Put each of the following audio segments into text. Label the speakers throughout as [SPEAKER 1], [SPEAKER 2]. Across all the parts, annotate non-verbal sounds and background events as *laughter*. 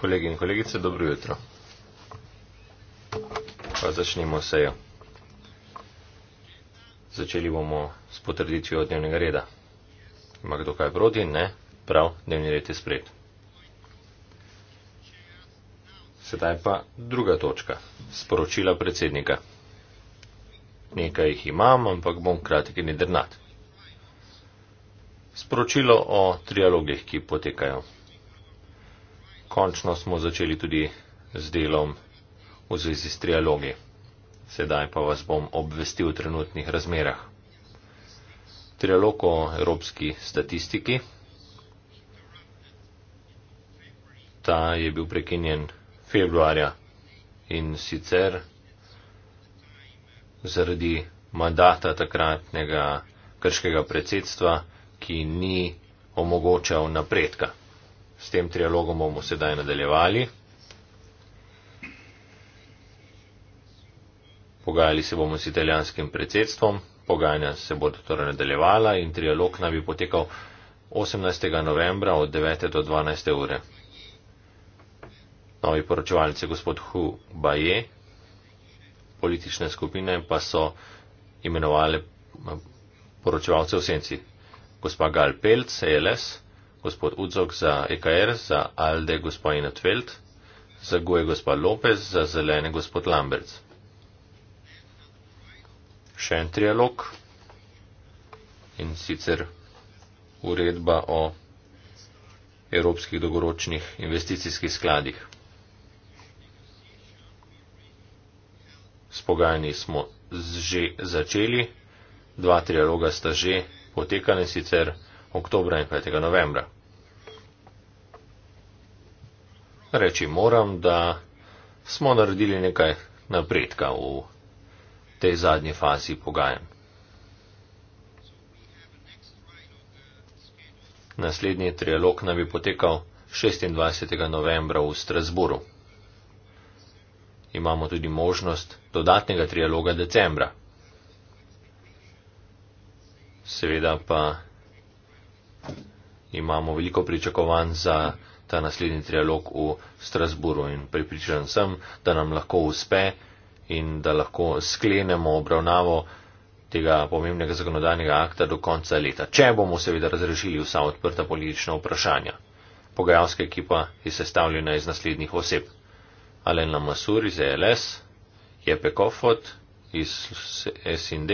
[SPEAKER 1] Kolegi in kolegice, dobro jutro. Pa začnimo sejo. Začeli bomo s potrditvijo dnevnega reda. Ima kdo kaj proti? Ne. Prav, dnevni red je spred. Sedaj pa druga točka. Sporočila predsednika. Nekaj jih imam, ampak bom kratki in drnat sporočilo o trialogih, ki potekajo. Končno smo začeli tudi z delom v zvezi s trialogi. Sedaj pa vas bom obvestil o trenutnih razmerah. Trialog o evropski statistiki. Ta je bil prekinjen februarja in sicer zaradi mandata takratnega krškega predsedstva ki ni omogočal napredka. S tem trialogom bomo sedaj nadaljevali. Pogajali se bomo s italijanskim predsedstvom, pogajanja se bodo torej nadaljevala in trialog naj bi potekal 18. novembra od 9. do 12. ure. Novi poročevalci gospod Hu Baje, politične skupine pa so imenovali eh, poročevalce v senci gospa Gal Pelt, CLS, gospod Udzok za EKR, za Alde, gospa Inatveld, za Goje, gospa Lopez, za Zelene, gospod Lambert. Še en trialog in sicer uredba o evropskih dolgoročnih investicijskih skladih. Spogajanji smo že začeli, dva trialoga sta že potekane sicer oktobra in 5. novembra. Reči moram, da smo naredili nekaj napredka v tej zadnji fazi pogajanj. Naslednji trialog naj bi potekal 26. novembra v Strasburu. Imamo tudi možnost dodatnega trialoga decembra seveda pa imamo veliko pričakovanj za ta naslednji trialog v Strasburu in pripričan sem, da nam lahko uspe in da lahko sklenemo obravnavo tega pomembnega zakonodajnega akta do konca leta, če bomo seveda razrešili vsa odprta politična vprašanja. Pogajalska ekipa je sestavljena iz naslednjih oseb. Alen Lamasur iz ELS, Jepe Kofot iz SND,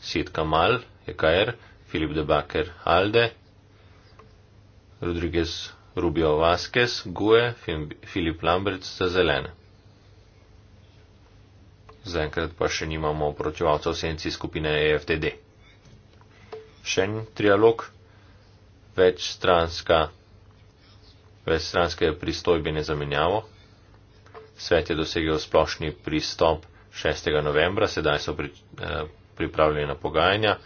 [SPEAKER 1] Sid Kamal EKR, Filip de Baker, Alde, Rodriguez Rubio Vasquez, GUE, Filip Lambert za zelene. Zaenkrat pa še nimamo pročevalcev senci skupine EFTD. Še en trialog, večstranska, večstranske pristojbine zamenjavo. Svet je dosegel splošni pristop 6. novembra, sedaj so pri, eh, pripravljeni na pogajanja.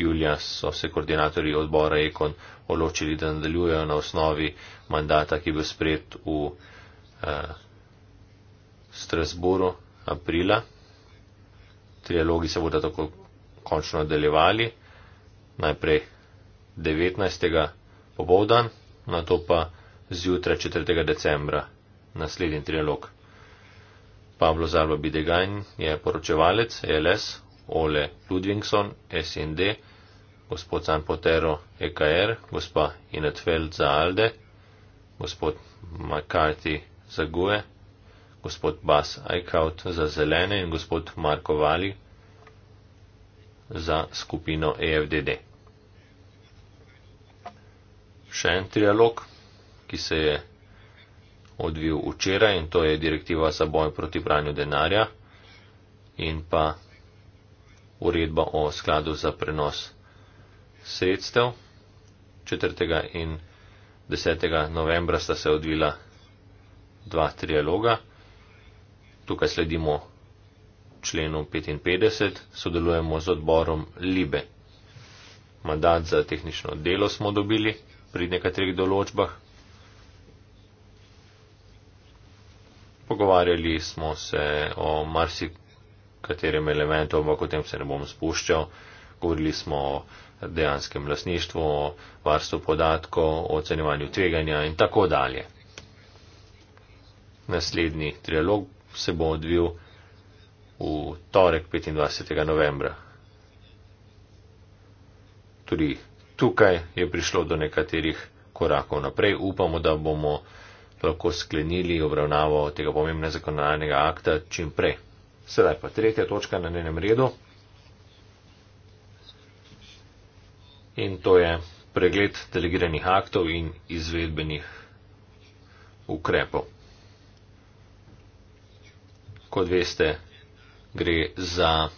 [SPEAKER 1] Julija so se koordinatorji odbora Ekon odločili, da nadaljujejo na osnovi mandata, ki je bil sprejet v eh, Strasburu aprila. Trialogi se bodo tako končno nadaljevali, najprej 19. popovdan, na to pa zjutraj 4. decembra naslednji trialog. Pablo Zalba Bidegajn je poročevalec LS, Ole Ludvingson, SND gospod San Potero EKR, gospa Inetfeld za Alde, gospod McCarthy za GUE, gospod Bas Eichhout za Zelene in gospod Marko Vali za skupino EFDD. Še en trialog, ki se je odvil včeraj in to je direktiva za boj proti pranju denarja in pa uredba o skladu za prenos denarja sredstev. 4. in 10. novembra sta se odvila dva trialoga. Tukaj sledimo členu 55, sodelujemo z odborom Libe. Mandat za tehnično delo smo dobili pri nekaterih določbah. Pogovarjali smo se o marsikaterem elementu, ampak o tem se ne bom spuščal. Govorili smo o dejanskem lasništvu, o varstvu podatkov, o ocenjevanju tveganja in tako dalje. Naslednji trialog se bo odvil v torek 25. novembra. Tudi tukaj je prišlo do nekaterih korakov naprej. Upamo, da bomo lahko sklenili obravnavo tega pomembne zakonodajnega akta čim prej. Sedaj pa tretja točka na njenem redu. in to je pregled delegiranih aktov in izvedbenih ukrepov. Kot veste, gre za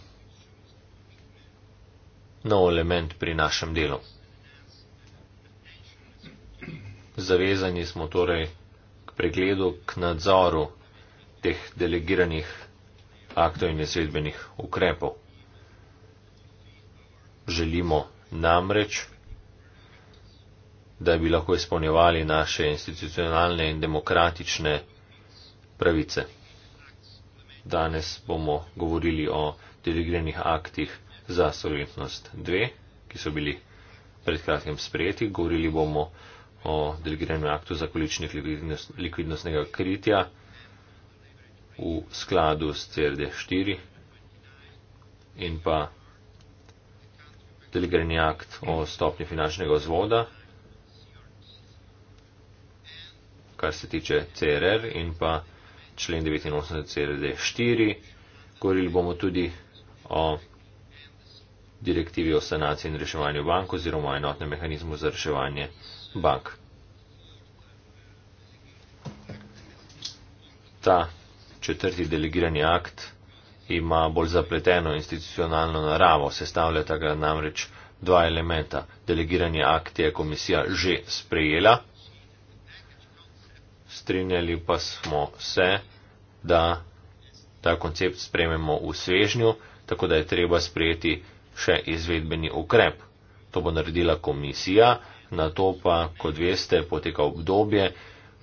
[SPEAKER 1] nov element pri našem delu. Zavezani smo torej k pregledu, k nadzoru teh delegiranih aktov in izvedbenih ukrepov. Želimo namreč, da bi lahko izpolnjevali naše institucionalne in demokratične pravice. Danes bomo govorili o delegiranih aktih za solidnost 2, ki so bili pred kratkim sprejeti. Govorili bomo o delegiranem aktu za količnik likvidnostnega kritja v skladu s CRD 4 in pa delegirani akt o stopnji finančnega vzvoda, kar se tiče CRR in pa člen 89 CRD4. Govorili bomo tudi o direktivi o sanaciji in reševanju bank oziroma enotnem mehanizmu za reševanje bank. Ta četrti delegirani akt ima bolj zapleteno institucionalno naravo, sestavljata ga namreč dva elementa. Delegirani akt je komisija že sprejela, strinjali pa smo se, da ta koncept sprejmemo v svežnju, tako da je treba sprejeti še izvedbeni ukrep. To bo naredila komisija, na to pa, kot veste, poteka obdobje,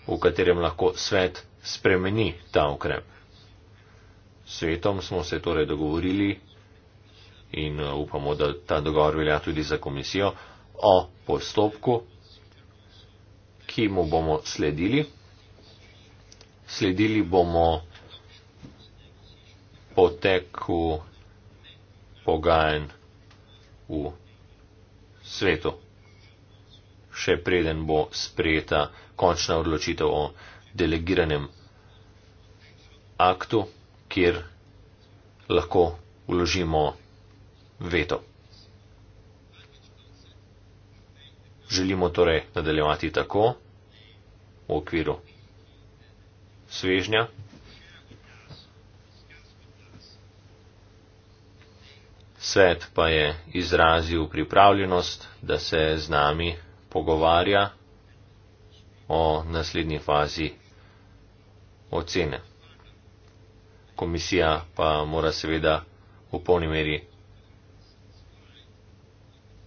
[SPEAKER 1] v katerem lahko svet spremeni ta ukrep svetom smo se torej dogovorili in eh, upamo, da ta dogovor velja tudi za komisijo o postopku, ki mu bomo sledili. Sledili bomo poteku pogajanj v svetu, še preden bo sprejeta končna odločitev o delegiranem aktu kjer lahko uložimo veto. Želimo torej nadaljevati tako v okviru svežnja. Svet pa je izrazil pripravljenost, da se z nami pogovarja o naslednji fazi ocene komisija pa mora seveda v polni meri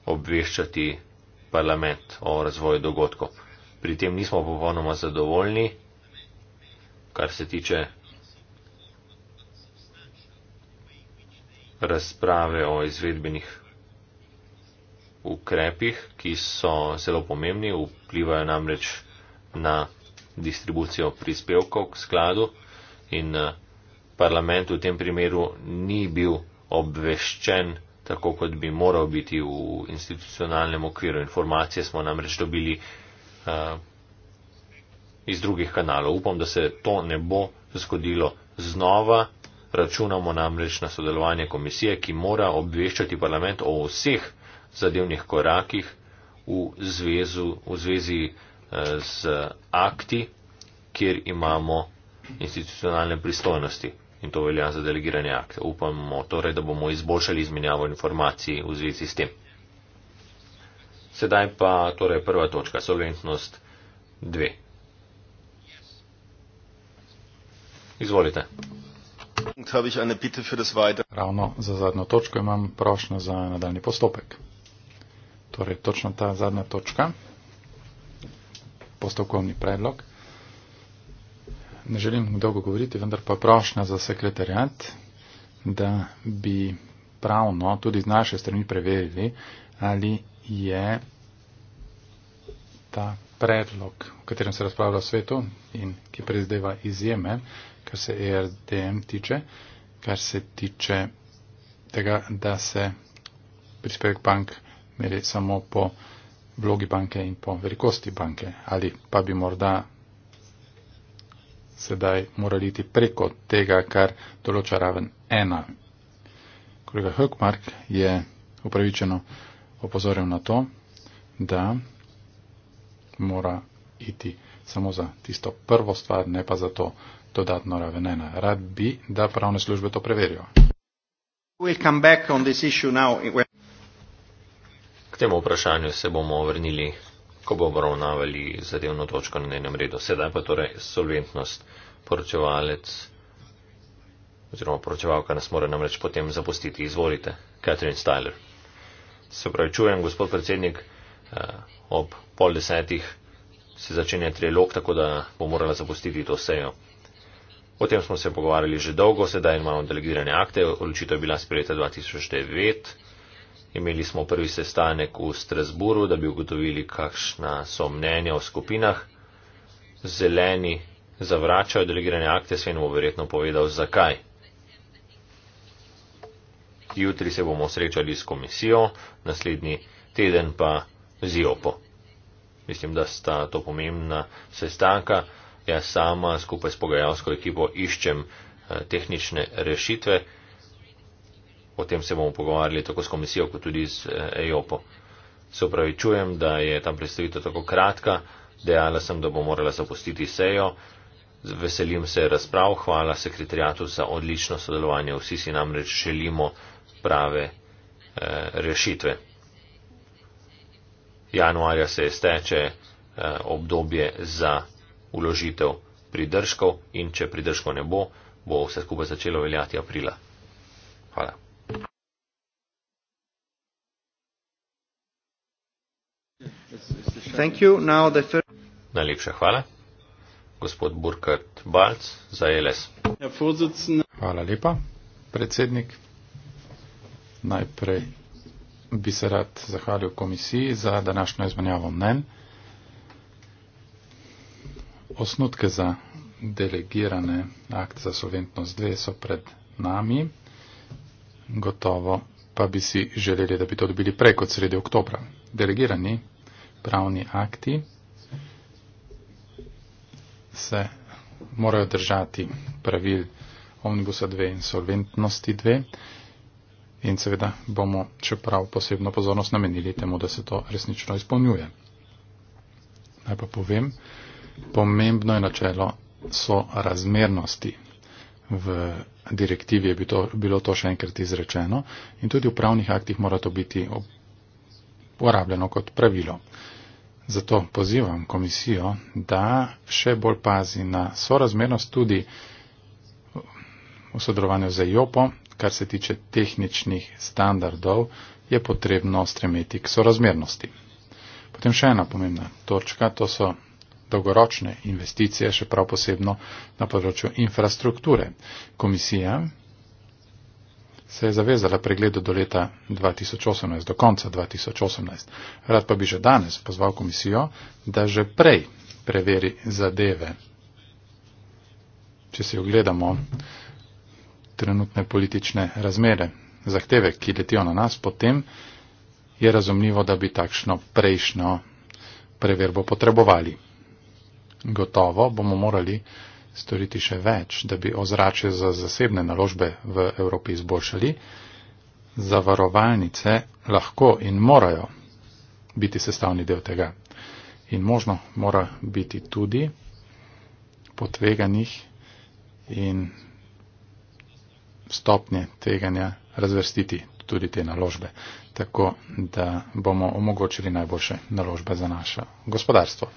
[SPEAKER 1] obveščati parlament o razvoju dogodkov. Pri tem nismo popolnoma zadovoljni, kar se tiče razprave o izvedbenih ukrepih, ki so zelo pomembni, vplivajo namreč na distribucijo prispevkov k skladu in eh, parlament v tem primeru ni bil obveščen tako, kot bi moral biti v institucionalnem okviru. Informacije smo namreč dobili uh, iz drugih kanalov. Upam, da se to ne bo zgodilo znova. Računamo namreč na sodelovanje komisije, ki mora obveščati parlament o vseh zadevnih korakih v, zvezu, v zvezi eh, z akti, kjer imamo institucionalne pristojnosti in to velja za delegirane akte. Upamo torej, da bomo izboljšali izmenjavo informacij v zvezi s tem. Sedaj pa torej prva točka, solventnost 2. Izvolite.
[SPEAKER 2] Ravno za zadnjo točko imam prošnjo za nadaljni postopek. Torej, točno ta zadnja točka, postopkovni predlog ne želim dolgo govoriti, vendar pa prošnja za sekretarjat, da bi pravno tudi z naše strani preverili, ali je ta predlog, o katerem se razpravlja v svetu in ki prezdeva izjeme, kar se ERDM tiče, kar se tiče tega, da se prispevek bank meri samo po vlogi banke in po velikosti banke, ali pa bi morda sedaj morali iti preko tega, kar določa raven ena. Kolega Hökmark je upravičeno opozoril na to, da mora iti samo za tisto prvo stvar, ne pa za to dodatno raven ena. Rad bi, da pravne službe to preverijo.
[SPEAKER 1] K temu vprašanju se bomo vrnili ko bo obravnavali zadevno točko na njenem redu. Sedaj pa torej solventnost poročevalec oziroma poročevalka nas mora namreč potem zapustiti. Izvolite, Catherine Styler. Se pravi, čujem, gospod predsednik, eh, ob pol desetih se začenja trilog, tako da bo morala zapustiti to sejo. O tem smo se pogovarjali že dolgo, sedaj imamo delegirane akte, odločitev je bila sprejeta 2009. Imeli smo prvi sestanek v Strasburu, da bi ugotovili, kakšna so mnenja o skupinah. Zeleni zavračajo delegirane akte, Sven bo verjetno povedal, zakaj. Jutri se bomo srečali s komisijo, naslednji teden pa z JOPO. Mislim, da sta to pomembna sestanka. Jaz sama skupaj s pogajalsko ekipo iščem eh, tehnične rešitve. O tem se bomo pogovarjali tako s komisijo, kot tudi z EOPO. Eh, e se upravičujem, da je tam predstavitev tako kratka, dejala sem, da bom morala zapustiti sejo. Veselim se razprav, hvala sekretarjatu za odlično sodelovanje. Vsi si namreč želimo prave e, rešitve. Januarja se steče e, obdobje za uložitev pridržkov in če pridržkov ne bo, bo vse skupaj začelo veljati aprila. Hvala. Najlepša hvala. Gospod Burkhard Balc za LS. Ja,
[SPEAKER 2] hvala lepa, predsednik. Najprej bi se rad zahvalil komisiji za današnjo izmenjavo mnen. Osnutke za delegirane akte za solventnost 2 so pred nami. Gotovo pa bi si želeli, da bi to dobili preko sredi oktobra. Delegirani pravni akti se morajo držati pravil omnibusa 2 in solventnosti 2 in seveda bomo čeprav posebno pozornost namenili temu, da se to resnično izpolnjuje. Naj pa povem, pomembno je načelo so razmernosti. V direktivi je bilo to še enkrat izrečeno in tudi v pravnih aktih mora to biti uporabljeno kot pravilo. Zato pozivam komisijo, da še bolj pazi na sorazmernost tudi v sodelovanju za JOPO, e kar se tiče tehničnih standardov, je potrebno stremeti k sorazmernosti. Potem še ena pomembna točka, to so dolgoročne investicije, še prav posebno na področju infrastrukture. Komisija se je zavezala pregledu do leta 2018, do konca 2018. Rad pa bi že danes pozval komisijo, da že prej preveri zadeve. Če si ogledamo trenutne politične razmere, zahteve, ki letijo na nas, potem je razumljivo, da bi takšno prejšnjo preverbo potrebovali. Gotovo bomo morali storiti še več, da bi ozračje za zasebne naložbe v Evropi izboljšali, zavarovalnice lahko in morajo biti sestavni del tega. In možno mora biti tudi potveganih in stopnje tveganja razvrstiti tudi te naložbe tako da bomo omogočili najboljše naložbe za naše gospodarstvo.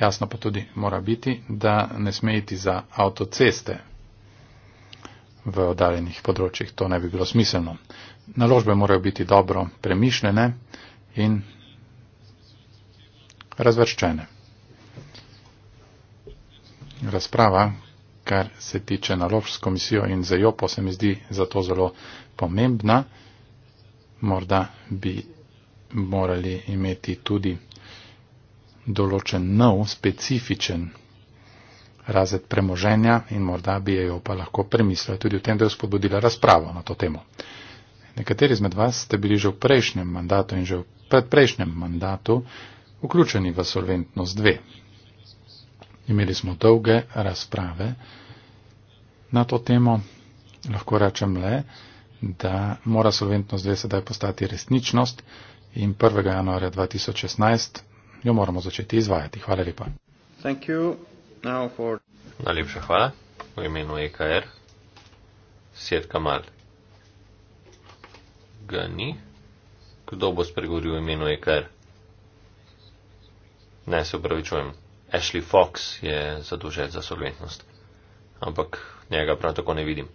[SPEAKER 2] Jasno pa tudi mora biti, da ne smejiti za avtoceste v oddaljenih področjih, to ne bi bilo smiselno. Naložbe morajo biti dobro premišljene in razvrščene. Razprava, kar se tiče naložb s komisijo in za jo, e pa se mi zdi zato zelo pomembna morda bi morali imeti tudi določen nov, specifičen razred premoženja in morda bi jo pa lahko premislila tudi v tem, da je spodbudila razpravo na to temo. Nekateri izmed vas ste bili že v prejšnjem mandatu in že v predprejšnjem mandatu vključeni v solventnost dve. Imeli smo dolge razprave na to temo, lahko rečem le, da mora solventnost 2 sedaj postati resničnost in 1. januarja 2016 jo moramo začeti izvajati. Hvala lepa.
[SPEAKER 1] For... Najlepša hvala. V imenu EKR. Sjed Kamal. Ga ni. Kdo bo spregovoril v imenu EKR? Ne, se upravičujem. Ashley Fox je zadolžen za solventnost. Ampak njega prav tako ne vidim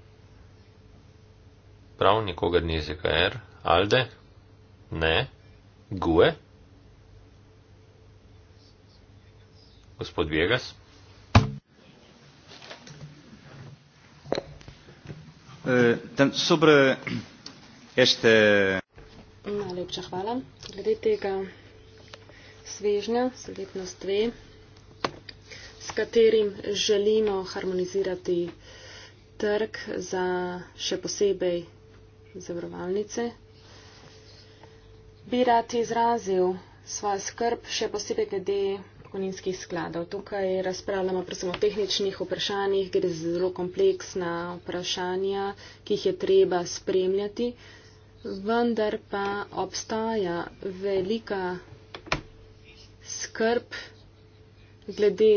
[SPEAKER 1] prav nikogar ni iz EKR. Alde? Ne. Gue? Gospod Vegas? Eh, ešte...
[SPEAKER 3] Najlepša hvala. Glede tega svežnja, sledetnost dve, s katerim želimo harmonizirati trg za še posebej zavarovalnice. Bi rad izrazil svojo skrb, še posebej glede pokojninskih skladov. Tukaj razpravljamo predvsem o tehničnih vprašanjih, gre za zelo kompleksna vprašanja, ki jih je treba spremljati, vendar pa obstaja velika skrb glede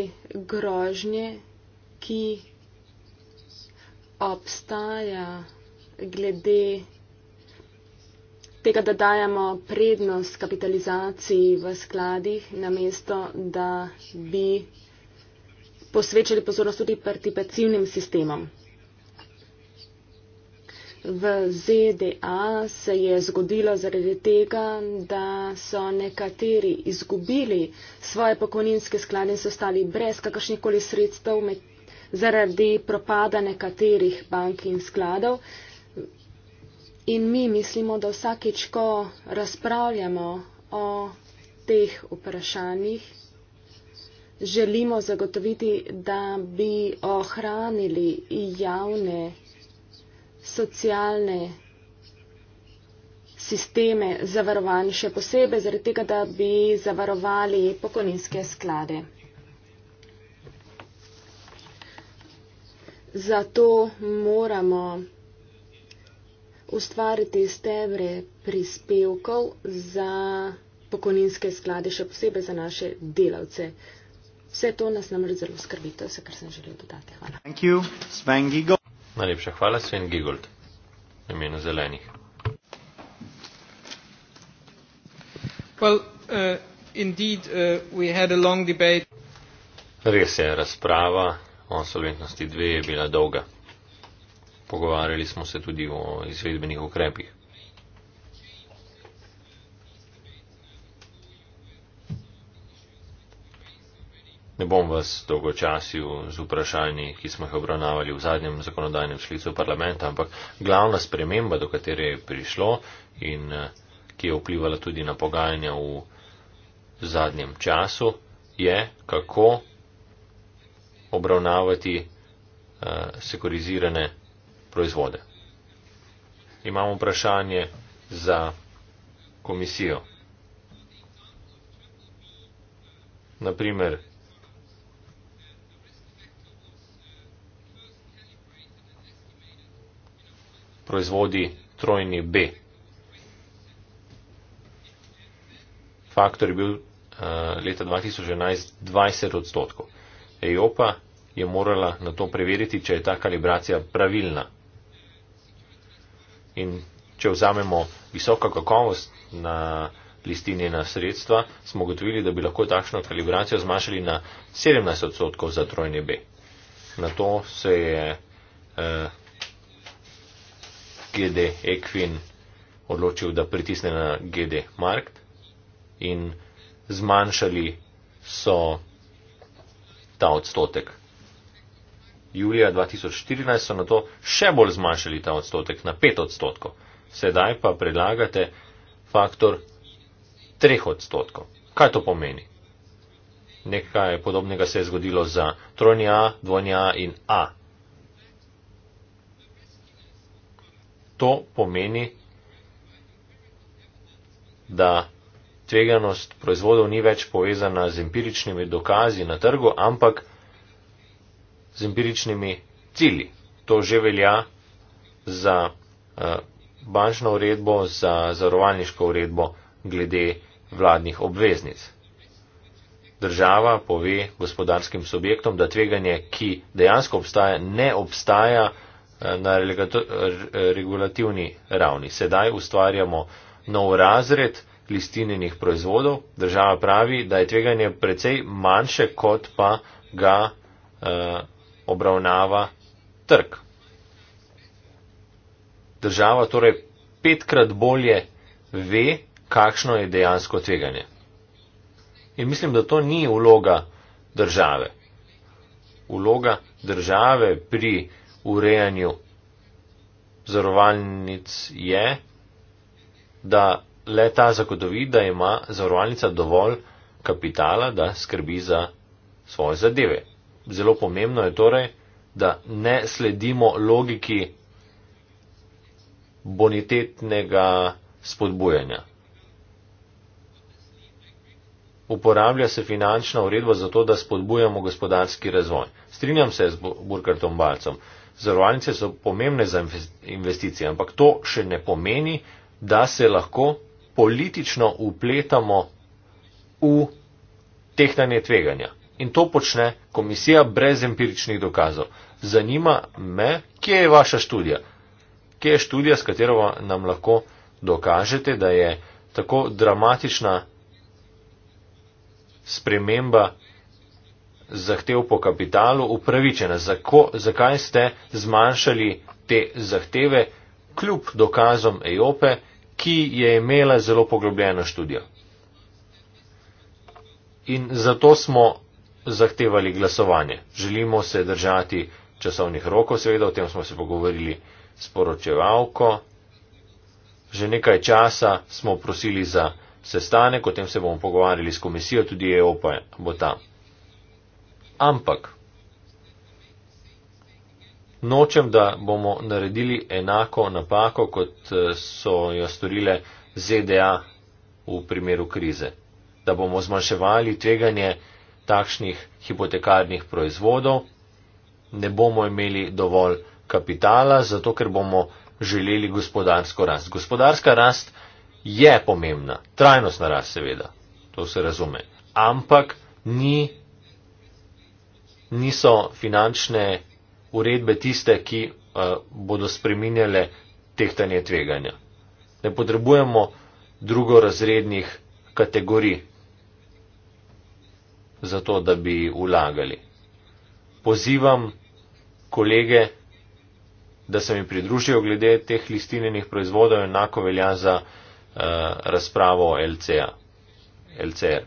[SPEAKER 3] grožnje, ki obstaja glede tega, da dajemo prednost kapitalizaciji v skladih, namesto da bi posvečali pozornost tudi participacijnim sistemom. V ZDA se je zgodilo zaradi tega, da so nekateri izgubili svoje pokojninske sklade in so ostali brez kakršnikoli sredstev med, zaradi propada nekaterih bank in skladov. Uh, In mi mislimo, da vsakeč, ko razpravljamo o teh vprašanjih, želimo zagotoviti, da bi ohranili javne socialne sisteme zavarovanj, še posebej zaradi tega, da bi zavarovali pokojninske sklade. Zato moramo ustvariti stebre prispevkov za pokojninske sklade, še posebej za naše delavce. Vse to nas namreč zelo skrbi, to je vse, kar sem želel dodati.
[SPEAKER 1] Hvala. You, Najlepša hvala, Sven Gigold, v imenu zelenih. Well, uh, indeed, uh, we had a long debate. Res je, razprava o solventnosti dve je bila dolga. Pogovarjali smo se tudi o izvedbenih ukrepih. Ne bom vas dolgočasil z vprašanji, ki smo jih obravnavali v zadnjem zakonodajnem šlicu parlamenta, ampak glavna sprememba, do katere je prišlo in eh, ki je vplivala tudi na pogajanja v zadnjem času, je kako obravnavati uh, sekurizirane proizvode. Imamo vprašanje za komisijo. Naprimer, proizvodi trojni B. Faktor je bil eh, leta 2011 20 odstotkov. EIOPA je morala na to preveriti, če je ta kalibracija pravilna. In če vzamemo visoko kakovost na listini na sredstva, smo gotovili, da bi lahko takšno kalibracijo zmanjšali na 17 odstotkov za trojni B. Na to se je eh, GD Equin odločil, da pritisne na GD Markt in zmanjšali so ta odstotek julija 2014 so na to še bolj zmanjšali ta odstotek na 5 odstotkov. Sedaj pa predlagate faktor 3 odstotkov. Kaj to pomeni? Nekaj podobnega se je zgodilo za trojni A, dvojni A in A. To pomeni, da tveganost proizvodov ni več povezana z empiričnimi dokazi na trgu, ampak z empiričnimi cilji. To že velja za eh, bančno uredbo, za zarovalniško uredbo glede vladnih obveznic. Država pove gospodarskim subjektom, da tveganje, ki dejansko obstaja, ne obstaja eh, na regulativni ravni. Sedaj ustvarjamo nov razred listinjenih proizvodov. Država pravi, da je tveganje precej manjše, kot pa ga uh, obravnava trg. Država torej petkrat bolje ve, kakšno je dejansko tveganje. In mislim, da to ni vloga države. Uloga države pri urejanju zavarovalnic je, da le ta zagotovi, da ima zavarovalnica dovolj kapitala, da skrbi za svoje zadeve zelo pomembno je torej, da ne sledimo logiki bonitetnega spodbujanja. Uporablja se finančna uredba za to, da spodbujamo gospodarski razvoj. Strinjam se z Burkartom Balcom. Zavarovalnice so pomembne za investicije, ampak to še ne pomeni, da se lahko politično upletamo v tehtanje tveganja in to počne komisija brez empiričnih dokazov. Zanima me, kje je vaša študija? Kje je študija, s katero nam lahko dokažete, da je tako dramatična sprememba zahtev po kapitalu upravičena? Zako, zakaj ste zmanjšali te zahteve kljub dokazom EOPE, ki je imela zelo poglobljeno študijo? In zato smo zahtevali glasovanje. Želimo se držati časovnih rokov, seveda o tem smo se pogovorili s poročevalko. Že nekaj časa smo prosili za sestanek, o tem se bomo pogovarjali s komisijo, tudi EOP bo tam. Ampak nočem, da bomo naredili enako napako, kot eh, so jo storile ZDA v primeru krize. Da bomo zmanjševali tveganje, takšnih hipotekarnih proizvodov, ne bomo imeli dovolj kapitala, zato ker bomo želeli gospodarsko rast. Gospodarska rast je pomembna, trajnostna rast seveda, to se razume. Ampak ni, niso finančne uredbe tiste, ki uh, bodo spreminjale tehtanje tveganja. Ne potrebujemo drugorazrednih kategorij zato, da bi ulagali. Pozivam kolege, da se mi pridružijo glede teh listinenih proizvodov, enako velja za uh, razpravo LCA, LCR.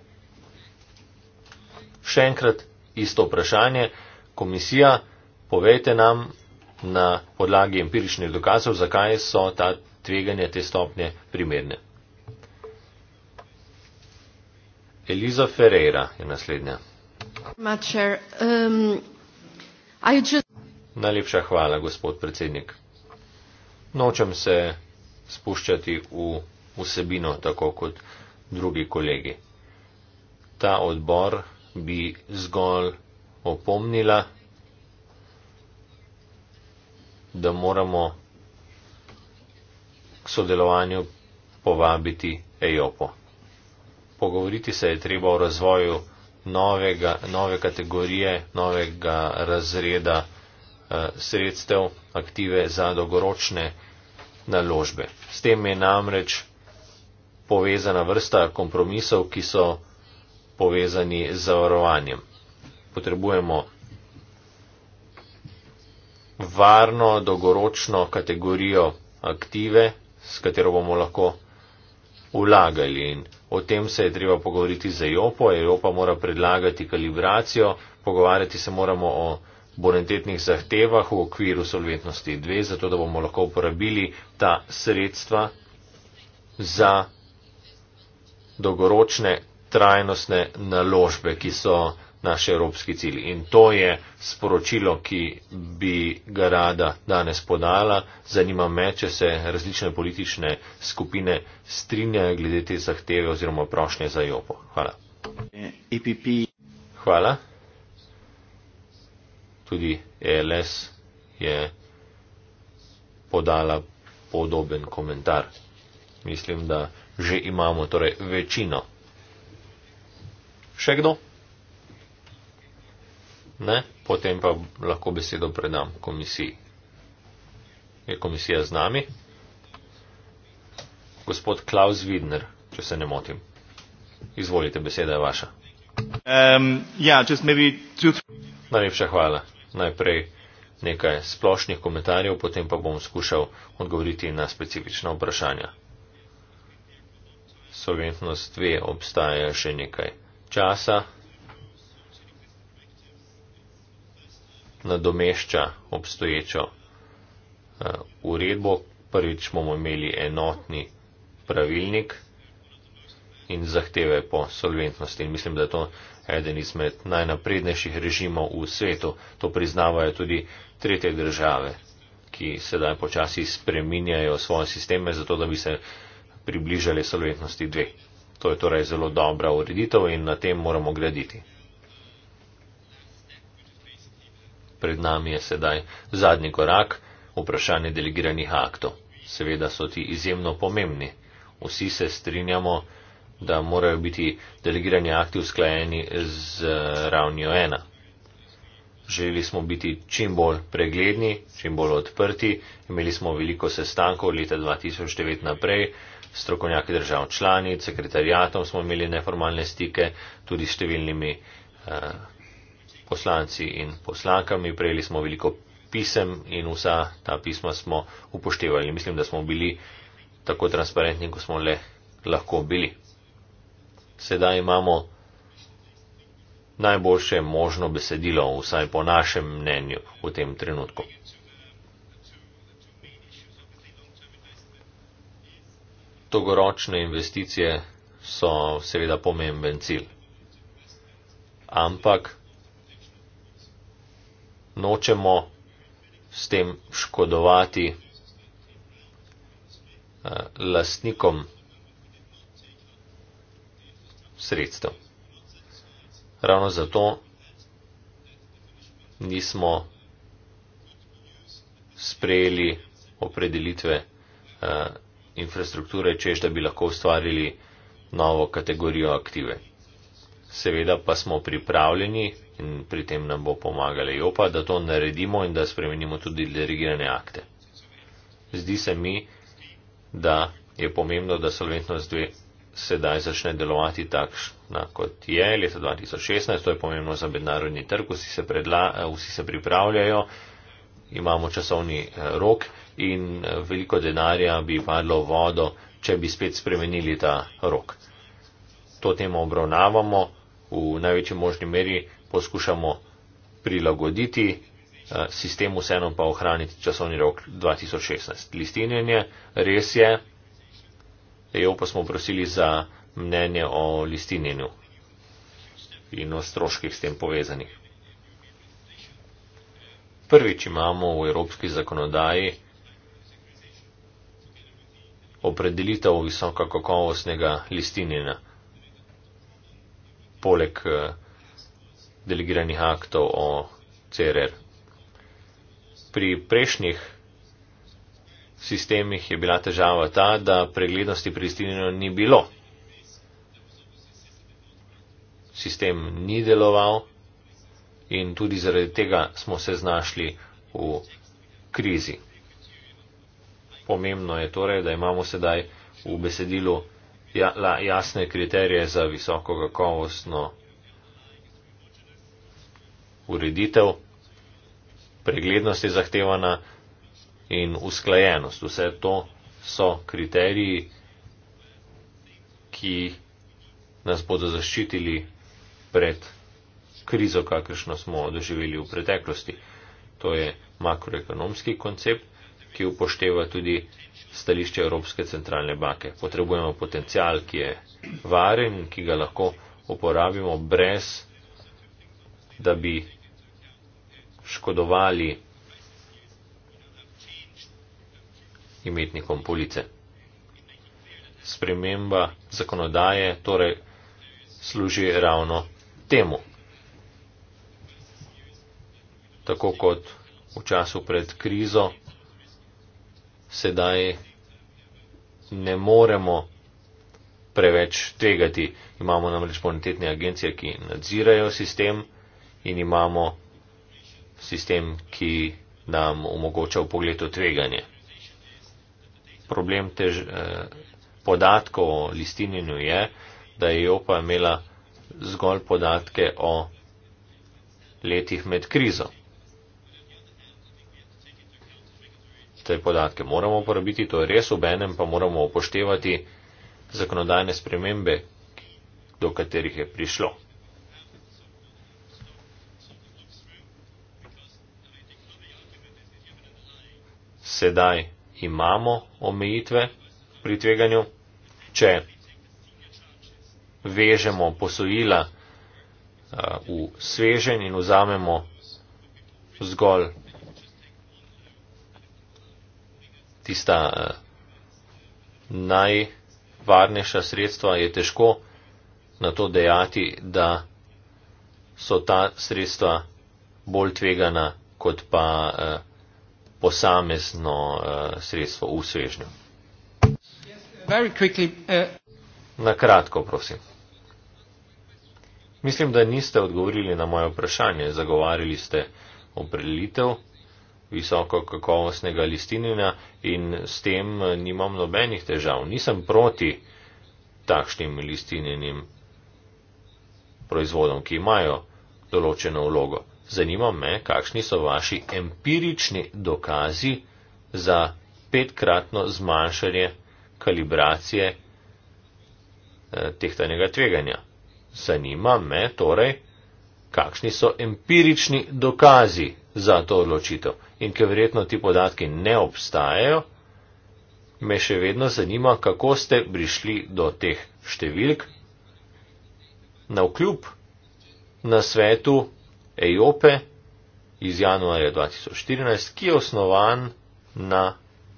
[SPEAKER 1] Še enkrat isto vprašanje. Komisija, povejte nam na podlagi empiričnih dokazov, zakaj so ta tveganja, te stopnje primerne. Eliza Ferreira je naslednja.
[SPEAKER 3] Um,
[SPEAKER 1] Najlepša hvala, gospod predsednik. Nočem se spuščati v vsebino, tako kot drugi kolegi. Ta odbor bi zgolj opomnila, da moramo k sodelovanju povabiti EOPO pogovoriti se je treba o razvoju novega, nove kategorije, novega razreda eh, sredstev aktive za dolgoročne naložbe. S tem je namreč povezana vrsta kompromisov, ki so povezani z zavarovanjem. Potrebujemo varno, dolgoročno kategorijo aktive, s katero bomo lahko vlagali in o tem se je treba pogovoriti z EOPO, EOPA mora predlagati kalibracijo, pogovarjati se moramo o bonitetnih zahtevah v okviru solventnosti 2, zato da bomo lahko uporabili ta sredstva za dolgoročne trajnostne naložbe, ki so naš evropski cilj. In to je sporočilo, ki bi ga rada danes podala. Zanima me, če se različne politične skupine strinjajo glede te zahteve oziroma prošnje za JOPO. E Hvala. EPP. Hvala. Tudi ELS je podala podoben komentar. Mislim, da že imamo torej večino. Še kdo? ne, potem pa lahko besedo predam komisiji. Je komisija z nami? Gospod Klaus Widner, če se ne motim. Izvolite, beseda je vaša. Um, ja, Najlepša hvala. Najprej nekaj splošnih komentarjev, potem pa bom skušal odgovoriti na specifična vprašanja. Solventnost 2 obstaja še nekaj časa, nadomešča obstoječo eh, uredbo. Prvič bomo imeli enotni pravilnik in zahteve po solventnosti. In mislim, da je to eden izmed najnaprednejših režimov v svetu. To priznavajo tudi tretje države, ki sedaj počasi spreminjajo svoje sisteme, zato da bi se približali solventnosti dve. To je torej zelo dobra ureditev in na tem moramo graditi. pred nami je sedaj zadnji korak, vprašanje delegiranih aktov. Seveda so ti izjemno pomembni. Vsi se strinjamo, da morajo biti delegirani akti usklajeni z eh, ravnjo ena. Želeli smo biti čim bolj pregledni, čim bolj odprti, imeli smo veliko sestankov leta 2009 naprej, strokovnjaki držav članic, sekretarijatom smo imeli neformalne stike, tudi s številnimi eh, poslanci in poslankami. Prejeli smo veliko pisem in vsa ta pisma smo upoštevali. Mislim, da smo bili tako transparentni, kot smo le lahko bili. Sedaj imamo najboljše možno besedilo, vsaj po našem mnenju, v tem trenutku. Togoročne investicije so seveda pomemben cilj. Ampak nočemo s tem škodovati eh, lastnikom sredstev. Ravno zato nismo sprejeli opredelitve eh, infrastrukture, čež da bi lahko ustvarili novo kategorijo aktive. Seveda pa smo pripravljeni in pri tem nam bo pomagala Jopa, da to naredimo in da spremenimo tudi delegirane akte. Zdi se mi, da je pomembno, da solventnost 2 sedaj začne delovati takšna, kot je leta 2016, to je pomembno za mednarodni trg, vsi se, predla, vsi se pripravljajo, imamo časovni eh, rok in eh, veliko denarja bi padlo v vodo, če bi spet spremenili ta rok. To temo obravnavamo v največji možni meri, poskušamo prilagoditi eh, sistemu, vseeno pa ohraniti časovni rok 2016. Listinjenje res je, EU pa smo prosili za mnenje o listinjenju in o stroških s tem povezanih. Prvič imamo v evropski zakonodaji opredelitev visokokakovostnega listinjenja. Poleg eh, delegiranih aktov o CRR. Pri prejšnjih sistemih je bila težava ta, da preglednosti pri listinjenju ni bilo. Sistem ni deloval in tudi zaradi tega smo se znašli v krizi. Pomembno je torej, da imamo sedaj v besedilu ja, jasne kriterije za visoko kakovostno ureditev, preglednost je zahtevana in usklajenost. Vse to so kriteriji, ki nas bodo zaščitili pred krizo, kakršno smo doživeli v preteklosti. To je makroekonomski koncept, ki upošteva tudi stališče Evropske centralne banke. Potrebujemo potencial, ki je varen, ki ga lahko uporabimo brez da bi škodovali imetnikom police. Sprememba zakonodaje torej služi ravno temu. Tako kot v času pred krizo, sedaj ne moremo preveč tvegati. Imamo namreč bonitetne agencije, ki nadzirajo sistem, in imamo sistem, ki nam omogoča v pogledu tveganje. Problem tež, eh, podatkov o listininu je, da je Jopa imela zgolj podatke o letih med krizo. Te podatke moramo uporabiti, to je res obenem, pa moramo upoštevati zakonodajne spremembe, do katerih je prišlo. sedaj imamo omejitve pri tveganju. Če vežemo posojila uh, v svežen in vzamemo zgolj tista uh, najvarnejša sredstva, je težko na to dejati, da so ta sredstva bolj tvegana kot pa eh, posamezno uh, sredstvo v svežnju. Quickly, uh... Na kratko, prosim. Mislim, da niste odgovorili na moje vprašanje. Zagovarjali ste opredelitev visoko kakovostnega listinina in s tem eh, nimam nobenih težav. Nisem proti takšnim listininim proizvodom, ki imajo določeno vlogo. Zanima me, kakšni so vaši empirični dokazi za petkratno zmanjšanje kalibracije eh, tehtanega tveganja. Zanima me torej, kakšni so empirični dokazi za to odločitev. In ker verjetno ti podatki ne obstajajo, me še vedno zanima, kako ste prišli do teh številk. Na vkljub na svetu EIOPE iz januarja 2014, ki je osnovan na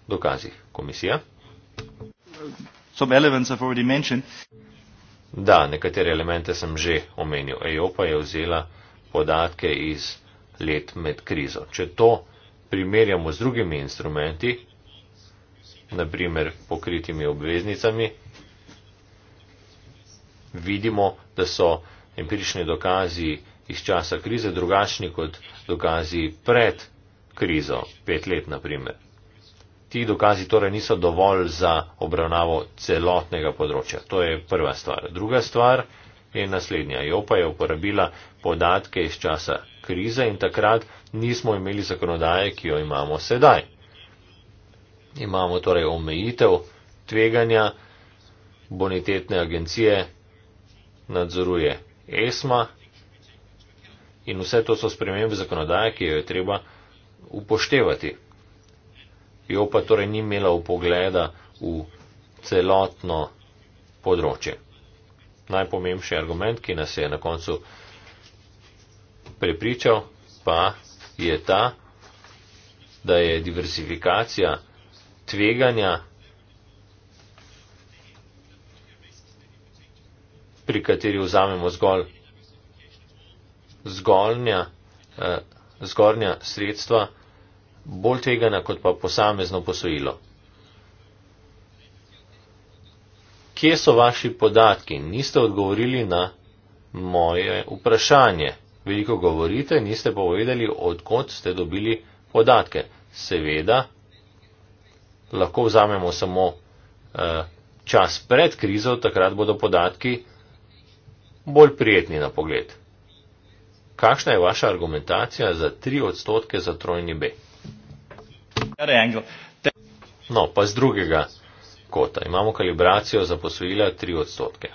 [SPEAKER 1] dokazih. Komisija. Da, nekatere elemente sem že omenil. EIOPA je vzela podatke iz let med krizo. Če to primerjamo z drugimi instrumenti, naprimer pokritimi obveznicami, vidimo, da so empirični dokazi iz časa krize drugačni kot dokazi pred krizo, pet let naprimer. Ti dokazi torej niso dovolj za obravnavo celotnega področja. To je prva stvar. Druga stvar je naslednja. Jopa je uporabila podatke iz časa krize in takrat nismo imeli zakonodaje, ki jo imamo sedaj. Imamo torej omejitev tveganja, bonitetne agencije nadzoruje ESMA, In vse to so spremembe zakonodaje, ki jo je treba upoštevati. Jo pa torej ni imela v pogleda v celotno področje. Najpomembnejši argument, ki nas je na koncu prepričal, pa je ta, da je diversifikacija tveganja pri kateri vzamemo zgolj zgornja, eh, zgornja sredstva bolj tvegana kot pa posamezno posojilo. Kje so vaši podatki? Niste odgovorili na moje vprašanje. Veliko govorite, niste povedali, odkot ste dobili podatke. Seveda, lahko vzamemo samo eh, čas pred krizo, takrat bodo podatki bolj prijetni na pogled. Kakšna je vaša argumentacija za tri odstotke za trojni B? No, pa z drugega kota. Imamo kalibracijo za posojila tri odstotke.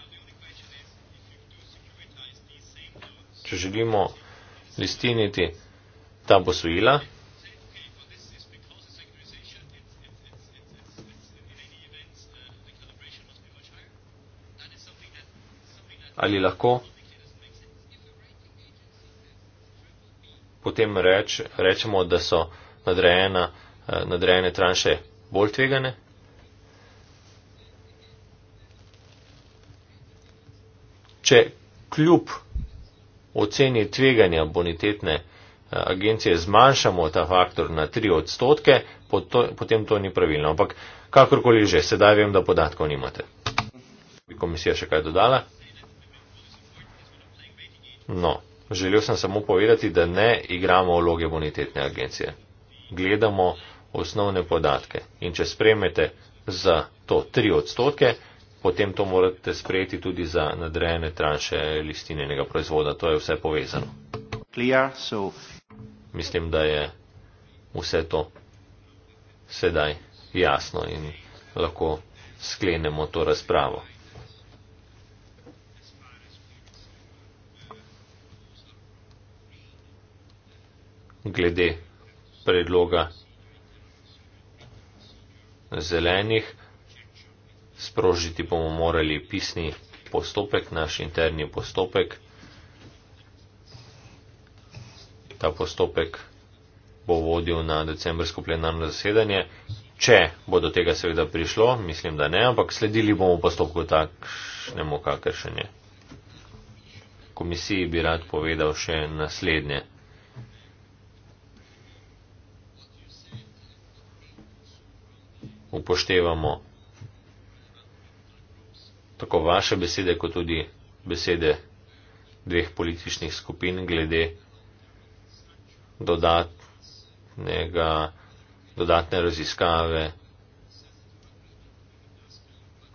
[SPEAKER 1] Če želimo listiniti ta posojila, ali lahko potem reč, rečemo, da so nadrejena, eh, nadrejene tranše bolj tvegane. Če kljub oceni tveganja bonitetne eh, agencije zmanjšamo ta faktor na 3 odstotke, potem to ni pravilno. Ampak kakorkoli že, sedaj vem, da podatkov nimate. Bi komisija še kaj dodala? No. Želel sem samo povedati, da ne igramo vloge bonitetne agencije. Gledamo osnovne podatke in če spremete za to tri odstotke, potem to morate sprejeti tudi za nadrejene tranše listinenega proizvoda. To je vse povezano. Mislim, da je vse to sedaj jasno in lahko sklenemo to razpravo. glede predloga zelenih. Sprožiti bomo morali pisni postopek, naš interni postopek. Ta postopek bo vodil na decembrsko plenarno zasedanje. Če bo do tega seveda prišlo, mislim, da ne, ampak sledili bomo postopku takšnemu, kakršen je. Komisiji bi rad povedal še naslednje. upoštevamo tako vaše besede, kot tudi besede dveh političnih skupin glede dodatnega, dodatne raziskave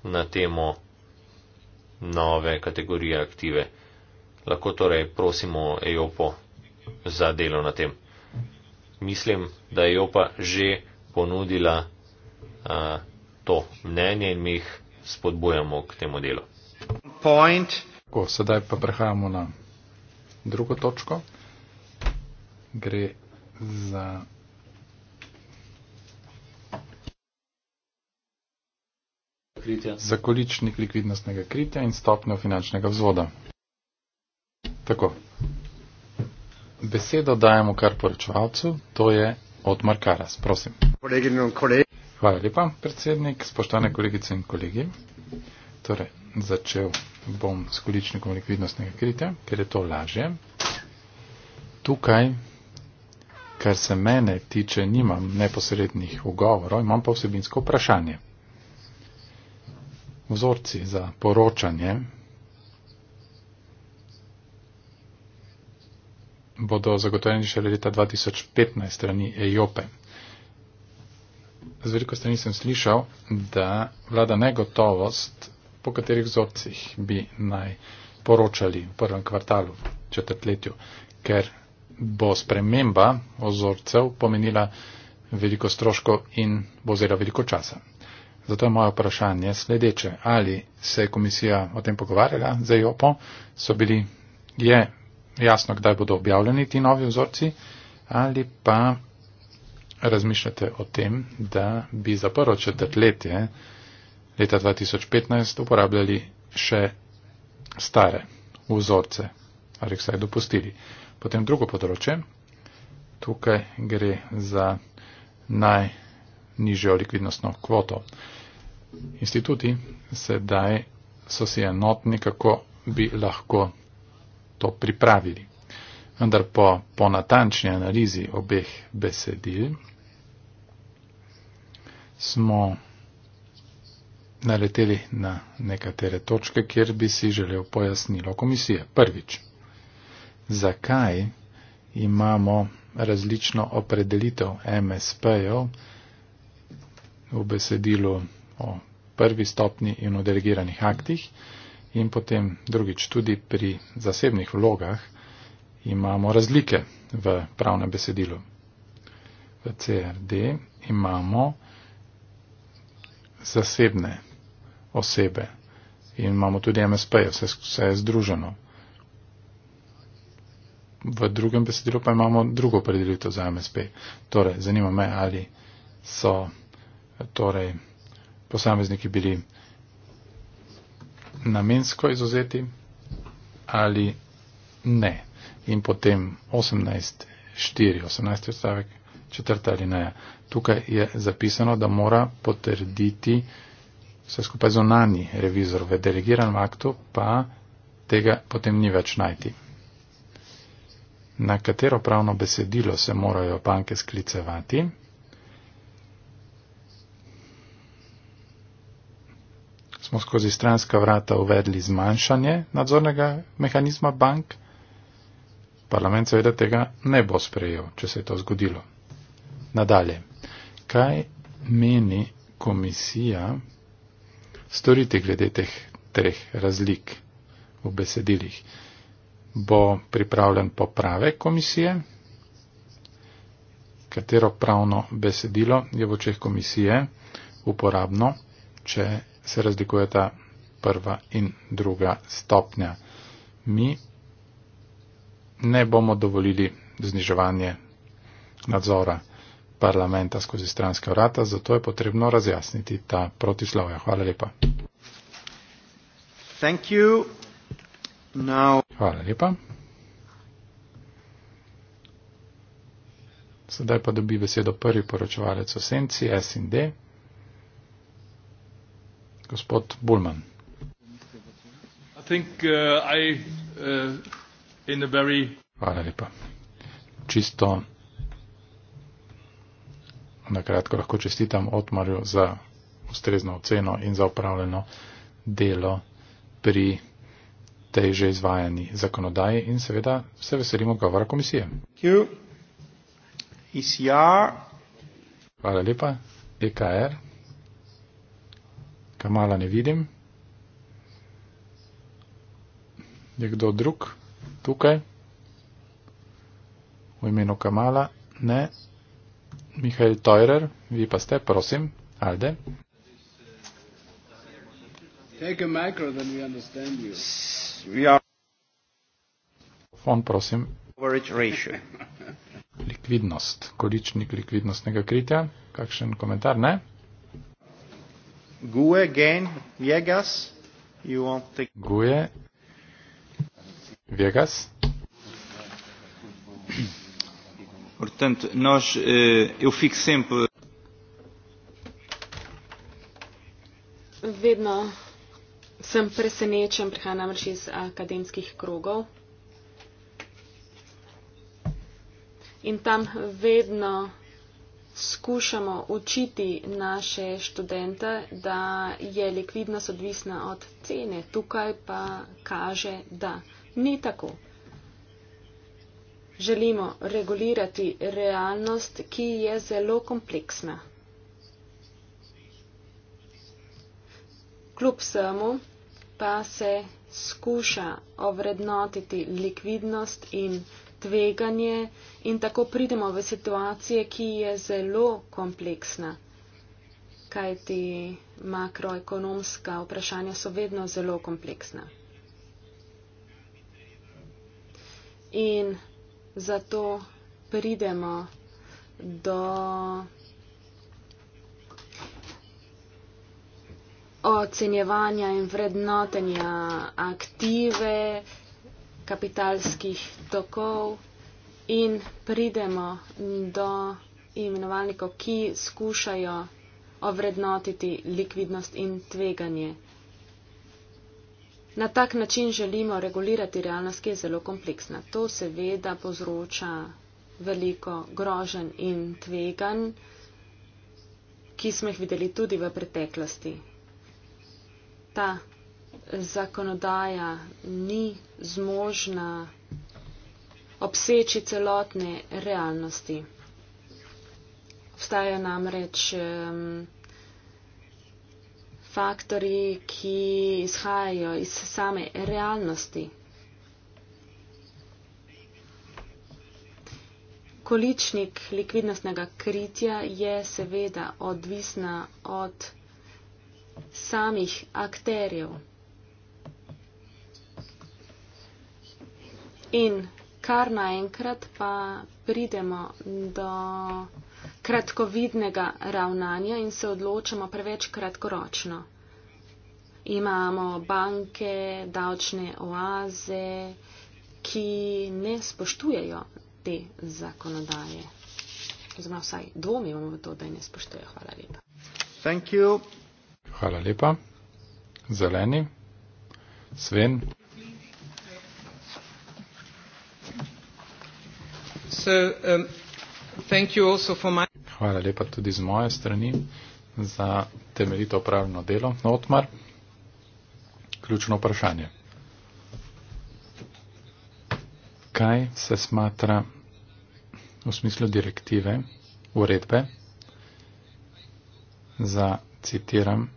[SPEAKER 1] na temo nove kategorije aktive. Lahko torej prosimo EOPO za delo na tem. Mislim, da je EOPA že ponudila to mnenje in mi jih spodbujamo k temu delu.
[SPEAKER 2] Point. Ko sedaj pa prehajamo na drugo točko, gre za. Kritja. Za količnik likvidnostnega kritja in stopnjo finančnega vzvoda. Tako. Besedo dajemo kar poročevalcu, to je od Markaras. Prosim. Kolegi in kolegi. Hvala lepa, predsednik. Spoštovane kolegice in kolegi. Torej, začel bom s količnikom likvidnostnega kritja, ker je to lažje. Tukaj, kar se mene tiče, nimam neposrednih ugovorov, imam pa vsebinsko vprašanje. Vzorci za poročanje bodo zagotovljeni še leta 2015 strani EIOPE z veliko strani sem slišal, da vlada negotovost, po katerih vzorcih bi naj poročali v prvem kvartalu, četrtletju, ker bo sprememba ozorcev pomenila veliko stroško in bo vzela veliko časa. Zato je moje vprašanje sledeče. Ali se je komisija o tem pogovarjala z EOPO? So bili, je jasno, kdaj bodo objavljeni ti novi vzorci? Ali pa razmišljate o tem, da bi za prvo četrtletje leta 2015 uporabljali še stare vzorce, ali vsaj dopustili. Potem drugo področje, tukaj gre za najnižjo likvidnostno kvoto. Instituti sedaj so si enotni, kako bi lahko to pripravili vendar po, po natančni analizi obeh besedil smo naleteli na nekatere točke, kjer bi si želel pojasnilo komisije. Prvič, zakaj imamo različno opredelitev MSP-jev v besedilu o prvi stopni in o delegiranih aktih in potem drugič tudi pri zasebnih vlogah imamo razlike v pravnem besedilu. V CRD imamo zasebne osebe in imamo tudi MSP, vse, vse je združeno. V drugem besedilu pa imamo drugo predelitev za MSP. Torej, zanima me, ali so torej, posamezniki bili namensko izuzeti ali ne in potem 18.4, 18. odstavek, četrta alineja. Tukaj je zapisano, da mora potrditi vse skupaj zonani revizor v delegiranem aktu, pa tega potem ni več najti. Na katero pravno besedilo se morajo banke sklicevati? Smo skozi stranska vrata uvedli zmanjšanje nadzornega mehanizma bank, Parlament seveda tega ne bo sprejel, če se je to zgodilo. Nadalje, kaj meni komisija storiti glede teh treh razlik v besedilih? Bo pripravljen popravek komisije? Katero pravno besedilo je v očeh komisije uporabno, če se razlikujeta prva in druga stopnja? Mi ne bomo dovolili zniževanje nadzora parlamenta skozi stranske vrata, zato je potrebno razjasniti ta protislovja. Hvala lepa. Thank you. Now... Hvala lepa. Sedaj pa dobi besedo prvi poročevalec o senci S&D, gospod Bulman. I think, uh, I, uh... Hvala lepa. Čisto na kratko lahko čestitam Otmarju za ustrezno oceno in za upravljeno delo pri tej že izvajani zakonodaji in seveda se veselimo govora komisije. E Hvala lepa. EKR. Kamala ne vidim. Je kdo drug? tukaj. V imenu Kamala ne. Mihajl Teurer, vi pa ste, prosim, Alde. Fon, prosim. *laughs* Likvidnost, količnik likvidnostnega kritja. Kakšen komentar, ne?
[SPEAKER 1] Guje, gen, jegas. Take...
[SPEAKER 2] Guje, Vegas. Portanto, nós, eh,
[SPEAKER 1] eu fico sempre.
[SPEAKER 3] Vedno sem presenečen, prihajam namreč iz akademskih krogov. In tam vedno skušamo učiti naše študente, da je likvidnost odvisna od cene. Tukaj pa kaže, da ni tako. Želimo regulirati realnost, ki je zelo kompleksna. Kljub vsemu pa se skuša ovrednotiti likvidnost in tveganje in tako pridemo v situacije, ki je zelo kompleksna, kajti makroekonomska vprašanja so vedno zelo kompleksna. in zato pridemo do ocenjevanja in vrednotenja aktive kapitalskih tokov in pridemo do imenovalnikov, ki skušajo ovrednotiti likvidnost in tveganje. Na tak način želimo regulirati realnost, ki je zelo kompleksna. To seveda povzroča veliko grožen in tvegan, ki smo jih videli tudi v preteklosti. Ta zakonodaja ni zmožna obseči celotne realnosti. Obstajajo namreč um, faktori, ki izhajajo iz same realnosti. Količnik likvidnostnega kritja je seveda odvisna od samih akterjev. In kar naenkrat pa pridemo do kratkovidnega ravnanja in se odločamo preveč kratkoročno. Imamo banke, davčne oaze, ki ne spoštujejo te zakonodaje. Oziroma vsaj dvomimo v to, da je ne spoštujejo. Hvala lepa.
[SPEAKER 2] Thank you. Hvala lepa. Zeleni. Sven.
[SPEAKER 1] So, um, thank you also for my
[SPEAKER 2] hvala lepa tudi z moje strani za temeljito pravno delo. Otmar, ključno vprašanje. Kaj se smatra v smislu direktive, uredbe, za, citiram,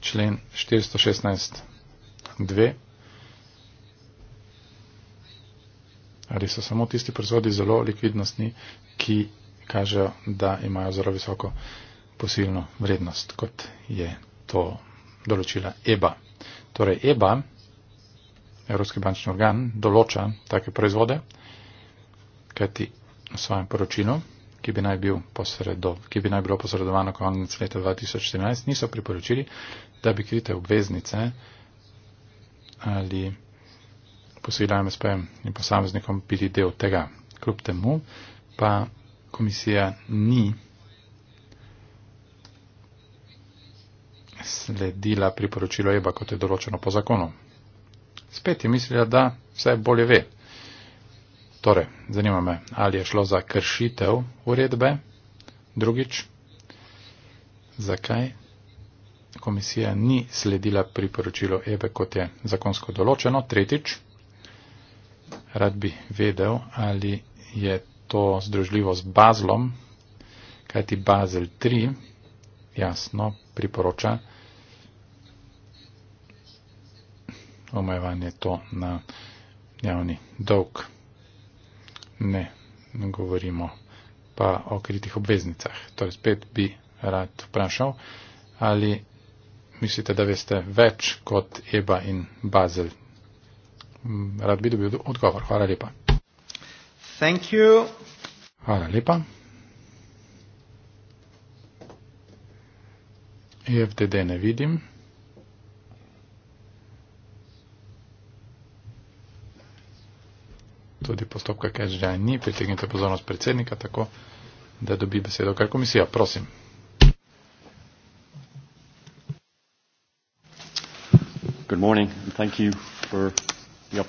[SPEAKER 2] člen 416.2, ali so samo tisti proizvodi zelo likvidnostni, ki kažejo, da imajo zelo visoko posilno vrednost, kot je to določila EBA. Torej EBA, Evropski bančni organ, določa take proizvode, kajti v svojem poročilu, ki bi naj, bil posredo, ki bi naj bilo posredovano konec leta 2014, niso priporočili, da bi krite obveznice ali posilja MSP in posameznikom bili del tega. Kljub temu pa komisija ni sledila priporočilo EBA, kot je določeno po zakonu. Spet je mislila, da vse bolje ve. Torej, zanima me, ali je šlo za kršitev uredbe, drugič, zakaj komisija ni sledila priporočilo EBE, kot je zakonsko določeno, tretjič, rad bi vedel, ali je to združljivo z Bazlom, kajti Bazel 3 jasno priporoča omejevanje to na javni dolg. Ne, ne govorimo pa o kritih obveznicah. Torej spet bi rad vprašal, ali mislite, da veste več kot EBA in Bazel. Rad bi dobil odgovor. Hvala lepa.
[SPEAKER 3] Thank you.
[SPEAKER 2] Hvala lepa. IFDD ne vidim. Tudi postopka KSŽA ni, pritegnite pozornost predsednika tako, da dobi besedo kar komisija. Prosim. Good morning and thank you for Uh,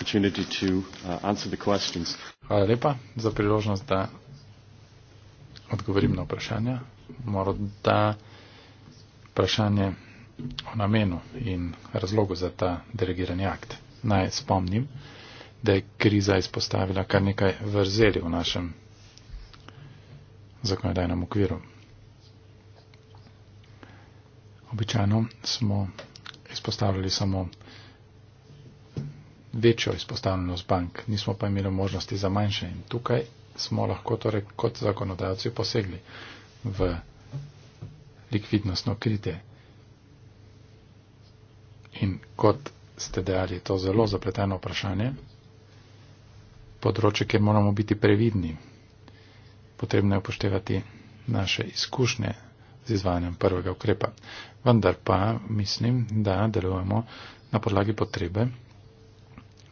[SPEAKER 2] Hvala lepa za priložnost, da odgovorim na vprašanja. Morda vprašanje o namenu in razlogu za ta delegirani akt. Naj spomnim, da je kriza izpostavila kar nekaj vrzeli v našem zakonodajnem okviru. Običajno smo izpostavljali samo večjo izpostavljenost bank, nismo pa imeli možnosti za manjše in tukaj smo lahko torej kot zakonodajalci posegli v likvidnostno kritje. In kot ste dejali, je to zelo zapleteno vprašanje, področje, kjer moramo biti previdni. Potrebno je upoštevati naše izkušnje z izvajanjem prvega ukrepa. Vendar pa mislim, da delujemo na podlagi potrebe,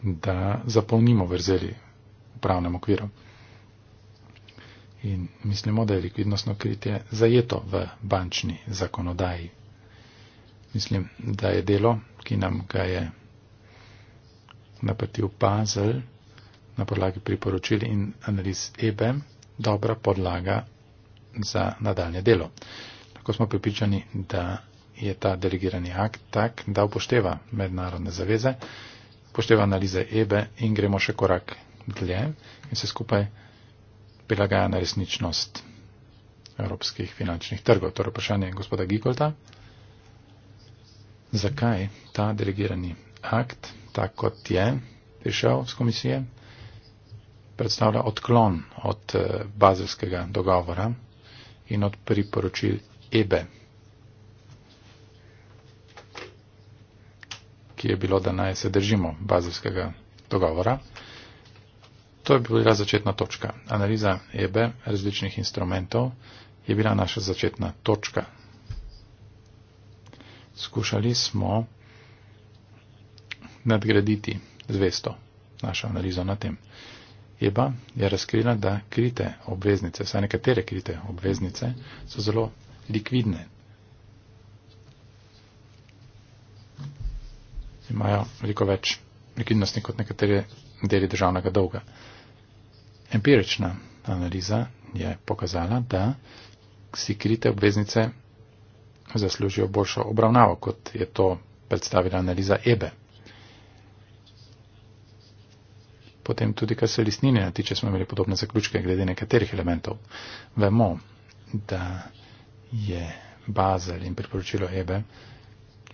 [SPEAKER 2] da zapolnimo vrzeli v pravnem okviru. In mislimo, da je likvidnostno kritje zajeto v bančni zakonodaji. Mislim, da je delo, ki nam ga je napetil Pazel na podlagi priporočili in analiz EBE, e, dobra podlaga za nadaljne delo. Tako smo pripričani, da je ta delegirani akt tak, da upošteva mednarodne zaveze upošteva analize Ebe in gremo še korak dlje in se skupaj prilagaja na resničnost evropskih finančnih trgov. Torej vprašanje gospoda Gikolta, zakaj ta delegirani akt, tako kot je prišel z komisije, predstavlja odklon od eh, bazilskega dogovora in od priporočil EBE. ki je bilo, da naj se držimo bazilskega dogovora. To je bila začetna točka. Analiza EBE različnih instrumentov je bila naša začetna točka. Skušali smo nadgraditi zvesto našo analizo na tem. EBA je razkrila, da krite obveznice, saj nekatere krite obveznice, so zelo likvidne, imajo veliko več likvidnosti kot nekatere deli državnega dolga. Empirična analiza je pokazala, da si krite obveznice zaslužijo boljšo obravnavo, kot je to predstavila analiza EBE. Potem tudi, kar se listnine tiče, smo imeli podobne zaključke glede nekaterih elementov. Vemo, da je Bazel in priporočilo EBE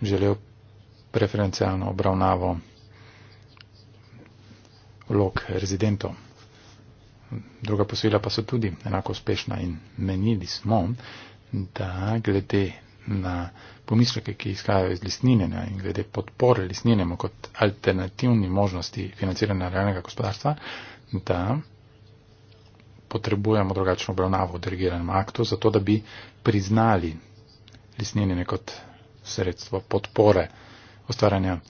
[SPEAKER 2] želel preferencialno obravnavo vlog rezidentov. Druga posojila pa so tudi enako uspešna in menili smo, da glede na pomisleke, ki izhajajo iz lisninjenja in glede podpore lisninjemu kot alternativni možnosti financiranja realnega gospodarstva, da potrebujemo drugačno obravnavo v dirigiranem aktu, zato da bi priznali lisninjenje kot sredstvo podpore ustvarjanja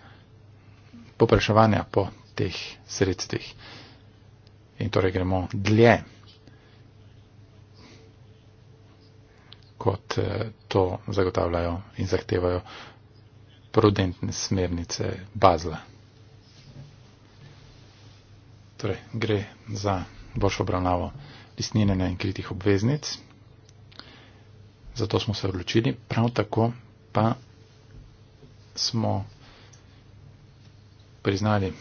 [SPEAKER 2] popraševanja po teh sredstvih. In torej gremo dlje kot eh, to zagotavljajo in zahtevajo prudentne smernice bazla. Torej, gre za boljšo obravnavo listninjenja in kritih obveznic. Zato smo se odločili, prav tako pa smo priznali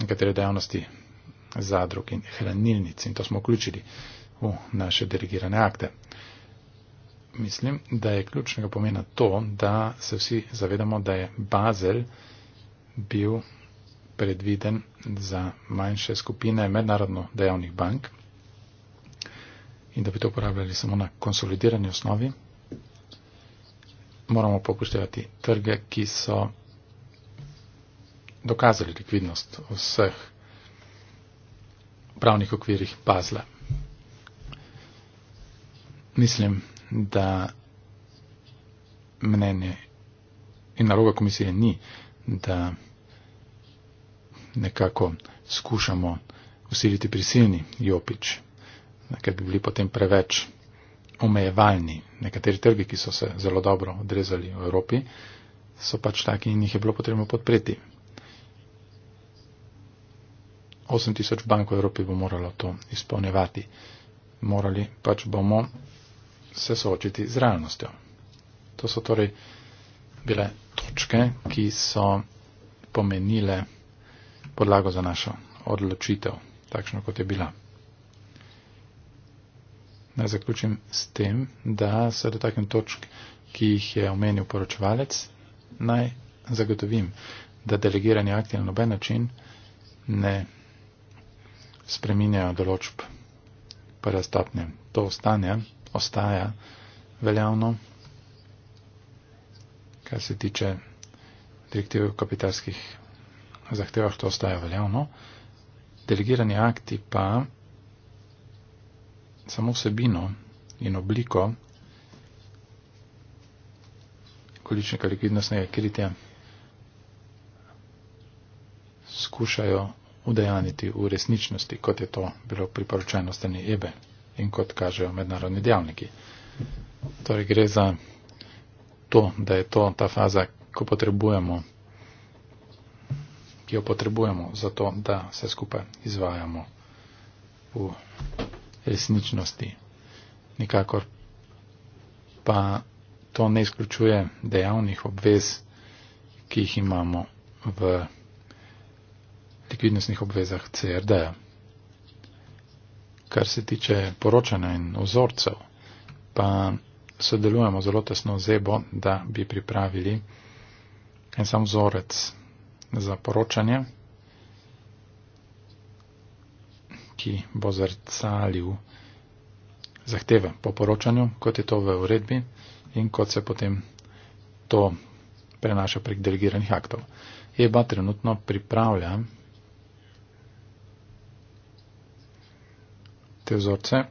[SPEAKER 2] nekatere dejavnosti zadrug in hranilnic in to smo vključili v naše delegirane akte. Mislim, da je ključnega pomena to, da se vsi zavedamo, da je Bazel bil predviden za manjše skupine mednarodno dejavnih bank in da bi to uporabljali samo na konsolidirani osnovi moramo pokuštevati trge, ki so dokazali likvidnost v vseh pravnih okvirih pazle. Mislim, da mnenje in naloga komisije ni, da nekako skušamo usiliti prisilni jopič, da bi bili potem preveč omejevalni. Nekateri trgi, ki so se zelo dobro odrezali v Evropi, so pač taki in jih je bilo potrebno podpreti. 8000 bank v Evropi bo moralo to izpolnjevati. Morali pač bomo se soočiti z realnostjo. To so torej bile točke, ki so pomenile podlago za našo odločitev, takšno kot je bila. Naj zaključim s tem, da se dotaknem točk, ki jih je omenil poročevalec. Naj zagotovim, da delegirani akti na noben način ne spreminjajo določb prve stopnje. To ostanja, ostaja veljavno, kar se tiče direktive o kapitalskih zahtevah, to ostaja veljavno. Delegirani akti pa samo vsebino in obliko količnega likvidnostnega kritja skušajo udejaniti v resničnosti, kot je to bilo priporočeno strani EBE in kot kažejo mednarodni dejavniki. Torej gre za to, da je to ta faza, ko potrebujemo, ki jo potrebujemo za to, da se skupaj izvajamo v resničnosti. Nikakor pa to ne izključuje dejavnih obvez, ki jih imamo v likvidnostnih obvezah CRD-ja. Kar se tiče poročanja in ozorcev, pa sodelujemo zelo tesno z EBO, da bi pripravili en sam vzorec za poročanje. ki bo zrcalil zahteve po poročanju, kot je to v uredbi in kot se potem to prenaša prek delegiranih aktov. EBA trenutno pripravlja te vzorce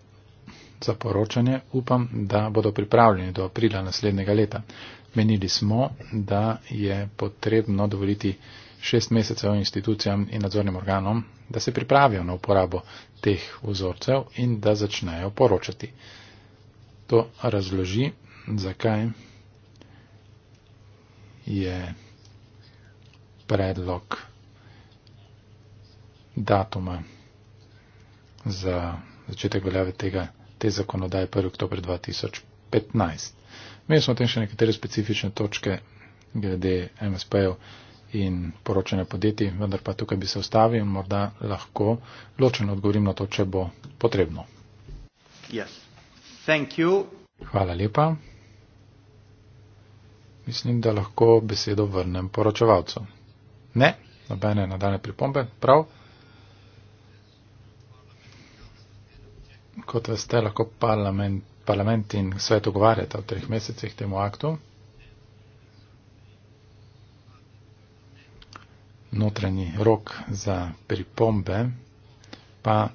[SPEAKER 2] za poročanje. Upam, da bodo pripravljeni do aprila naslednjega leta. Menili smo, da je potrebno dovoliti šest mesecev institucijam in nadzornim organom, da se pripravijo na uporabo teh vzorcev in da začnejo poročati. To razloži, zakaj je predlog datuma za začetek veljave tega, te zakonodaje 1. oktober 2015. Mi smo tem še nekatere specifične točke glede MSP-ev in poročanja podjetij, vendar pa tukaj bi se ustavil in morda lahko ločeno odgovorim na to, če bo potrebno. Yes. Hvala lepa. Mislim, da lahko besedo vrnem poročevalcu. Ne, nobene nadaljne pripombe, prav. Kot veste, lahko parlament, parlament in svet ogovarjata v treh mesecih temu aktu. notranji rok za pripombe, pa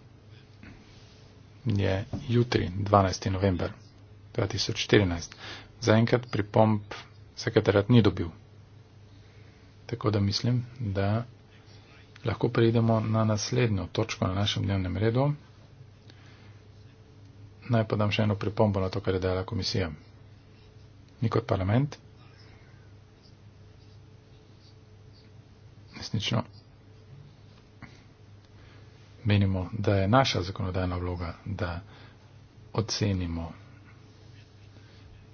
[SPEAKER 2] je jutri, 12. november 2014. Zaenkrat pripomb sekretarat ni dobil. Tako da mislim, da lahko prejdemo na naslednjo točko na našem dnevnem redu. Naj podam še eno pripombo na to, kar je dala komisija. Ni kot parlament. resnično menimo, da je naša zakonodajna vloga, da ocenimo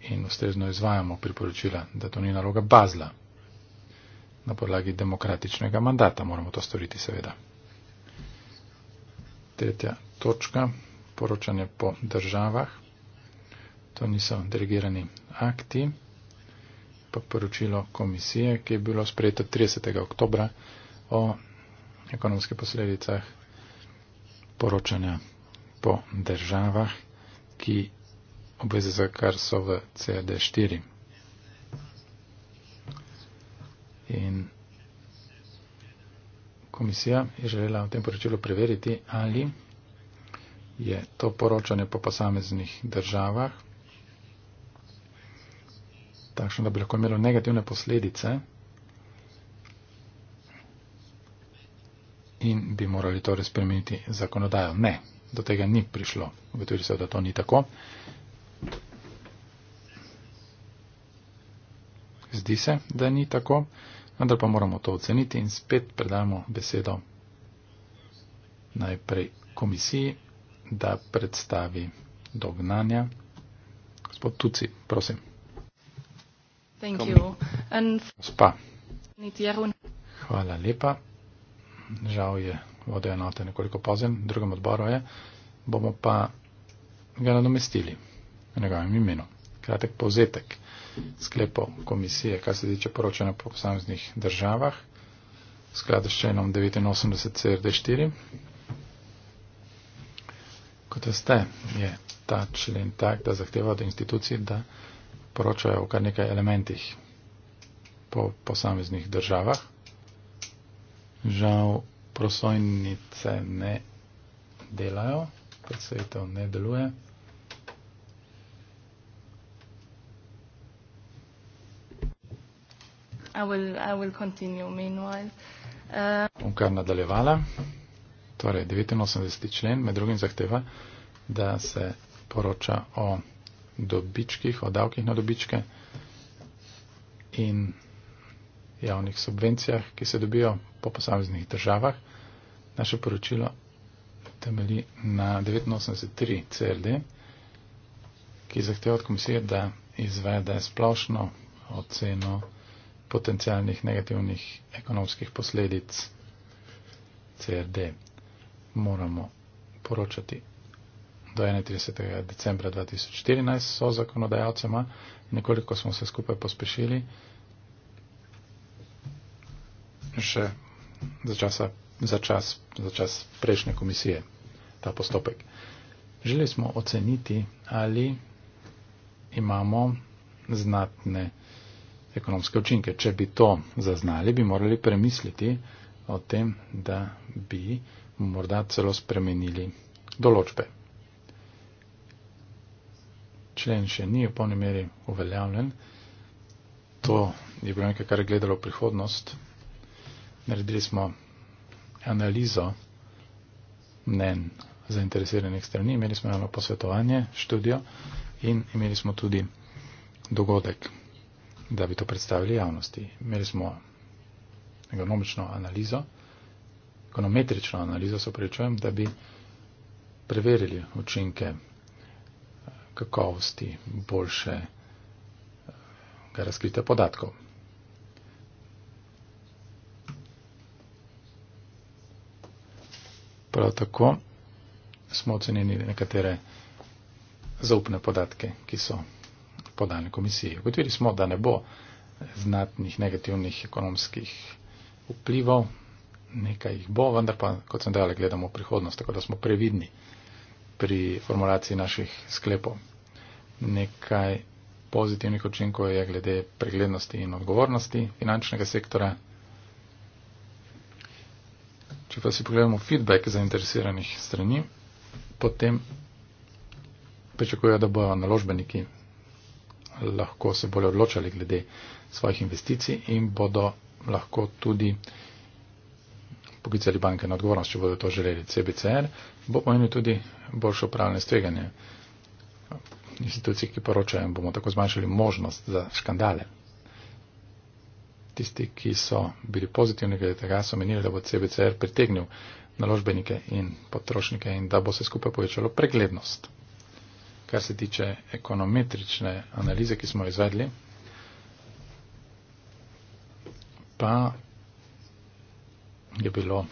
[SPEAKER 2] in ustrezno izvajamo priporočila, da to ni naloga bazla. Na podlagi demokratičnega mandata moramo to storiti, seveda. Tretja točka, poročanje po državah. To niso delegirani akti to poročilo komisije, ki je bilo sprejeto 30. oktobra o ekonomske posledicah poročanja po državah, ki obveze za kar so v CD4. In komisija je želela v tem poročilu preveriti, ali je to poročanje po posameznih državah takšno, da bi lahko imelo negativne posledice in bi morali torej spremeniti zakonodajo. Ne, do tega ni prišlo. Ugotovili so, da to ni tako. Zdi se, da ni tako, vendar pa moramo to oceniti in spet predamo besedo najprej komisiji, da predstavi dognanja. Gospod Tuci, prosim. Hvala lepa. Žal je vode enote nekoliko pozem, drugem odboru je. Bomo pa ga nadomestili v njegovem imenu. Kratek povzetek sklepov komisije, kar se tiče poročanja po posameznih državah. Skladu s členom 89CRD4. Kot veste, je ta člen tak, da zahteva od institucij, da poročajo o kar nekaj elementih po posameznih državah. Žal prosojnice ne delajo, predsvetov ne deluje.
[SPEAKER 3] I will, I will continue meanwhile. Uh...
[SPEAKER 2] Bom kar nadaljevala. Torej, 89. člen med drugim zahteva, da se poroča o dobičkih, o davkih na dobičke in javnih subvencijah, ki se dobijo po posameznih državah. Naše poročilo temelji na 89.3 CLD, ki zahteva od komisije, da izvede splošno oceno potencijalnih negativnih ekonomskih posledic CRD. Moramo poročati do 31. decembra 2014 so zakonodajalcema, nekoliko smo se skupaj pospešili, še za, časa, za, čas, za čas prejšnje komisije ta postopek. Želi smo oceniti, ali imamo znatne ekonomske učinke. Če bi to zaznali, bi morali premisliti o tem, da bi morda celo spremenili določbe člen še ni v polni meri uveljavljen. To je bilo nekaj, kar je gledalo v prihodnost. Naredili smo analizo mnen zainteresiranih strani, imeli smo eno posvetovanje, študijo in imeli smo tudi dogodek, da bi to predstavili javnosti. Imeli smo ekonomično analizo, ekonometrično analizo, se pravičujem, da bi preverili učinke kakovosti, boljše razkrite podatkov. Prav tako smo ocenili nekatere zaupne podatke, ki so podane komisiji. Ugotovili smo, da ne bo znatnih negativnih ekonomskih vplivov, nekaj jih bo, vendar pa, kot sem dejal, gledamo v prihodnost, tako da smo previdni pri formulaciji naših sklepov. Nekaj pozitivnih učinkov je glede preglednosti in odgovornosti finančnega sektora. Če pa si pogledamo feedback zainteresiranih strani, potem pričakujejo, da bojo naložbeniki lahko se bolje odločali glede svojih investicij in bodo lahko tudi poklicali banke na odgovornost, če bodo to želeli CBCR, bo pomenil tudi boljše upravljanje streganja. Institucije, ki poročajo, bomo tako zmanjšali možnost za škandale. Tisti, ki so bili pozitivni glede tega, so menili, da bo CBCR pritegnil naložbenike in potrošnike in da bo se skupaj povečalo preglednost. Kar se tiče ekonometrične analize, ki smo jo izvedli, pa je bilo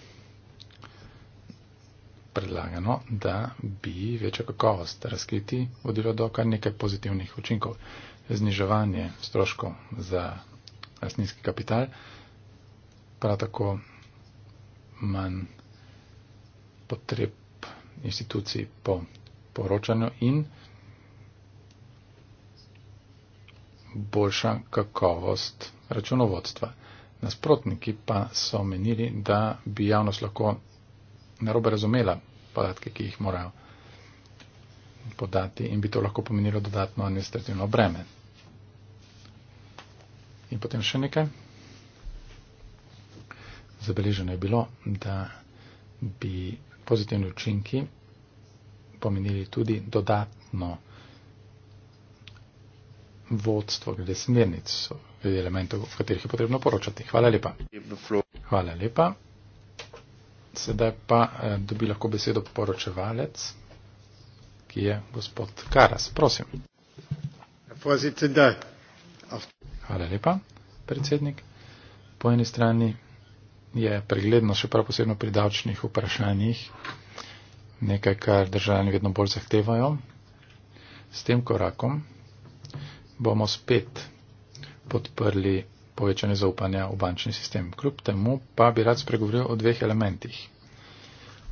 [SPEAKER 2] predlagano, da bi večja kakovost razkriti vodilo do kar nekaj pozitivnih učinkov. Zniževanje stroškov za lastninski kapital, prav tako manj potreb institucij po poročanju in boljša kakovost računovodstva. Nasprotniki pa so menili, da bi javnost lahko narobe razumela podatke, ki jih morajo podati in bi to lahko pomenilo dodatno administrativno breme. In potem še nekaj. Zabeleženo je bilo, da bi pozitivni učinki pomenili tudi dodatno vodstvo glede smernic glede elementov, v katerih je potrebno poročati. Hvala lepa. Hvala lepa. Sedaj pa eh, dobi lahko besedo poročevalec, ki je gospod Karas. Prosim. Hvala lepa, predsednik. Po eni strani je pregledno, še prav posebno pri davčnih vprašanjih, nekaj, kar državljani vedno bolj zahtevajo. S tem korakom bomo spet podprli povečanje zaupanja v bančni sistem. Kljub temu pa bi rad spregovoril o dveh elementih.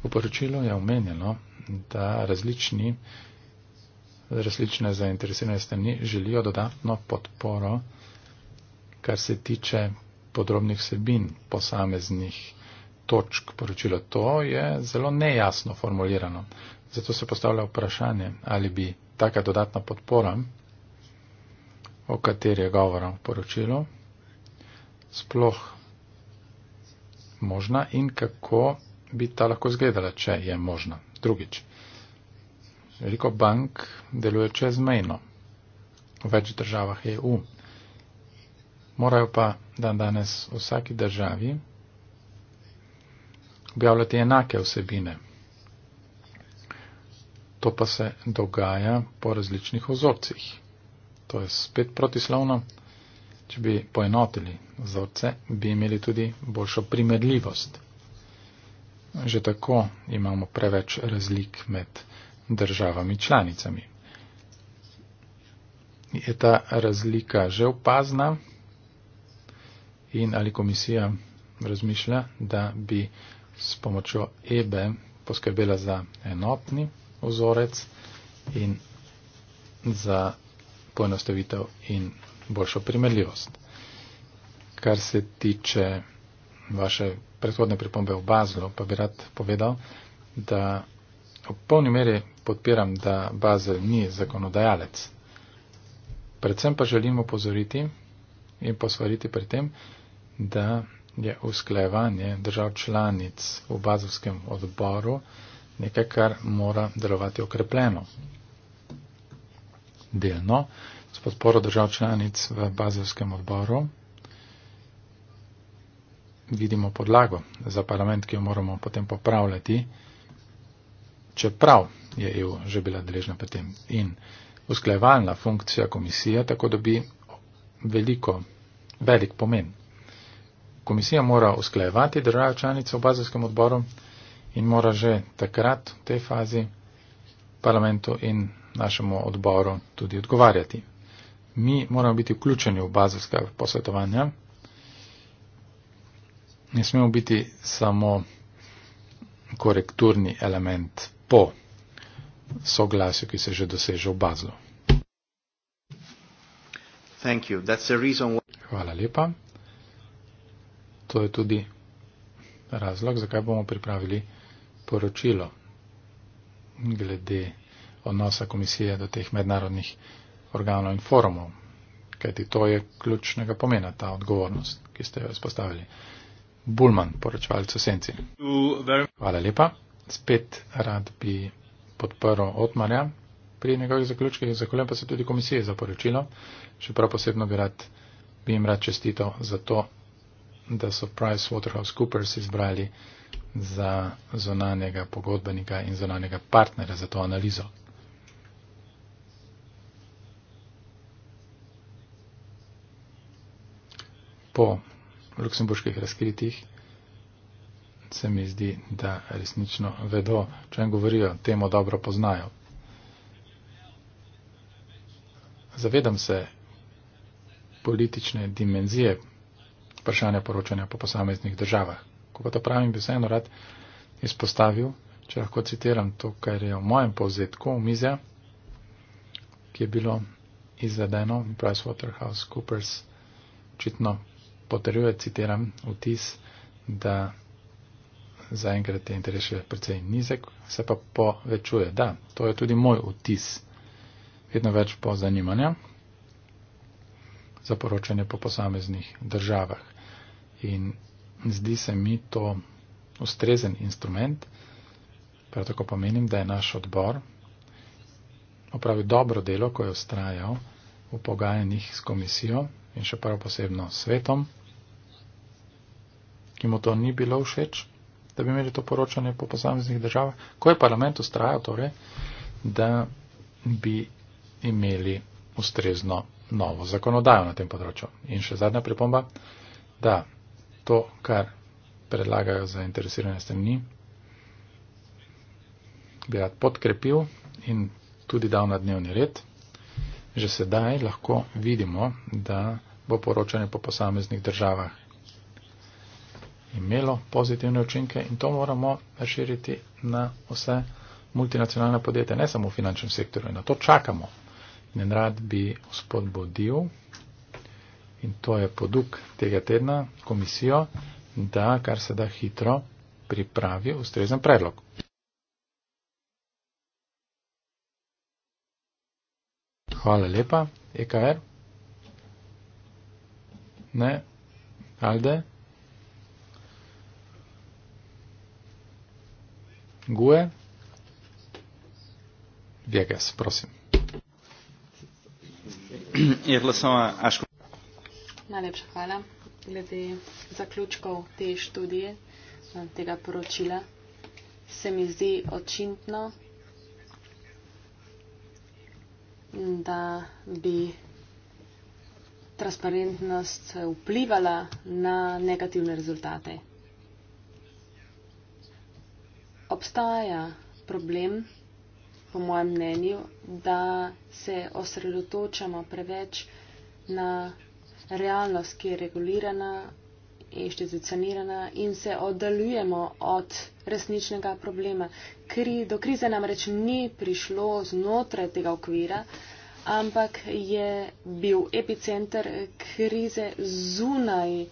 [SPEAKER 2] V poročilu je omenjeno, da različni, različne zainteresirane strani želijo dodatno podporo, kar se tiče podrobnih sebin posameznih točk poročila. To je zelo nejasno formulirano. Zato se postavlja vprašanje, ali bi taka dodatna podpora o kateri je govora v poročilu, sploh možna in kako bi ta lahko izgledala, če je možna. Drugič, veliko bank deluje čezmejno v več državah EU. Morajo pa dan danes v vsaki državi objavljati enake vsebine. To pa se dogaja po različnih ozorcih to je spet protislovno, če bi poenotili vzorce, bi imeli tudi boljšo primerljivost. Že tako imamo preveč razlik med državami članicami. Je ta razlika že opazna in ali komisija razmišlja, da bi s pomočjo EBE e poskrbela za enotni vzorec in za poenostavitev in boljšo primerljivost. Kar se tiče vaše predhodne pripombe v Bazlu, pa bi rad povedal, da v polni meri podpiram, da Bazel ni zakonodajalec. Predvsem pa želim upozoriti in posvariti pri tem, da je usklejevanje držav članic v bazovskem odboru nekaj, kar mora delovati okrepljeno delno s podporo držav članic v bazilskem odboru vidimo podlago za parlament, ki jo moramo potem popravljati, čeprav je EU že bila deležna potem. In usklajevalna funkcija komisije tako dobi veliko, velik pomen. Komisija mora usklajevati države članice v bazilskem odboru in mora že takrat v tej fazi parlamentu in našemu odboru tudi odgovarjati. Mi moramo biti vključeni v bazilska posvetovanja. Ne smemo biti samo korekturni element po soglasju, ki se že doseže v bazlu. Hvala lepa. To je tudi razlog, zakaj bomo pripravili poročilo glede odnosa komisije do teh mednarodnih organov in forumov. Kajti to je ključnega pomena, ta odgovornost, ki ste jo izpostavili. Bulman, poročevalec v Senci. Hvala lepa. Spet rad bi podprl Otmarja pri njegovih zaključkih, zahvaljujem pa se tudi komisiji za poročilo. Še prav posebno bi, rad, bi jim rad čestito za to, da so PricewaterhouseCoopers izbrali za zonanega pogodbenika in zonanega partnera za to analizo. po luksemburških razkritih, se mi zdi, da resnično vedo, če jim govorijo, temu dobro poznajo. Zavedam se politične dimenzije vprašanja poročanja po posameznih državah. Ko pa to pravim, bi vseeno rad izpostavil, če lahko citiram to, kar je v mojem povzetku omizja, ki je bilo izvedeno, PricewaterhouseCoopers, očitno potrjuje, citiram, vtis, da zaenkrat je interes še precej nizek, se pa povečuje. Da, to je tudi moj vtis. Vedno več po zanimanja za poročanje po posameznih državah. In zdi se mi to ustrezen instrument, prav tako pa menim, da je naš odbor opravil dobro delo, ko je ustrajal v pogajanjih s komisijo in še prav posebno svetom, ki mu to ni bilo všeč, da bi imeli to poročanje po posameznih državah, ko je parlament ustrajal torej, da bi imeli ustrezno novo zakonodajo na tem področju. In še zadnja pripomba, da to, kar predlagajo zainteresirane strani, bi rad podkrepil in tudi dal na dnevni red. Že sedaj lahko vidimo, da bo poročanje po posameznih državah imelo pozitivne učinke in to moramo razširiti na vse multinacionalne podjetja, ne samo v finančnem sektorju. In na to čakamo. In rad bi gospod Bodil, in to je poduk tega tedna, komisijo, da kar se da hitro pripravi ustrezen predlog. Hvala lepa. EKR? Er? Ne? Alde? Gue? Vjeges, prosim. Je glasova Aško.
[SPEAKER 3] Najlepša hvala. Glede zaključkov te študije, tega poročila, se mi zdi očintno, da bi transparentnost vplivala na negativne rezultate. Obstaja problem, po mojem mnenju, da se osredotočamo preveč na realnost, ki je regulirana inštitucionirana in se oddaljujemo od resničnega problema. Kri, do krize namreč ni prišlo znotraj tega okvira, ampak je bil epicenter krize zunaj eh,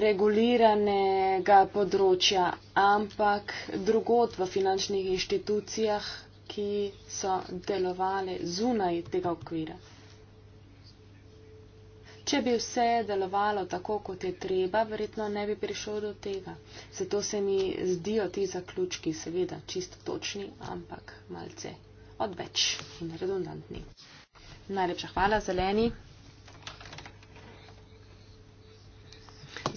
[SPEAKER 3] reguliranega področja, ampak drugot v finančnih inštitucijah, ki so delovali zunaj tega okvira. Če bi vse delovalo tako, kot je treba, verjetno ne bi prišlo do tega. Zato se mi zdijo ti zaključki, seveda, čisto točni, ampak malce odveč in redundantni. Najlepša hvala, zeleni.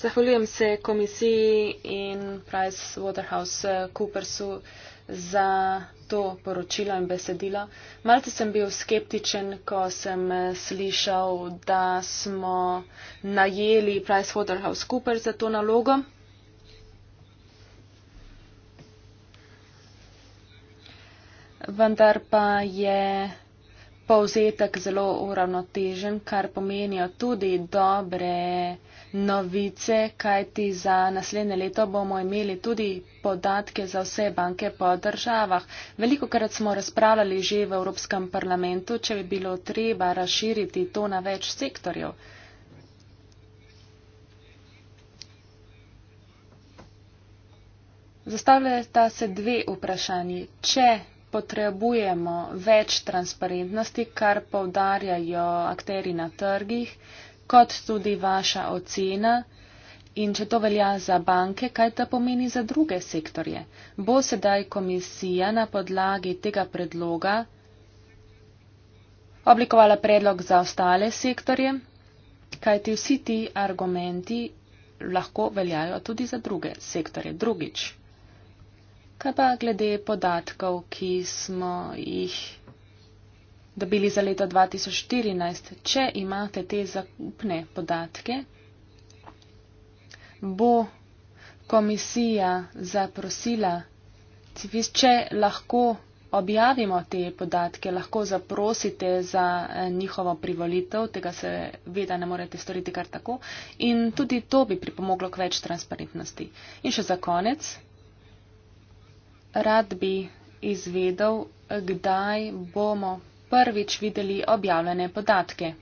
[SPEAKER 3] Zahvaljujem se komisiji in PricewaterhouseCoopersu za to poročilo in besedilo. Malce sem bil skeptičen, ko sem eh, slišal, da smo najeli PricewaterhouseCoopers za to nalogo. Vendar pa je povzetek zelo uravnotežen, kar pomenijo tudi dobre novice, kajti za naslednje leto bomo imeli tudi podatke za vse banke po državah. Veliko krat smo razpravljali že v Evropskem parlamentu, če bi bilo treba razširiti to na več sektorjev. Zastavljata se dve vprašanje. Če potrebujemo več transparentnosti, kar povdarjajo akteri na trgih, kot tudi vaša ocena. In če to velja za banke, kaj to pomeni za druge sektorje? Bo sedaj komisija na podlagi tega predloga oblikovala predlog za ostale sektorje, kaj ti vsi ti argumenti lahko veljajo tudi za druge sektorje. Drugič. Kaj pa glede podatkov, ki smo jih dobili za leto 2014? Če imate te zakupne podatke, bo komisija zaprosila, če lahko objavimo te podatke, lahko zaprosite za eh, njihovo privolitev, tega se veda ne morete storiti kar tako in tudi to bi pripomoglo k več transparentnosti. In še za konec. Rad bi izvedel, kdaj bomo prvič videli objavljene podatke.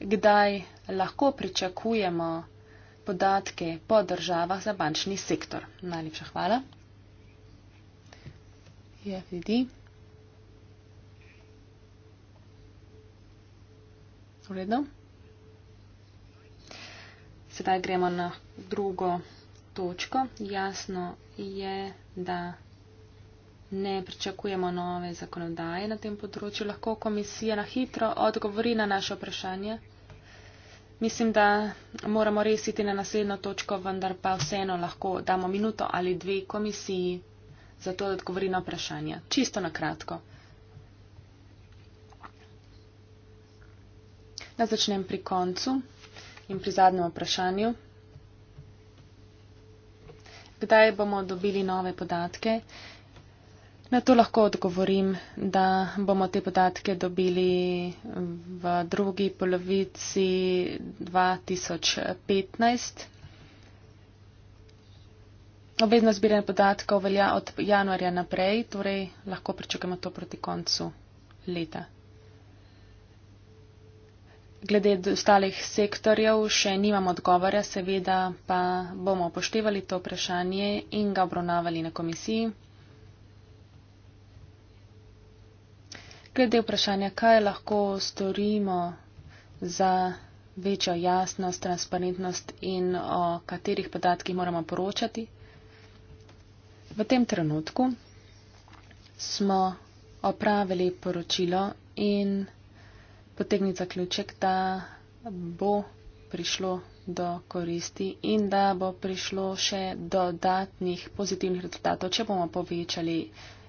[SPEAKER 3] Kdaj lahko pričakujemo podatke po državah za bančni sektor. Najlepša hvala. Je ja, vidi. Vredno. Sedaj gremo na drugo točko. Jasno je, da ne pričakujemo nove zakonodaje na tem področju, lahko komisija na hitro odgovori na naše vprašanje. Mislim, da moramo resiti na naslednjo točko, vendar pa vseeno lahko damo minuto ali dve komisiji za to, da odgovori na vprašanje. Čisto na kratko. Da začnem pri koncu in pri zadnjem vprašanju. Kdaj bomo dobili nove podatke? Na to lahko odgovorim, da bomo te podatke dobili v drugi polovici 2015. Obvezno zbiranje podatkov velja od januarja naprej, torej lahko pričakujemo to proti koncu leta. Glede ostalih sektorjev še nimam odgovora, seveda pa bomo upoštevali to vprašanje in ga obravnavali na komisiji. glede vprašanja, kaj lahko storimo za večjo jasnost, transparentnost in o katerih podatkih moramo poročati. V tem trenutku smo opravili poročilo in potegnil zaključek, da bo prišlo do koristi in da bo prišlo še dodatnih pozitivnih rezultatov, če bomo povečali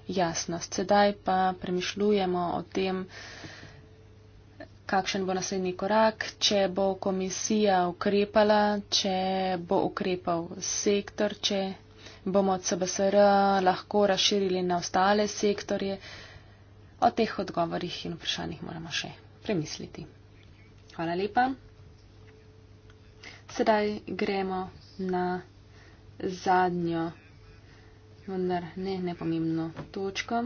[SPEAKER 3] jasnost. Sedaj pa premišljujemo o tem, kakšen bo naslednji korak, če bo komisija ukrepala, če bo ukrepal sektor, če bomo od CBSR lahko razširili na ostale sektorje. O teh odgovorih in vprašanjih moramo še premisliti. Hvala lepa. Sedaj gremo na zadnjo vendar ne nepomembno točko.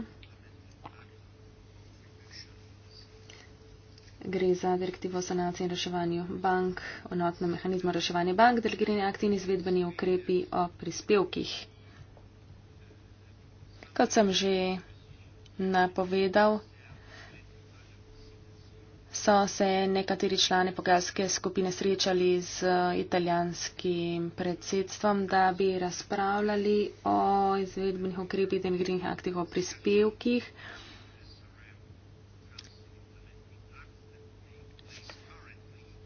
[SPEAKER 3] Gre za direktivo o sanaciji in reševanju bank, enotno mehanizmo reševanja bank, delegirani akti in izvedbeni ukrepi o prispevkih. Kot sem že napovedal, so se nekateri člani pogajalske skupine srečali z eh, italijanskim predsedstvom, da bi razpravljali o izvedbenih ukrepih in grinih aktih o prispevkih.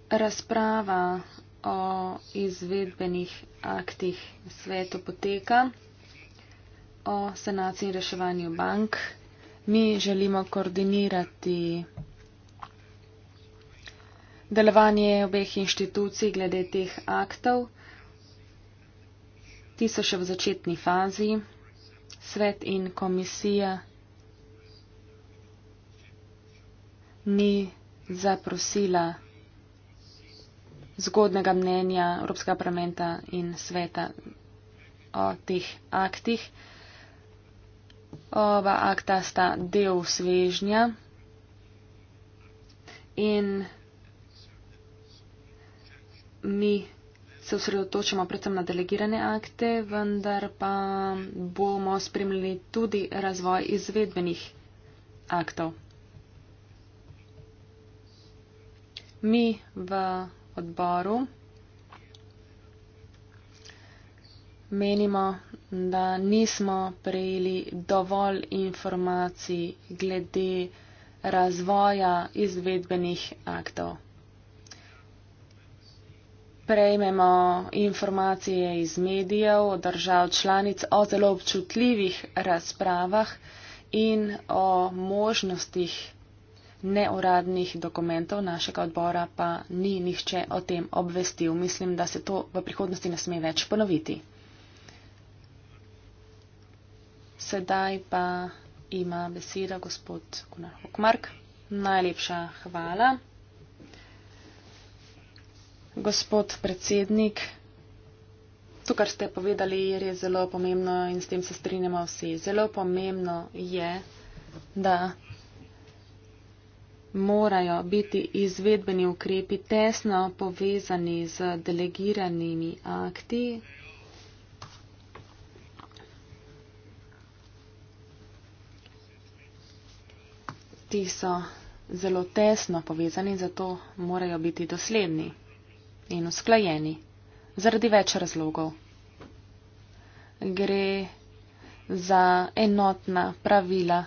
[SPEAKER 3] Razprava o izvedbenih aktih svetu poteka o sanaciji in reševanju bank. Mi želimo koordinirati delovanje obeh inštitucij glede teh aktov. Ti so še v začetni fazi. Svet in komisija ni zaprosila zgodnega mnenja Evropskega parlamenta in sveta o teh aktih. Ova akta sta del svežnja in mi se osredotočamo predvsem na delegirane akte, vendar pa bomo spremljali tudi razvoj izvedbenih aktov. Mi v odboru menimo, da nismo prejeli dovolj informacij glede razvoja izvedbenih aktov prejmemo informacije iz medijev, od držav članic, o zelo občutljivih razpravah in o možnostih neuradnih dokumentov našega odbora pa ni nihče o tem obvestil. Mislim, da se to v prihodnosti ne sme več ponoviti. Sedaj pa ima beseda gospod Kunar Hokmark. Najlepša hvala. Gospod predsednik, to, kar ste povedali, je res zelo pomembno in s tem se strinjamo vsi. Zelo pomembno je, da morajo biti izvedbeni ukrepi tesno povezani z delegiranimi akti. Ti so zelo tesno povezani, zato morajo biti dosledni in usklajeni, zaradi več razlogov. Gre za enotna pravila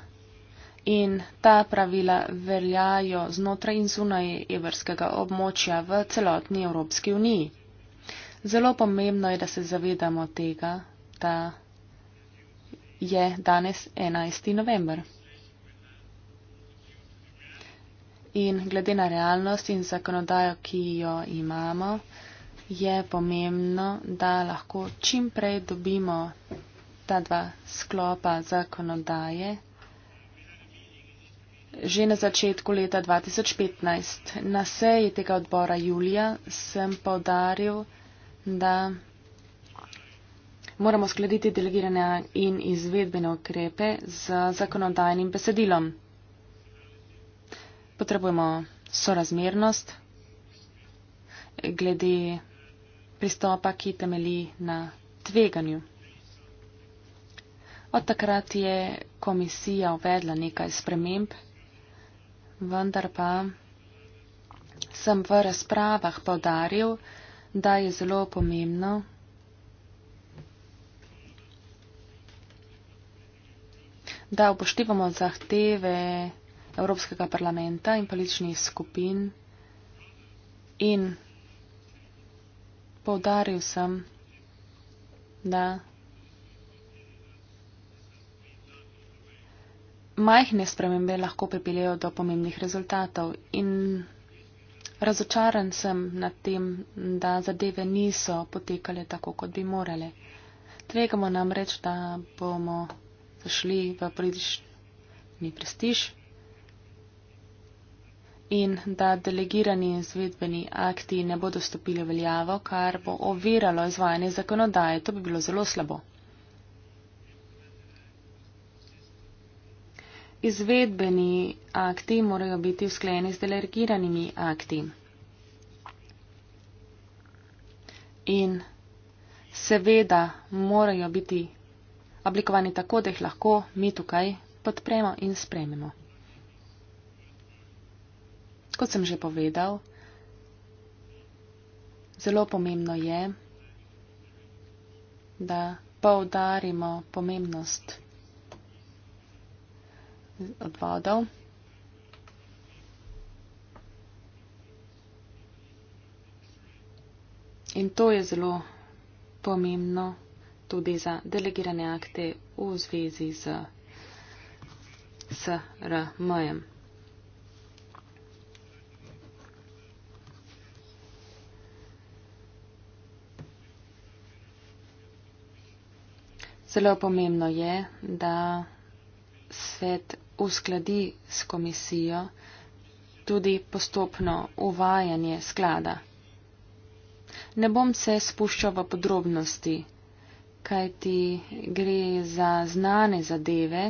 [SPEAKER 3] in ta pravila veljajo znotraj in zunaj evrskega območja v celotni Evropski uniji. Zelo pomembno je, da se zavedamo tega, da je danes 11. november. In glede na realnost in zakonodajo, ki jo imamo, je pomembno, da lahko čim prej dobimo ta dva sklopa zakonodaje. Že na začetku leta 2015 na seji tega odbora Julija sem povdaril, da moramo skladiti delegirane in izvedbene ukrepe z zakonodajnim besedilom potrebujemo sorazmernost glede pristopa, ki temeli na tveganju. Od takrat je komisija uvedla nekaj sprememb, vendar pa sem v razpravah povdaril, da je zelo pomembno, da upoštevamo zahteve Evropskega parlamenta in političnih skupin in povdaril sem, da majhne spremembe lahko pripeljejo do pomembnih rezultatov in razočaran sem nad tem, da zadeve niso potekale tako, kot bi morale. Tvegamo namreč, da bomo zašli v politični prestiž in da delegirani izvedbeni akti ne bodo stopili veljavo, kar bo oviralo izvajanje zakonodaje. To bi bilo zelo slabo. Izvedbeni akti morajo biti usklajeni z delegiranimi akti. In seveda morajo biti oblikovani tako, da jih lahko mi tukaj podpremo in sprememo kot sem že povedal, zelo pomembno je, da poudarimo pomembnost odvodov. In to je zelo pomembno tudi za delegirane akte v zvezi z SRM. -jem. Zelo pomembno je, da svet uskladi s komisijo tudi postopno uvajanje sklada. Ne bom se spuščal v podrobnosti, kaj ti gre za znane zadeve.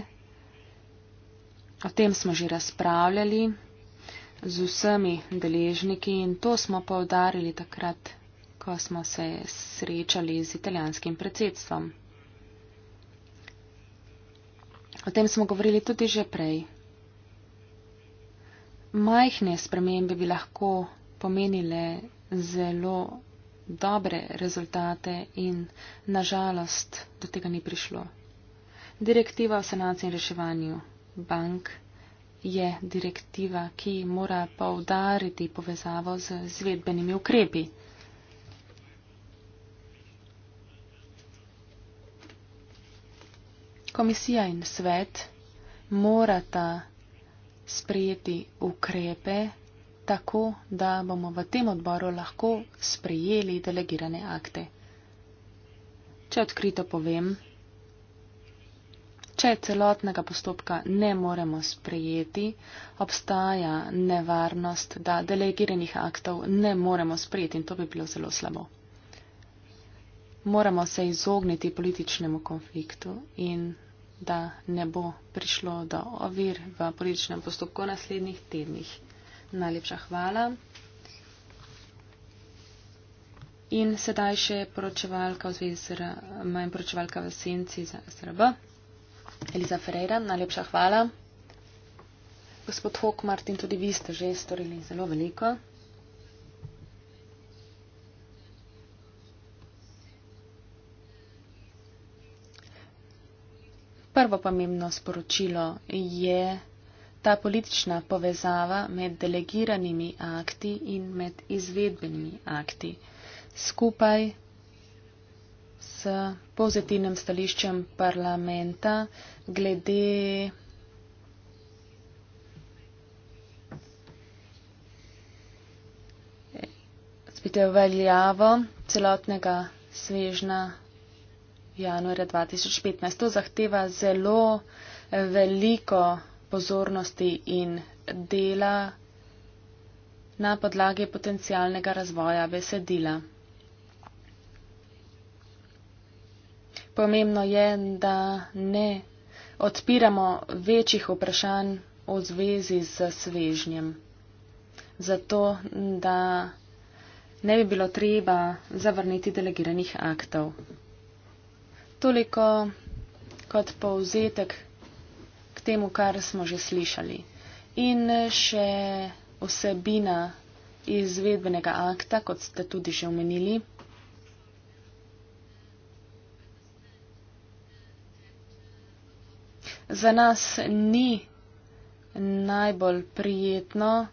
[SPEAKER 3] O tem smo že razpravljali z vsemi deležniki in to smo povdarili takrat, ko smo se srečali z italijanskim predsedstvom. O tem smo govorili tudi že prej. Majhne spremembe bi lahko pomenile zelo dobre rezultate in nažalost do tega ni prišlo. Direktiva o sanaciji in reševanju bank je direktiva, ki mora poudariti povezavo z izvedbenimi ukrepi. Komisija in svet morata sprejeti ukrepe tako, da bomo v tem odboru lahko sprejeli delegirane akte. Če odkrito povem, če celotnega postopka ne moremo sprejeti, obstaja nevarnost, da delegiranih aktov ne moremo sprejeti in to bi bilo zelo slabo moramo se izogniti političnemu konfliktu in da ne bo prišlo do ovir v političnem postopku v naslednjih tednih. Najlepša hvala. In sedaj še poročevalka v zvezi z manj poročevalka v senci za SRB. Eliza Ferreira, najlepša hvala. Gospod Hok, Martin, tudi vi ste že storili zelo veliko. prvo pomembno sporočilo je ta politična povezava med delegiranimi akti in med izvedbenimi akti. Skupaj s pozitivnim stališčem parlamenta glede spite uveljavo celotnega svežna januarja 2015. To zahteva zelo veliko pozornosti in dela na podlagi potencialnega razvoja besedila. Pomembno je, da ne odpiramo večjih vprašanj v zvezi z svežnjem. Zato, da ne bi bilo treba zavrniti delegiranih aktov toliko kot povzetek k temu, kar smo že slišali. In še osebina izvedbenega akta, kot ste tudi že omenili. Za nas ni najbolj prijetno,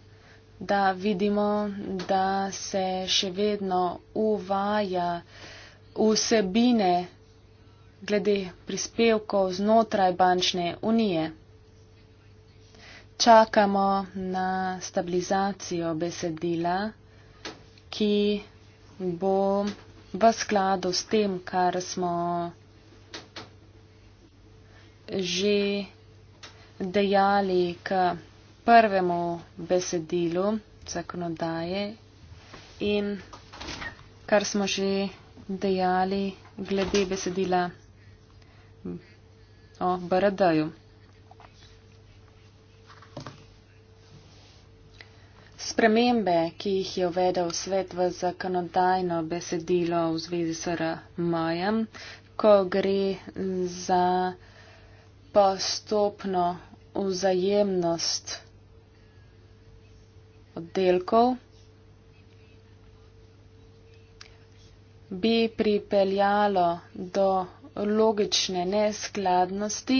[SPEAKER 3] da vidimo, da se še vedno uvaja vsebine glede prispevkov znotraj bančne unije. Čakamo na stabilizacijo besedila, ki bo v skladu s tem, kar smo že dejali k prvemu besedilu zakonodaje in kar smo že dejali glede besedila O, Baradaju. Spremembe, ki jih je uvedel svet v zakonodajno besedilo v zvezi s RMAJem, ko gre za postopno vzajemnost oddelkov, bi pripeljalo do logične neskladnosti.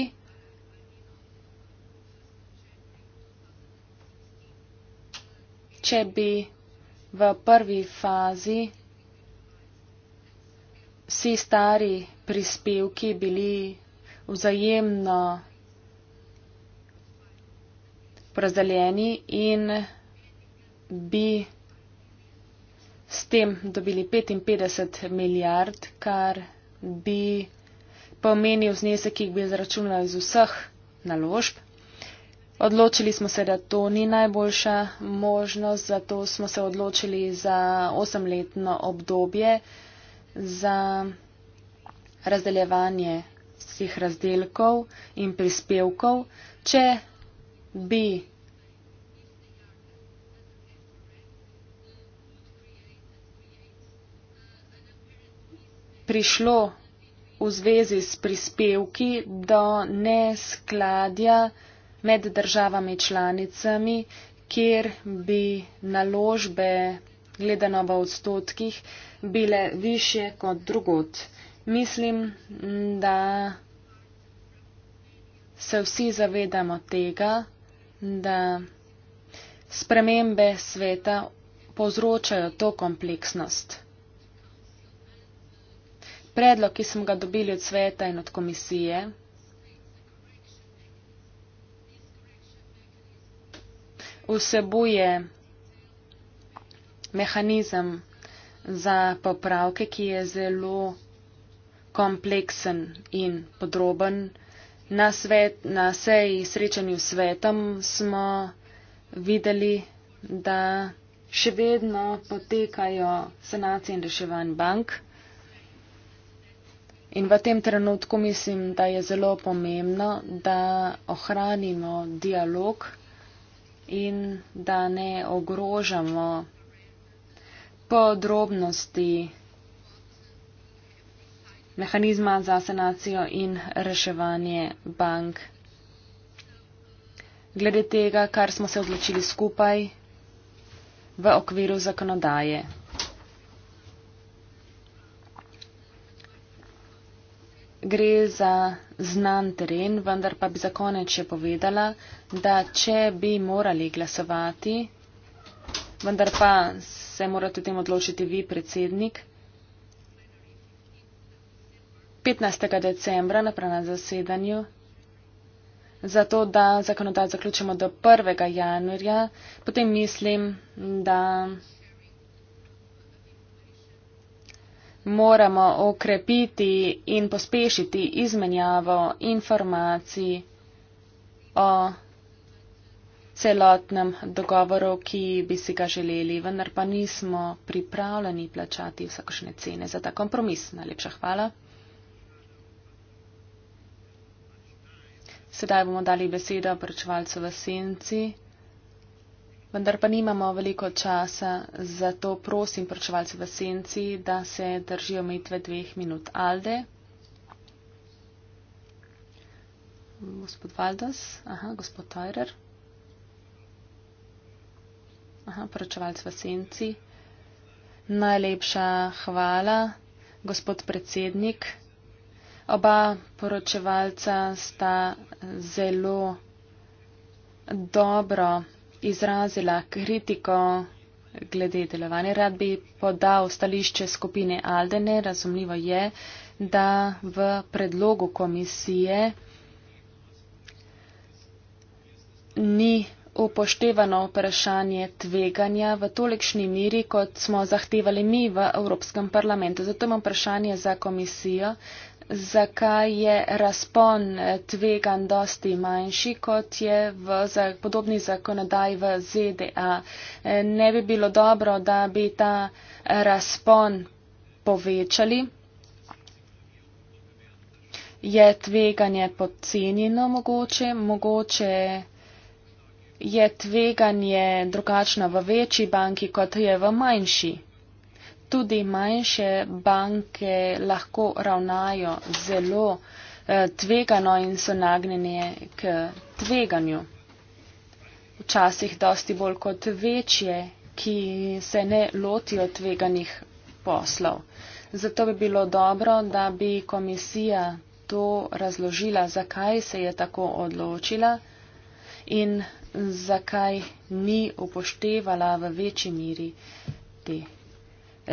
[SPEAKER 3] Če bi v prvi fazi vsi stari prispevki bili vzajemno razdeljeni in bi s tem dobili 55 milijard, kar bi pomenil znesek, ki bi izračunal iz vseh naložb. Odločili smo se, da to ni najboljša možnost, zato smo se odločili za osemletno obdobje za razdeljevanje vseh razdelkov in prispevkov. Če bi prišlo v zvezi s prispevki do neskladja med državami članicami, kjer bi naložbe gledano v odstotkih bile više kot drugot. Mislim, da se vsi zavedamo tega, da spremembe sveta povzročajo to kompleksnost predlog, ki smo ga dobili od sveta in od komisije, vsebuje mehanizem za popravke, ki je zelo kompleksen in podroben. Na, svet, na seji srečanju s svetom smo videli, da še vedno potekajo sanacije in reševanje bank. In v tem trenutku mislim, da je zelo pomembno, da ohranimo dialog in da ne ogrožamo podrobnosti mehanizma za sanacijo in reševanje bank. Glede tega, kar smo se odločili skupaj v okviru zakonodaje. gre za znan teren, vendar pa bi za konec še povedala, da če bi morali glasovati, vendar pa se morate o tem odločiti vi, predsednik, 15. decembra na prana zasedanju, zato da zakonodaj zaključimo do 1. januarja, potem mislim, da. moramo okrepiti in pospešiti izmenjavo informacij o celotnem dogovoru, ki bi si ga želeli, vendar pa nismo pripravljeni plačati vsakošne cene za ta kompromis. Najlepša hvala. Sedaj bomo dali besedo poročevalcu v senci vendar pa nimamo veliko časa, zato prosim pročevalce v senci, da se držijo omejitve dveh minut. Alde. Gospod Valdos, aha, gospod Tojrer. Aha, pročevalce v senci. Najlepša hvala, gospod predsednik. Oba poročevalca sta zelo dobro izrazila kritiko glede delovanja. Rad bi podal stališče skupine Aldene. Razumljivo je, da v predlogu komisije ni upoštevano vprašanje tveganja v tolikšni miri, kot smo zahtevali mi v Evropskem parlamentu. Zato imam vprašanje za komisijo zakaj je razpon tvegan dosti manjši, kot je v podobni zakonodaji v ZDA. Ne bi bilo dobro, da bi ta razpon povečali. Je tveganje podcenjeno mogoče, mogoče je tveganje drugačno v večji banki, kot je v manjši tudi manjše banke lahko ravnajo zelo eh, tvegano in so nagnjene k tveganju. Včasih dosti bolj kot večje, ki se ne lotijo tveganih poslov. Zato bi bilo dobro, da bi komisija to razložila, zakaj se je tako odločila in zakaj ni upoštevala v večji miri te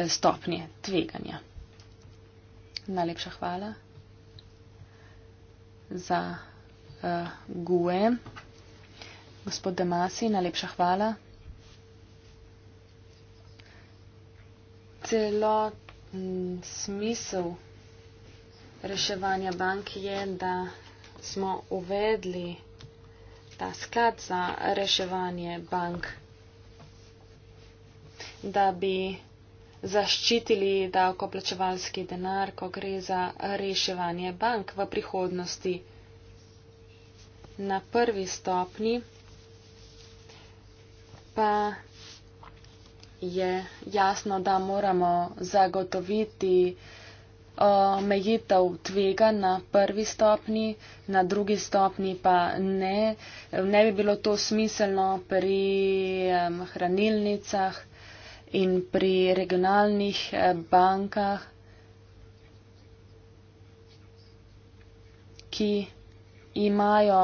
[SPEAKER 3] stopnje tveganja. Najlepša hvala za uh, GUE. Gospod Demasi, najlepša hvala. Celoten smisel reševanja bank je, da smo uvedli ta sklad za reševanje bank, da bi zaščitili davkoplačevalski denar, ko gre za reševanje bank v prihodnosti. Na prvi stopni pa je jasno, da moramo zagotoviti omejitev tvega na prvi stopni, na drugi stopni pa ne. Ne bi bilo to smiselno pri hranilnicah in pri regionalnih eh, bankah, ki imajo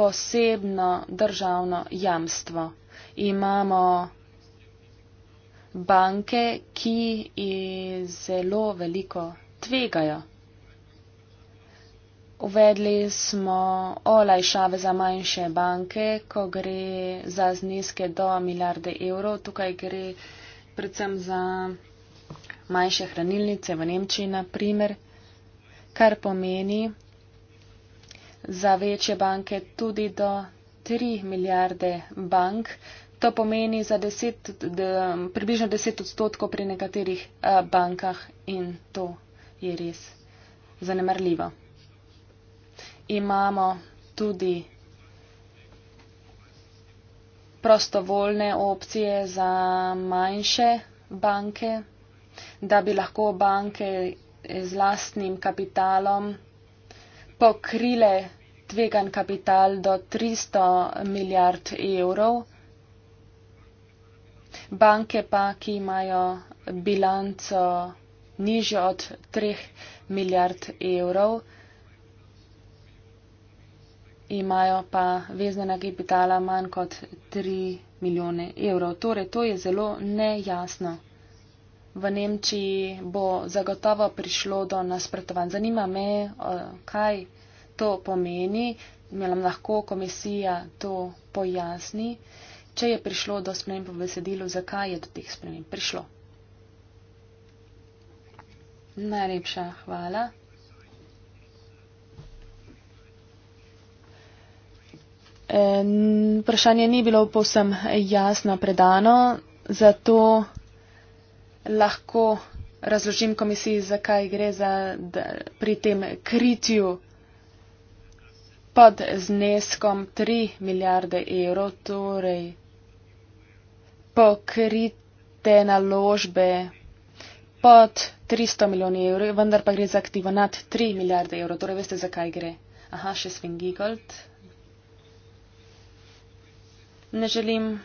[SPEAKER 3] posebno državno jamstvo. Imamo banke, ki zelo veliko tvegajo. Uvedli smo olajšave za manjše banke, ko gre za zneske do milijarde evrov. Tukaj gre za predvsem za manjše hranilnice v Nemčiji, naprimer, kar pomeni za večje banke tudi do 3 milijarde bank. To pomeni za deset, de, približno 10 odstotkov pri nekaterih eh, bankah in to je res zanemrljivo. Imamo tudi prostovoljne opcije za manjše banke, da bi lahko banke z lastnim kapitalom pokrile tvegan kapital do 300 milijard evrov. Banke pa, ki imajo bilanco nižjo od 3 milijard evrov, imajo pa veznega kapitala manj kot 3 milijone evrov. Torej, to je zelo nejasno. V Nemčiji bo zagotovo prišlo do nasprotovanj. Zanima me, kaj to pomeni, mi lahko komisija to pojasni, če je prišlo do sprememb v besedilu, zakaj je do teh sprememb prišlo. Najlepša hvala. vprašanje ni bilo povsem jasno predano, zato lahko razložim komisiji, zakaj gre za, da, pri tem kritju pod zneskom 3 milijarde evrov, torej pokrite naložbe pod 300 milijoni evrov, vendar pa gre za aktivo nad 3 milijarde evrov. Torej veste, zakaj gre. Aha, še Svengigold ne želim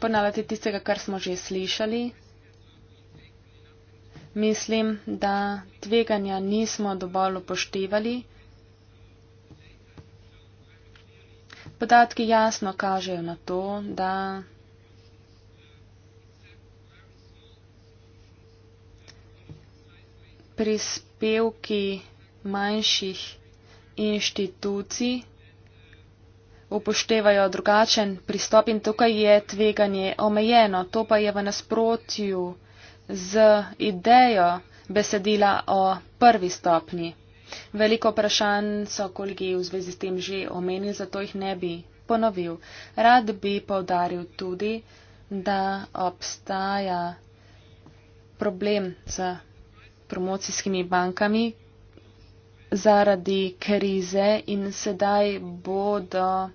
[SPEAKER 3] ponavljati tistega, kar smo že slišali. Mislim, da tveganja nismo dovolj upoštevali. Podatki jasno kažejo na to, da prispevki manjših inštitucij upoštevajo drugačen pristop in tukaj je tveganje omejeno. To pa je v nasprotju z idejo besedila o prvi stopni. Veliko vprašanj so kolegi v zvezi s tem že omenili, zato jih ne bi ponovil. Rad bi povdaril tudi, da obstaja problem z promocijskimi bankami, zaradi krize in sedaj bodo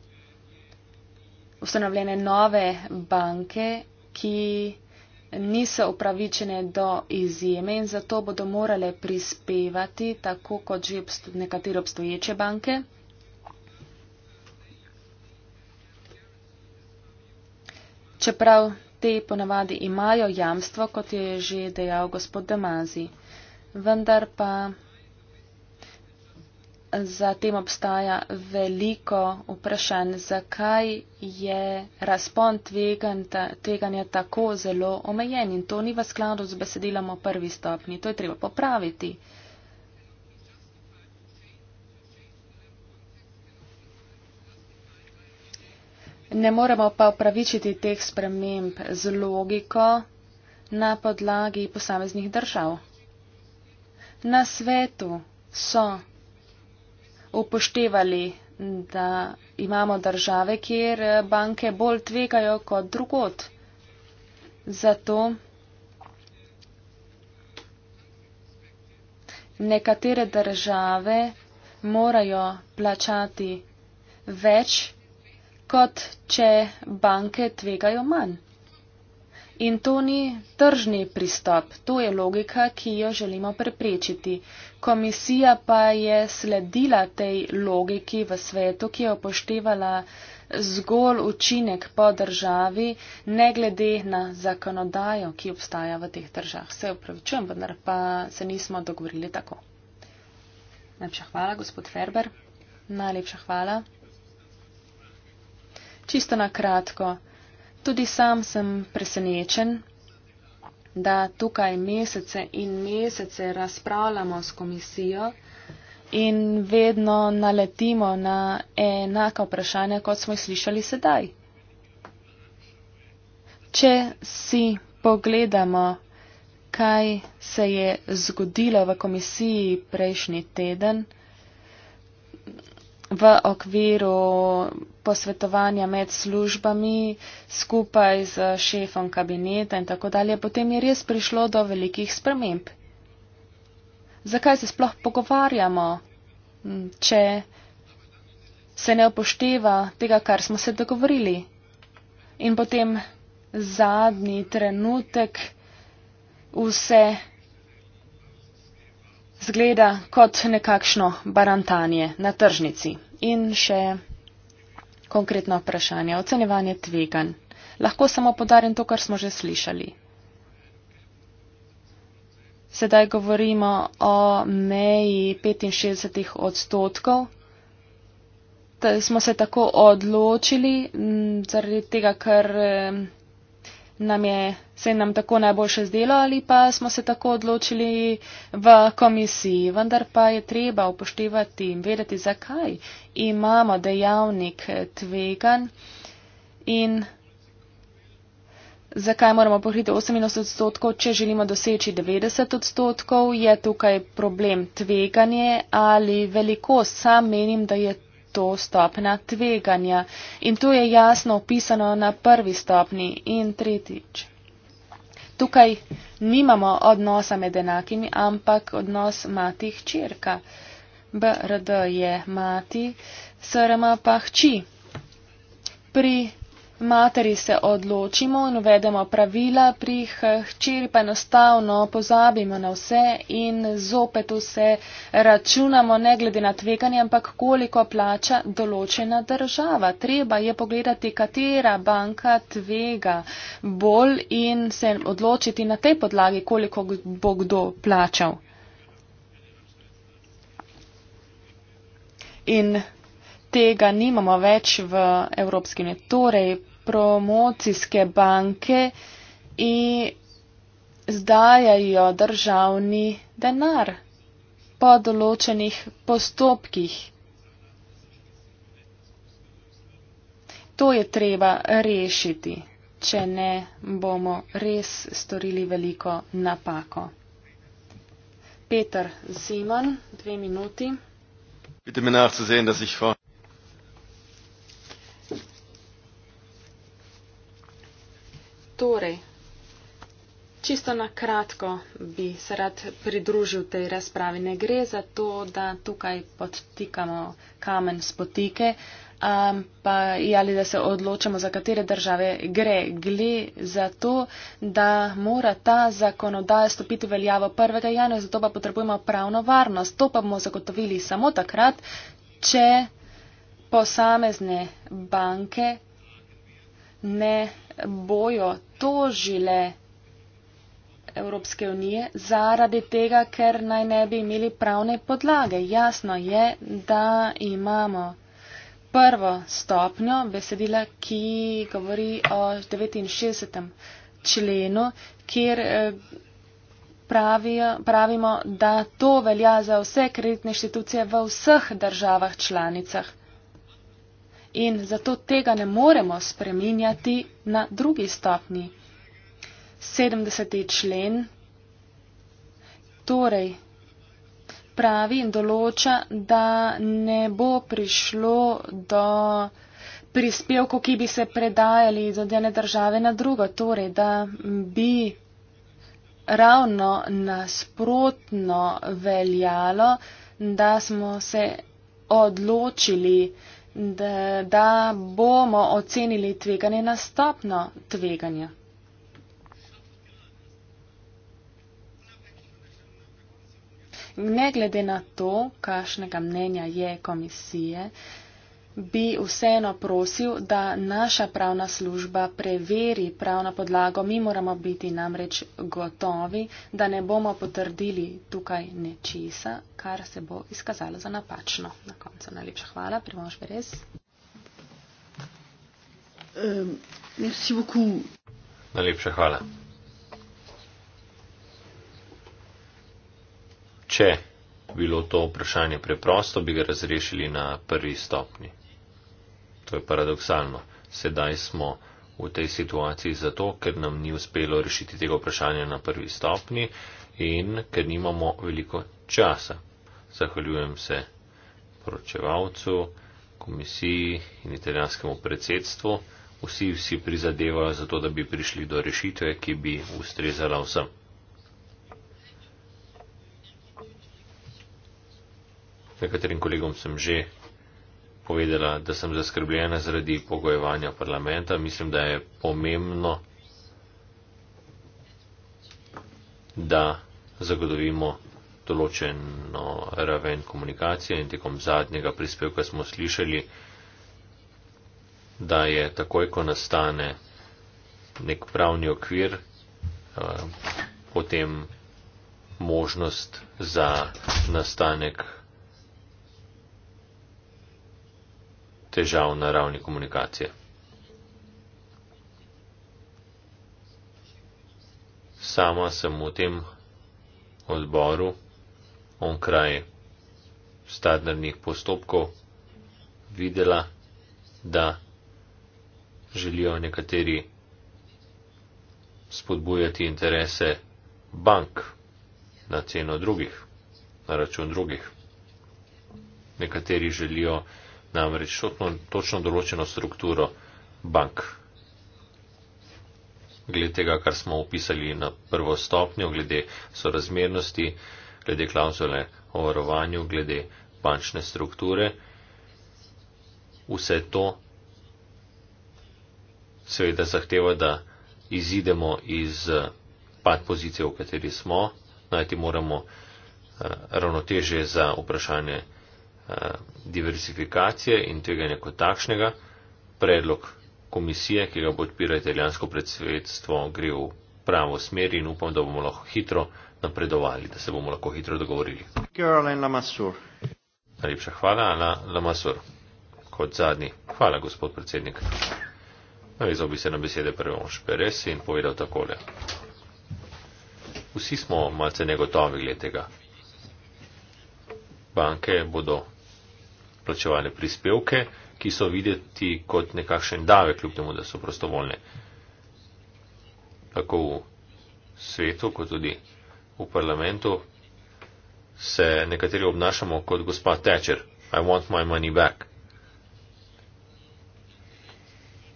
[SPEAKER 3] ustanovljene nove banke, ki niso upravičene do izjeme in zato bodo morale prispevati, tako kot že obsto nekatere obstoječe banke. Čeprav te ponavadi imajo jamstvo, kot je že dejal gospod Damazi. Vendar pa za tem obstaja veliko vprašanj, zakaj je razpon tvegan, ta, tveganja tako zelo omejen in to ni v skladu z besedilom o prvi stopni, to je treba popraviti. Ne moremo pa upravičiti teh sprememb z logiko na podlagi posameznih držav. Na svetu so upoštevali, da imamo države, kjer banke bolj tvegajo kot drugot. Zato nekatere države morajo plačati več, kot če banke tvegajo manj. In to ni tržni pristop, to je logika, ki jo želimo preprečiti. Komisija pa je sledila tej logiki v svetu, ki je upoštevala zgolj učinek po državi, ne glede na zakonodajo, ki obstaja v teh državah. Se upravičujem, vendar pa se nismo dogovorili tako. Najlepša hvala, gospod Ferber. Najlepša hvala. Čisto na kratko. Tudi sam sem presenečen, da tukaj mesece in mesece razpravljamo s komisijo in vedno naletimo na enaka vprašanja, kot smo jih slišali sedaj. Če si pogledamo, kaj se je zgodilo v komisiji prejšnji teden, v okviru posvetovanja med službami skupaj z šefom kabineta in tako dalje, potem je res prišlo do velikih sprememb. Zakaj se sploh pogovarjamo, če se ne upošteva tega, kar smo se dogovorili? In potem zadnji trenutek vse zgleda kot nekakšno barantanje na tržnici in še konkretno vprašanje. Ocenevanje tvegan. Lahko samo podarim to, kar smo že slišali. Sedaj govorimo o meji 65 odstotkov. Smo se tako odločili zaradi tega, ker nam je, se je nam tako najboljše zdelo ali pa smo se tako odločili v komisiji. Vendar pa je treba upoštevati in vedeti, zakaj imamo dejavnik tvegan in zakaj moramo pohiti 80 odstotkov, če želimo doseči 90 odstotkov, je tukaj problem tveganje ali velikost. Sam menim, da je to stopna tveganja. In tu je jasno opisano na prvi stopni in tretjič. Tukaj nimamo odnosa med enakimi, ampak odnos mati hčerka. BRD je mati, SRM pa hči. Pri materi se odločimo in uvedemo pravila, pri hčeri pa enostavno pozabimo na vse in zopet vse računamo, ne glede na tveganje, ampak koliko plača določena država. Treba je pogledati, katera banka tvega bolj in se odločiti na tej podlagi, koliko bo kdo plačal. In tega nimamo več v Evropski uniji. Torej, promocijske banke i zdajajo državni denar po določenih postopkih. To je treba rešiti, če ne bomo res storili veliko napako. Peter Simon, dve minuti. Bitte mir nachzusehen, dass ich vor. Torej, čisto na kratko bi se rad pridružil tej razpravi. Ne gre za to, da tukaj podtikamo kamen spotike, um, pa ali da se odločamo, za katere države gre. Gre za to, da mora ta zakonodaja stopiti veljavo 1. januarja, zato pa potrebujemo pravno varnost. To pa bomo zagotovili samo takrat, če posamezne banke ne bojo tožile Evropske unije zaradi tega, ker naj ne bi imeli pravne podlage. Jasno je, da imamo prvo stopnjo besedila, ki govori o 69. členu, kjer eh, pravijo, pravimo, da to velja za vse kreditne inštitucije v vseh državah članicah in zato tega ne moremo spreminjati na drugi stopni. 70. člen torej pravi in določa, da ne bo prišlo do prispevkov, ki bi se predajali iz odjene države na drugo, torej da bi ravno nasprotno veljalo, da smo se odločili uh, da, da bomo ocenili tveganje na stopno tveganja. Ne glede na to, kakšnega mnenja je komisije, bi vseeno prosil, da naša pravna služba preveri pravno podlago. Mi moramo biti namreč gotovi, da ne bomo potrdili tukaj nečesa, kar se bo izkazalo za napačno. Na koncu najlepša hvala. Primož Berez. Um,
[SPEAKER 1] najlepša hvala. Če bilo to vprašanje preprosto, bi ga razrešili na prvi stopni. To je paradoksalno. Sedaj smo v tej situaciji zato, ker nam ni uspelo rešiti tega vprašanja na prvi stopni in ker nimamo veliko časa. Zahvaljujem se poročevalcu, komisiji in italijanskemu predsedstvu. Vsi vsi prizadevajo za to, da bi prišli do rešitve, ki bi ustrezala vsem. Nekaterim kolegom sem že povedala, da sem zaskrbljena zaradi pogojevanja parlamenta. Mislim, da je pomembno, da zagodovimo določeno raven komunikacije in tekom zadnjega prispevka smo slišali, da je takoj, ko nastane nek pravni okvir, eh, potem možnost za nastanek težav na ravni komunikacije. Sama sem v tem odboru, onkraj standardnih postopkov, videla, da želijo nekateri spodbujati interese bank na ceno drugih, na račun drugih. Nekateri želijo namreč točno, točno določeno strukturo bank. Glede tega, kar smo opisali na prvo stopnjo, glede sorazmernosti, glede klauzule o varovanju, glede bančne strukture, vse to seveda zahteva, da izidemo iz eh, pad pozicije, v kateri smo, najti moramo eh, ravnoteže za vprašanje. Eh, diversifikacije in tveganja kot takšnega. Predlog komisije, ki ga podpira italijansko predsedstvo, gre v pravo smer in upam, da bomo lahko hitro napredovali, da se bomo lahko hitro dogovorili. Najlepša hvala, Ana Lamasur. Kot zadnji, hvala, gospod predsednik. Navezal bi se na besede prvemu Šperesi in povedal takole. Vsi smo malce negotovi glede tega. Banke bodo plačevale prispevke, ki so videti kot nekakšen davek, kljub temu, da so prostovoljne. Tako v svetu, kot tudi v parlamentu, se nekateri obnašamo kot gospa Thatcher. I want my money back.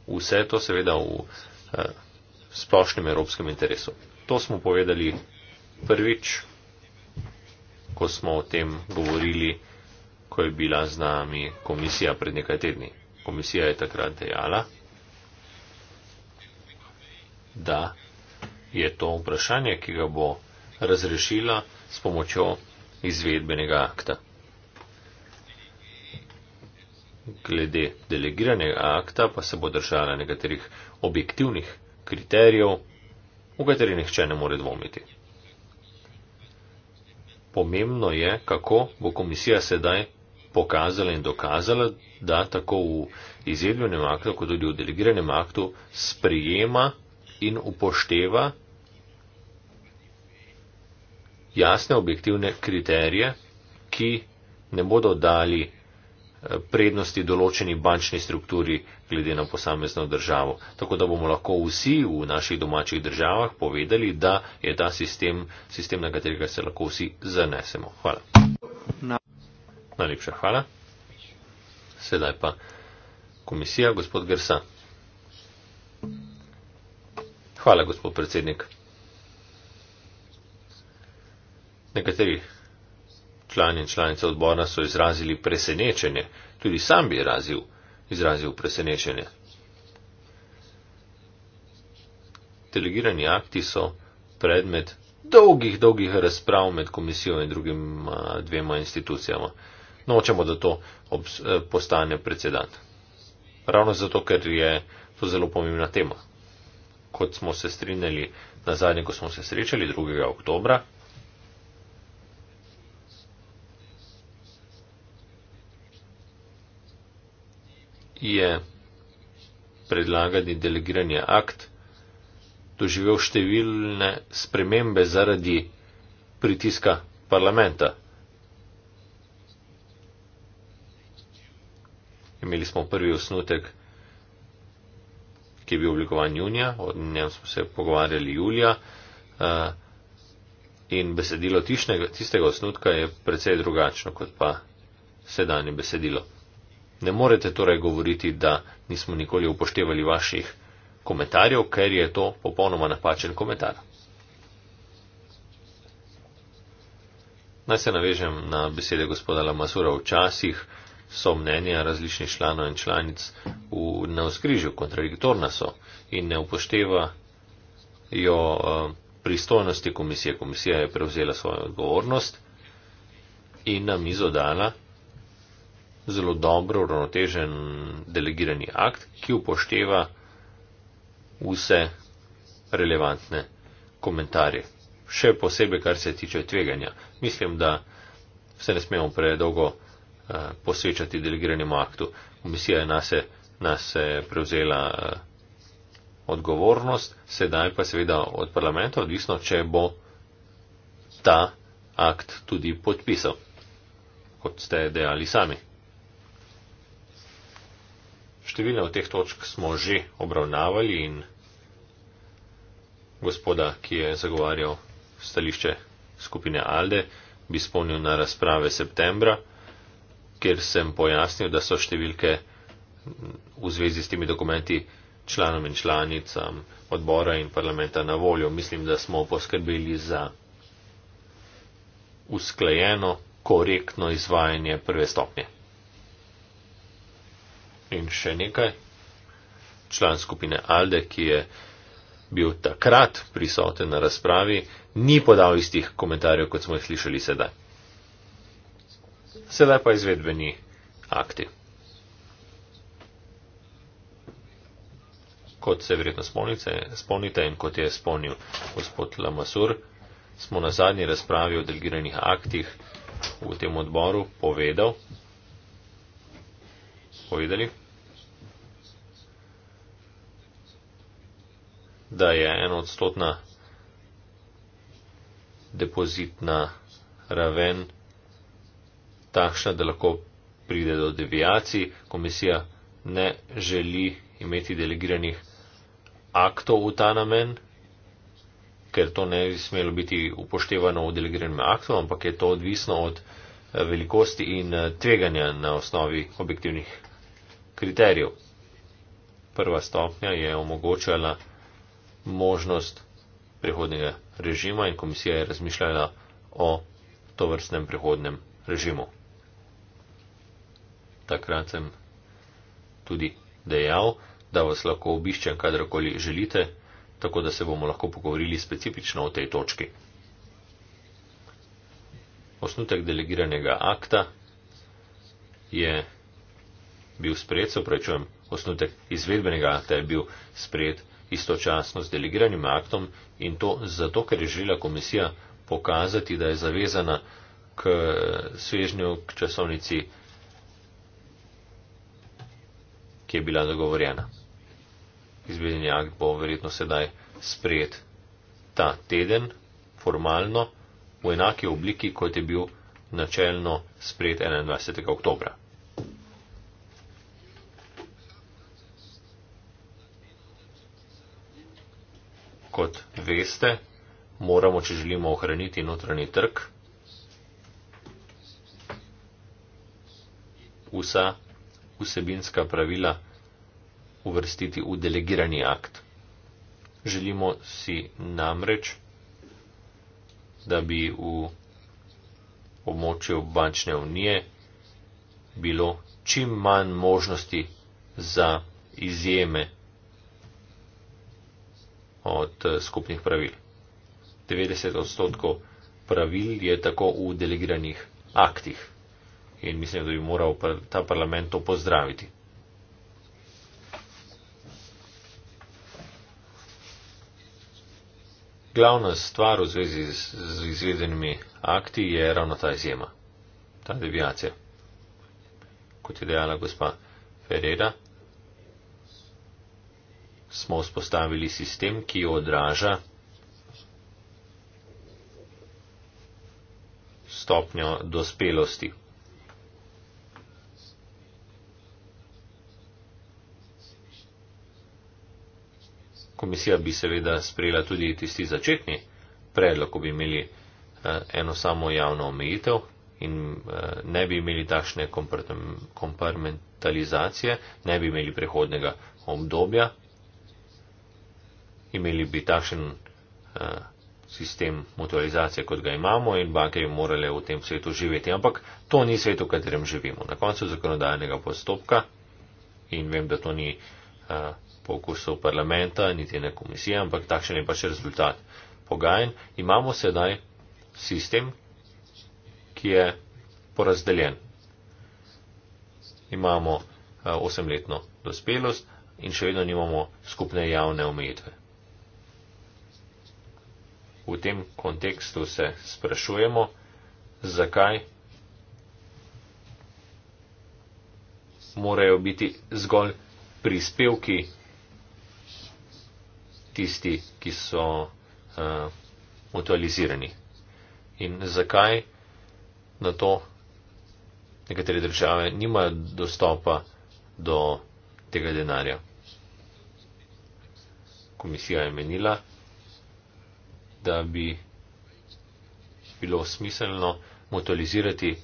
[SPEAKER 1] Vse to seveda v eh, splošnem evropskem interesu. To smo povedali prvič, ko smo o tem govorili ko je bila z nami komisija pred nekaj tedni. Komisija je takrat dejala, da je to vprašanje, ki ga bo razrešila s pomočjo izvedbenega akta. Glede delegiranega akta pa se bo držala nekaterih objektivnih kriterijev, v kateri nihče ne more dvomiti. Pomembno je, kako bo komisija sedaj pokazala in dokazala, da tako v izjedljenem aktu, kot tudi v delegiranem aktu sprijema in upošteva jasne objektivne kriterije, ki ne bodo dali eh, prednosti določeni bančni strukturi glede na posamezno državo. Tako da bomo lahko vsi v naših domačih državah povedali, da je ta sistem, sistem na katerega se lahko vsi zanesemo. Hvala. No. Najlepša hvala. Sedaj pa komisija, gospod Gersa. Hvala, gospod predsednik. Nekateri člani in članice odbora so izrazili presenečenje. Tudi sam bi razil, izrazil presenečenje. Delegirani akti so predmet dolgih, dolgih razprav med komisijo in drugim dvema institucijama nočemo, da to ob, eh, postane predsedant. Ravno zato, ker je to zelo pomembna tema. Kot smo se strinjali na zadnje, ko smo se srečali 2. oktobra, je predlagani delegirani akt doživel številne spremembe zaradi pritiska parlamenta. Imeli smo prvi osnutek, ki je bil oblikovan junija, o njem smo se pogovarjali julija. Eh, in besedilo tišnega, tistega osnutka je precej drugačno kot pa sedanje besedilo. Ne morete torej govoriti, da nismo nikoli upoštevali vaših komentarjev, ker je to popolnoma napačen komentar. Naj se navežem na besede gospoda Lamasura včasih so mnenja različnih članov in članic v, na vzkrižju, kontradiktorna so in ne upoštevajo uh, eh, pristojnosti komisije. Komisija je prevzela svojo odgovornost in nam izodala zelo dobro uravnotežen delegirani akt, ki upošteva vse relevantne komentarje. Še posebej, kar se tiče tveganja. Mislim, da se ne smemo predolgo. Eh, posvečati delegiranemu aktu. Komisija je nas, nas je prevzela eh, odgovornost, sedaj pa seveda od parlamenta, odvisno, če bo ta akt tudi podpisal, kot ste dejali sami. Številne od teh točk smo že obravnavali in gospoda, ki je zagovarjal stališče skupine Alde, bi spomnil na razprave septembra kjer sem pojasnil, da so številke v zvezi s temi dokumenti članom in članicam odbora in parlamenta na voljo. Mislim, da smo poskrbeli za usklajeno, korektno izvajanje prve stopnje. In še nekaj. Član skupine Alde, ki je bil takrat prisoten na razpravi, ni podal istih komentarjev, kot smo jih slišali sedaj sedaj pa izvedbeni akti. Kot se verjetno spomnite in kot je spomnil gospod Lamasur, smo na zadnji razpravi o delegiranih aktih v tem odboru povedal, povedali, da je enodstotna depozitna raven takšna, da lahko pride do devijacij. Komisija ne želi imeti delegiranih aktov v ta namen, ker to ne bi smelo biti upoštevano v delegiranem aktu, ampak je to odvisno od eh, velikosti in eh, tveganja na osnovi objektivnih kriterijev. Prva stopnja je omogočala možnost prihodnega režima in komisija je razmišljala o to vrstnem prihodnem režimu takrat sem tudi dejal, da vas lahko obiščem, kadarkoli želite, tako da se bomo lahko pogovorili specifično o tej točki. Osnutek delegiranega akta je bil sprejet, se upravičujem, osnutek izvedbenega akta je bil sprejet istočasno s delegiranim aktom in to zato, ker je želela komisija pokazati, da je zavezana k svežnju, k časovnici ki je bila dogovorjena. Izvedeni akt bo verjetno sedaj sprejet ta teden, formalno, v enaki obliki, kot je bil načelno sprejet 21. oktobra. Kot veste, moramo, če želimo ohraniti notranji trg, vsa vsebinska pravila uvrstiti v delegirani akt. Želimo si namreč, da bi v območju bančne unije bilo čim manj možnosti za izjeme od eh, skupnih pravil. 90 odstotkov pravil je tako v delegiranih aktih in mislim, da bi moral ta parlament to pozdraviti. Glavna stvar v zvezi z, z izvedenimi akti je ravno ta izjema, ta deviacija. Kot je dejala gospa Ferreira, smo vzpostavili sistem, ki odraža stopnjo dospelosti Komisija bi seveda sprejela tudi tisti začetni predlog, ko bi imeli eh, eno samo javno omejitev in eh, ne bi imeli takšne komparmentalizacije, ne bi imeli prehodnega obdobja, imeli bi takšen eh, sistem mutualizacije, kot ga imamo in banke bi morale v tem svetu živeti. Ampak to ni svet, v katerem živimo. Na koncu zakonodajnega postopka in vem, da to ni po okusu parlamenta, niti ne komisije, ampak takšen je pač rezultat pogajanj. Imamo sedaj sistem, ki je porazdeljen. Imamo eh, osemletno dospelost in še vedno nimamo skupne javne omejitve. V tem kontekstu se sprašujemo, zakaj morajo biti zgolj prispevki tisti, ki so uh, mutualizirani. In zakaj na to nekatere države nimajo dostopa do tega denarja? Komisija je menila, da bi bilo smiselno mutualizirati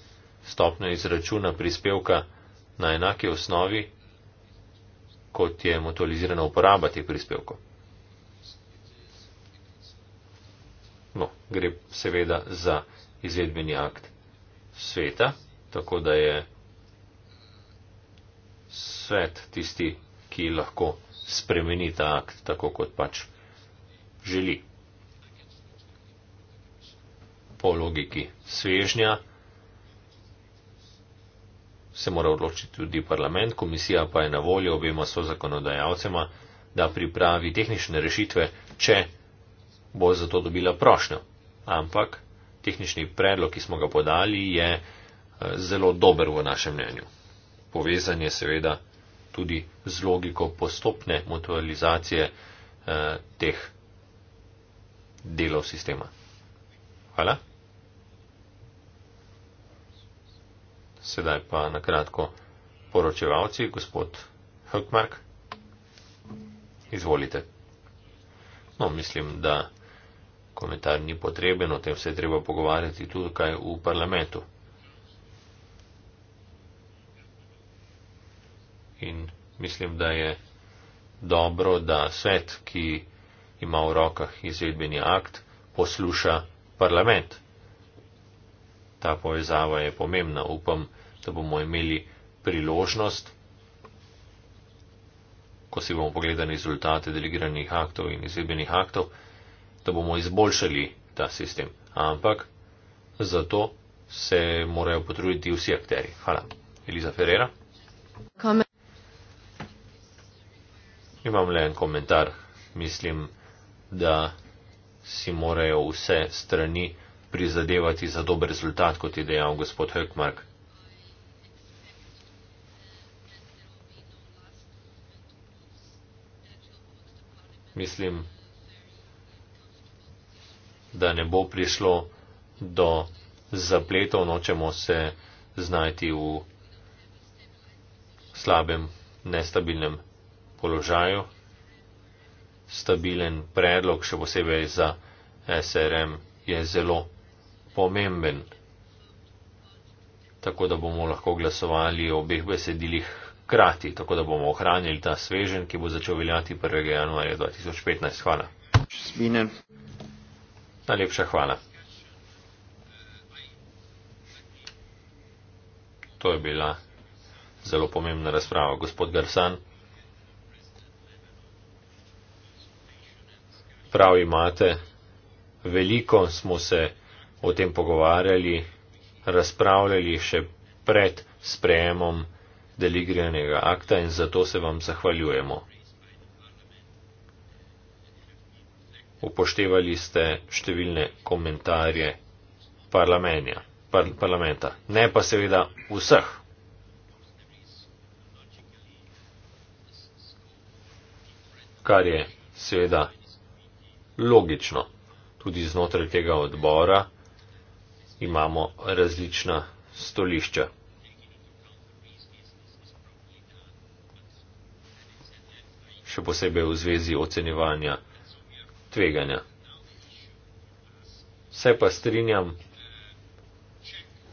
[SPEAKER 1] stopno izračuna prispevka na enake osnovi, kot je mutualizirana uporaba teh prispevkov. gre seveda za izvedbeni akt sveta, tako da je svet tisti, ki lahko spremeni ta akt tako, kot pač želi. Po logiki svežnja se mora odločiti tudi parlament, komisija pa je na voljo obema so zakonodajalcema, da pripravi tehnične rešitve, če bo za to dobila prošnjo ampak tehnični predlog, ki smo ga podali, je eh, zelo dober v našem mnenju. Povezan je seveda tudi z logiko postopne mutualizacije eh, teh delov sistema. Hvala. Sedaj pa na kratko poročevalci, gospod Hökmark. Izvolite. No, mislim, da. Komentar ni potreben, o tem se je treba pogovarjati tudi kaj v parlamentu. In mislim, da je dobro, da svet, ki ima v rokah izvedbeni akt, posluša parlament. Ta povezava je pomembna. Upam, da bomo imeli priložnost, ko si bomo pogledali rezultate delegiranih aktov in izvedbenih aktov, da bomo izboljšali ta sistem. Ampak zato se morajo potruditi vsi akteri. Hvala. Eliza Ferreira. Kome. Imam le en komentar. Mislim, da si morajo vse strani prizadevati za dober rezultat, kot je dejal gospod Höckmark. Mislim, da ne bo prišlo do zapletov, nočemo se znajti v slabem, nestabilnem položaju. Stabilen predlog, še posebej za SRM, je zelo pomemben, tako da bomo lahko glasovali o obeh besedilih krati, tako da bomo ohranili ta svežen, ki bo začel veljati 1. januarja 2015. Hvala. Najlepša hvala. To je bila zelo pomembna razprava. Gospod Garsan, prav imate, veliko smo se o tem pogovarjali, razpravljali še pred sprejemom deligranega akta in zato se vam zahvaljujemo. upoštevali ste številne komentarje par, parlamenta, ne pa seveda vseh. Kar je seveda logično. Tudi znotraj tega odbora imamo različna stolišča. Še posebej v zvezi ocenjevanja tveganja. Vse pa strinjam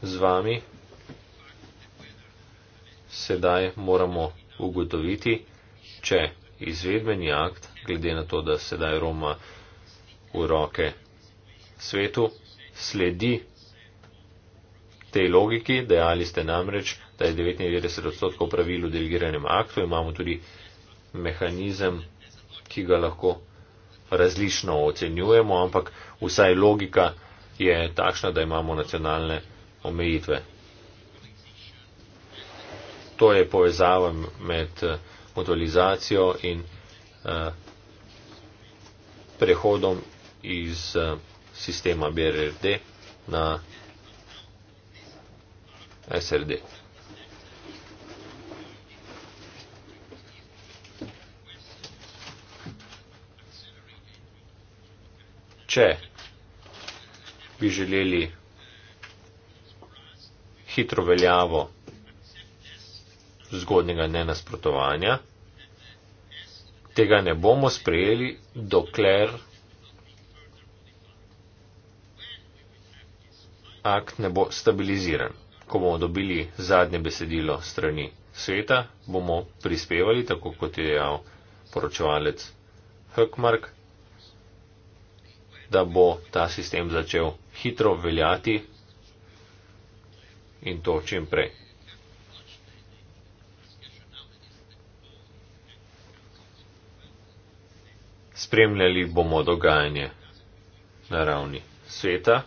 [SPEAKER 1] z vami, sedaj moramo ugotoviti, če izvedbeni akt, glede na to, da sedaj Roma v roke svetu, sledi tej logiki, dejali ste namreč, da je 99 odstotkov pravil v delegiranem aktu, imamo tudi mehanizem, ki ga lahko različno ocenjujemo, ampak vsaj logika je takšna, da imamo nacionalne omejitve. To je povezava med eh, modulizacijo in eh, prehodom iz eh, sistema BRD na SRD. če bi želeli hitro veljavo zgodnega nenasprotovanja, tega ne bomo sprejeli, dokler akt ne bo stabiliziran. Ko bomo dobili zadnje besedilo strani sveta, bomo prispevali, tako kot je dejal poročevalec Hökmark, da bo ta sistem začel hitro veljati in to čim prej. Spremljali bomo dogajanje na ravni sveta.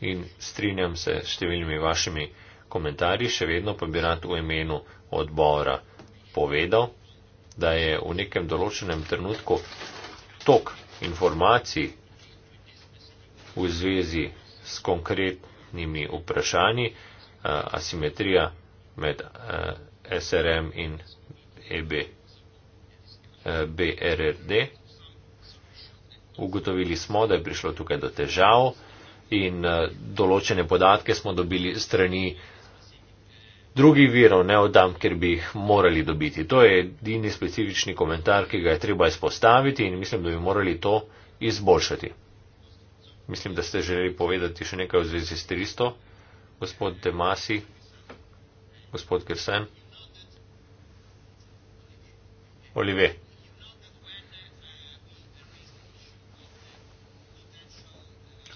[SPEAKER 1] In strinjam se s številnimi vašimi komentarji, še vedno pa bi rad v imenu odbora povedal, da je v nekem določenem trenutku tok informacij v zvezi s konkretnimi vprašanji eh, asimetrija med eh, SRM in EB, eh, BRRD. Ugotovili smo, da je prišlo tukaj do težav in določene podatke smo dobili strani uh, drugih virov ne oddam, ker bi jih morali dobiti. To je edini specifični komentar, ki ga je treba izpostaviti in mislim, da bi morali to izboljšati. Mislim, da ste želeli povedati še nekaj v zvezi s 300, gospod Demasi, gospod Kersen, Olive.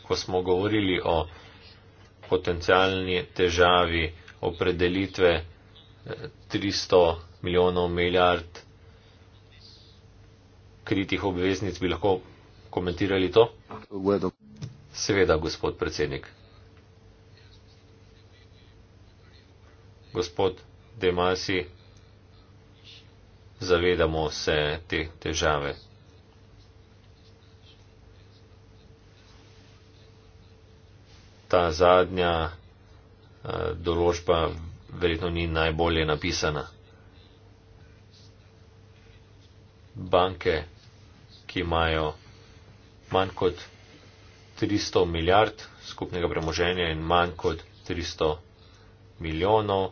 [SPEAKER 1] Ko smo govorili o potencijalni težavi, opredelitve 300 eh, milijonov milijard kritih obveznic, bi lahko komentirali to? Seveda, gospod predsednik. Gospod Demasi, zavedamo se te težave. Ta zadnja Eh, določba verjetno ni najbolje napisana. Banke, ki imajo manj kot 300 milijard skupnega premoženja in manj kot 300 milijonov,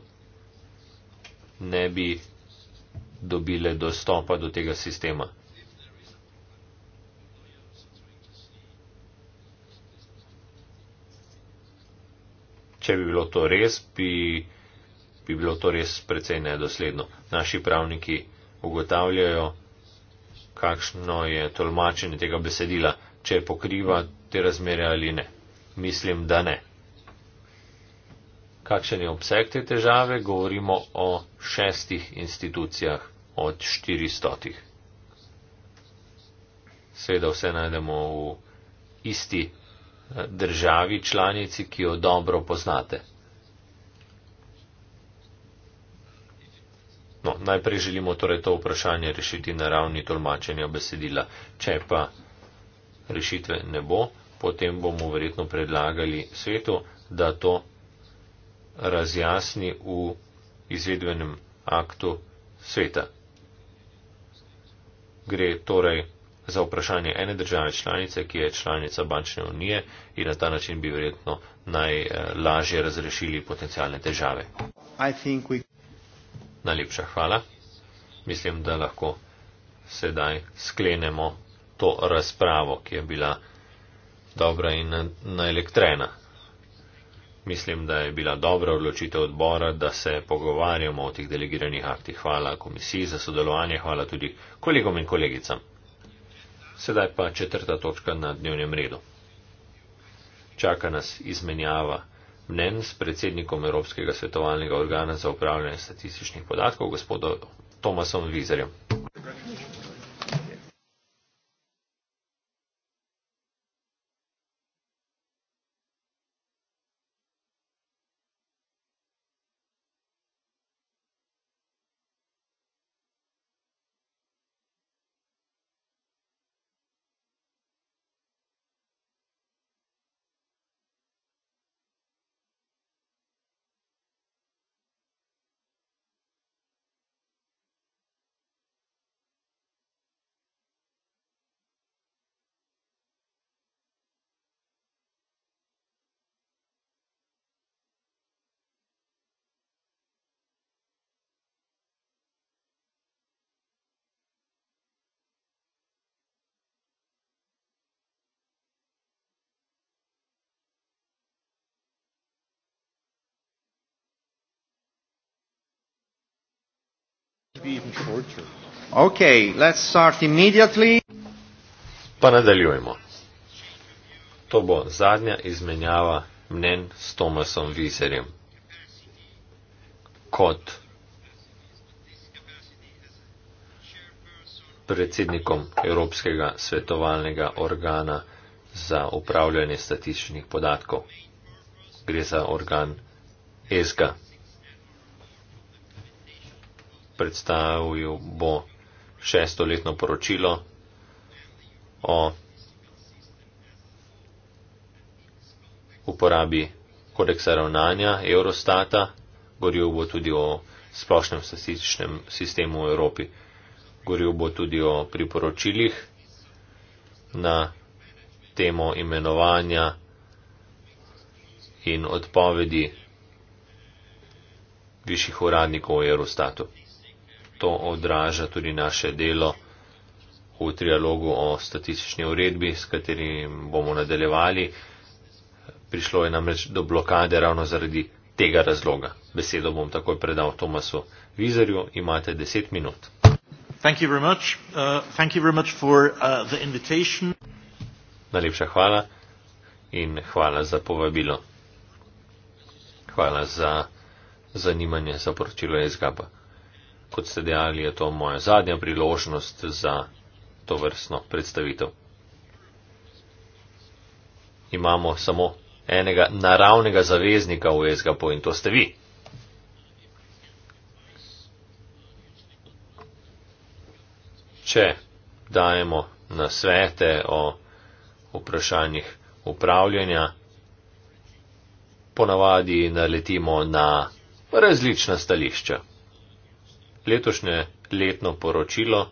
[SPEAKER 1] ne bi dobile dostopa do tega sistema. če bi bilo to res, bi, bi bilo to res precej nedosledno. Naši pravniki ugotavljajo, kakšno je tolmačenje tega besedila, če pokriva te razmere ali ne. Mislim, da ne. Kakšen je obseg te težave? Govorimo o šestih institucijah od 400. Seveda vse najdemo v isti državi članici, ki jo dobro poznate. No, najprej želimo torej to vprašanje rešiti na ravni tolmačenja besedila. Če pa rešitve ne bo, potem bomo verjetno predlagali svetu, da to razjasni v izvedbenem aktu sveta. Gre torej za vprašanje ene države članice, ki je članica bančne unije in na ta način bi verjetno najlažje razrešili potencijalne težave.
[SPEAKER 2] We...
[SPEAKER 1] Najlepša hvala. Mislim, da lahko sedaj sklenemo to razpravo, ki je bila dobra in naelektrena. Mislim, da je bila dobra odločitev odbora, da se pogovarjamo o teh delegiranih aktih. Hvala komisiji za sodelovanje, hvala tudi kolegom in kolegicam. Sedaj pa četrta točka na dnevnem redu. Čaka nas izmenjava mnen s predsednikom Evropskega svetovalnega organa za upravljanje statističnih podatkov, gospodom Tomasom Vizerjem. Okay, pa nadaljujemo. To bo zadnja izmenjava mnen s Tomasom Vizerjem. Kot predsednikom Evropskega svetovalnega organa za upravljanje statističnih podatkov. Gre za organ ESGA predstavil bo šestoletno poročilo o uporabi kodeksa ravnanja Eurostata, govoril bo tudi o splošnem statističnem sistemu v Evropi, govoril bo tudi o priporočilih na temo imenovanja in odpovedi višjih uradnikov v Eurostatu to odraža tudi naše delo v trialogu o statistični uredbi, s katerim bomo nadaljevali. Prišlo je namreč do blokade ravno zaradi tega razloga. Besedo bom takoj predal Tomasu Vizerju. Imate deset minut.
[SPEAKER 2] Uh, for, uh,
[SPEAKER 1] Najlepša hvala in hvala za povabilo. Hvala za zanimanje za poročilo SGAB. -a kot ste dejali, je to moja zadnja priložnost za to vrstno predstavitev. Imamo samo enega naravnega zaveznika v SGP in to ste vi. Če dajemo na svete o vprašanjih upravljanja, ponavadi naletimo na različna stališča letošnje letno poročilo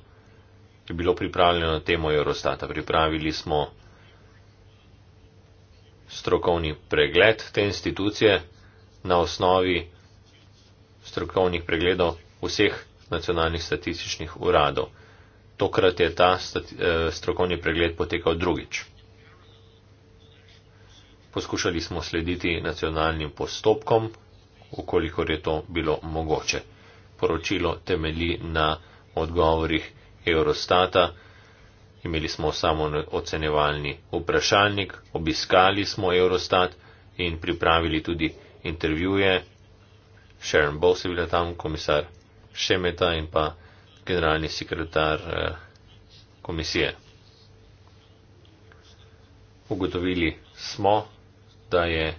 [SPEAKER 1] je bilo pripravljeno na temo Eurostata. Pripravili smo strokovni pregled te institucije na osnovi strokovnih pregledov vseh nacionalnih statističnih uradov. Tokrat je ta eh, strokovni pregled potekal drugič. Poskušali smo slediti nacionalnim postopkom, ukolikor je to bilo mogoče poročilo temelji na odgovorih Eurostata. Imeli smo samo ocenevalni vprašalnik, obiskali smo Eurostat in pripravili tudi intervjuje. Sharon Bowles je bila tam, komisar Šemeta in pa generalni sekretar eh, komisije. Ugotovili smo, da je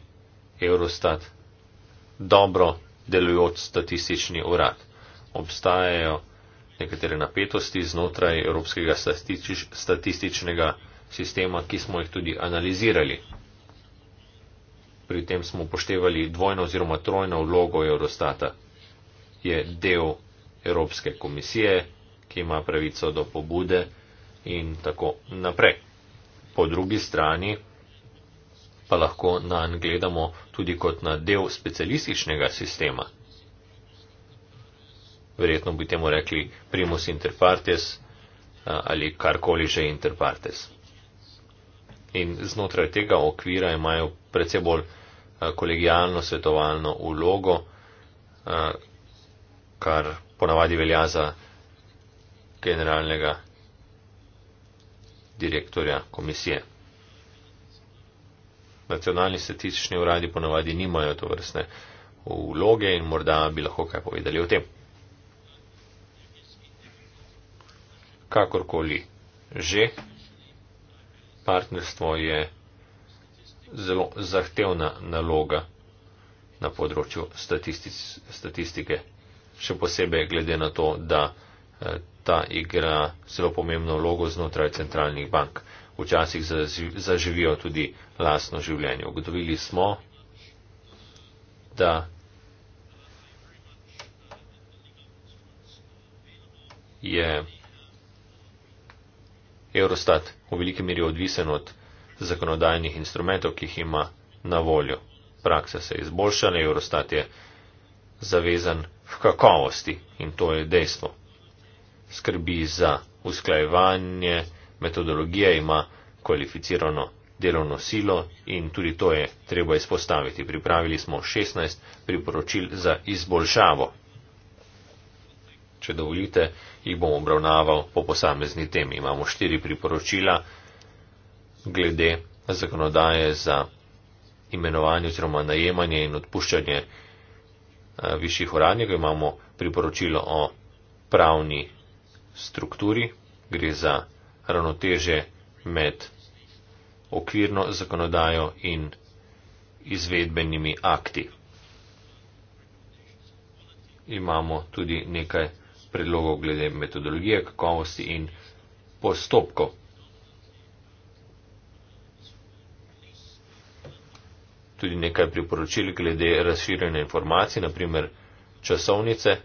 [SPEAKER 1] Eurostat dobro delujoč statistični urad obstajajo nekatere napetosti znotraj Evropskega statistič, statističnega sistema, ki smo jih tudi analizirali. Pri tem smo upoštevali dvojno oziroma trojno vlogo Eurostata. Je del Evropske komisije, ki ima pravico do pobude in tako naprej. Po drugi strani pa lahko na njega gledamo tudi kot na del specialističnega sistema verjetno bi temu rekli primus inter partes ali karkoli že inter partes. In znotraj tega okvira imajo predvsej bolj kolegijalno svetovalno ulogo, kar ponavadi velja za generalnega direktorja komisije. Nacionalni statistični uradi ponavadi nimajo to vrstne vloge in morda bi lahko kaj povedali o tem. kakorkoli že, partnerstvo je zelo zahtevna naloga na področju statistike. Še posebej glede na to, da eh, ta igra zelo pomembno vlogo znotraj centralnih bank. Včasih zaživijo tudi lastno življenje. Ugotovili smo, da je Eurostat v veliki meri odvisen od zakonodajnih instrumentov, ki jih ima na voljo. Praksa se je izboljšala, Eurostat je zavezan v kakovosti in to je dejstvo. Skrbi za usklajevanje, metodologija ima kvalificirano delovno silo in tudi to je treba izpostaviti. Pripravili smo 16 priporočil za izboljšavo če dovolite, jih bom obravnaval po posamezni temi. Imamo štiri priporočila glede zakonodaje za imenovanje oziroma najemanje in odpuščanje eh, višjih uradnikov. Imamo priporočilo o pravni strukturi, gre za ravnoteže med okvirno zakonodajo in izvedbenimi akti. Imamo tudi nekaj predlogov glede metodologije, kakovosti in postopkov. Tudi nekaj priporočil glede razširjene informacij, naprimer časovnice,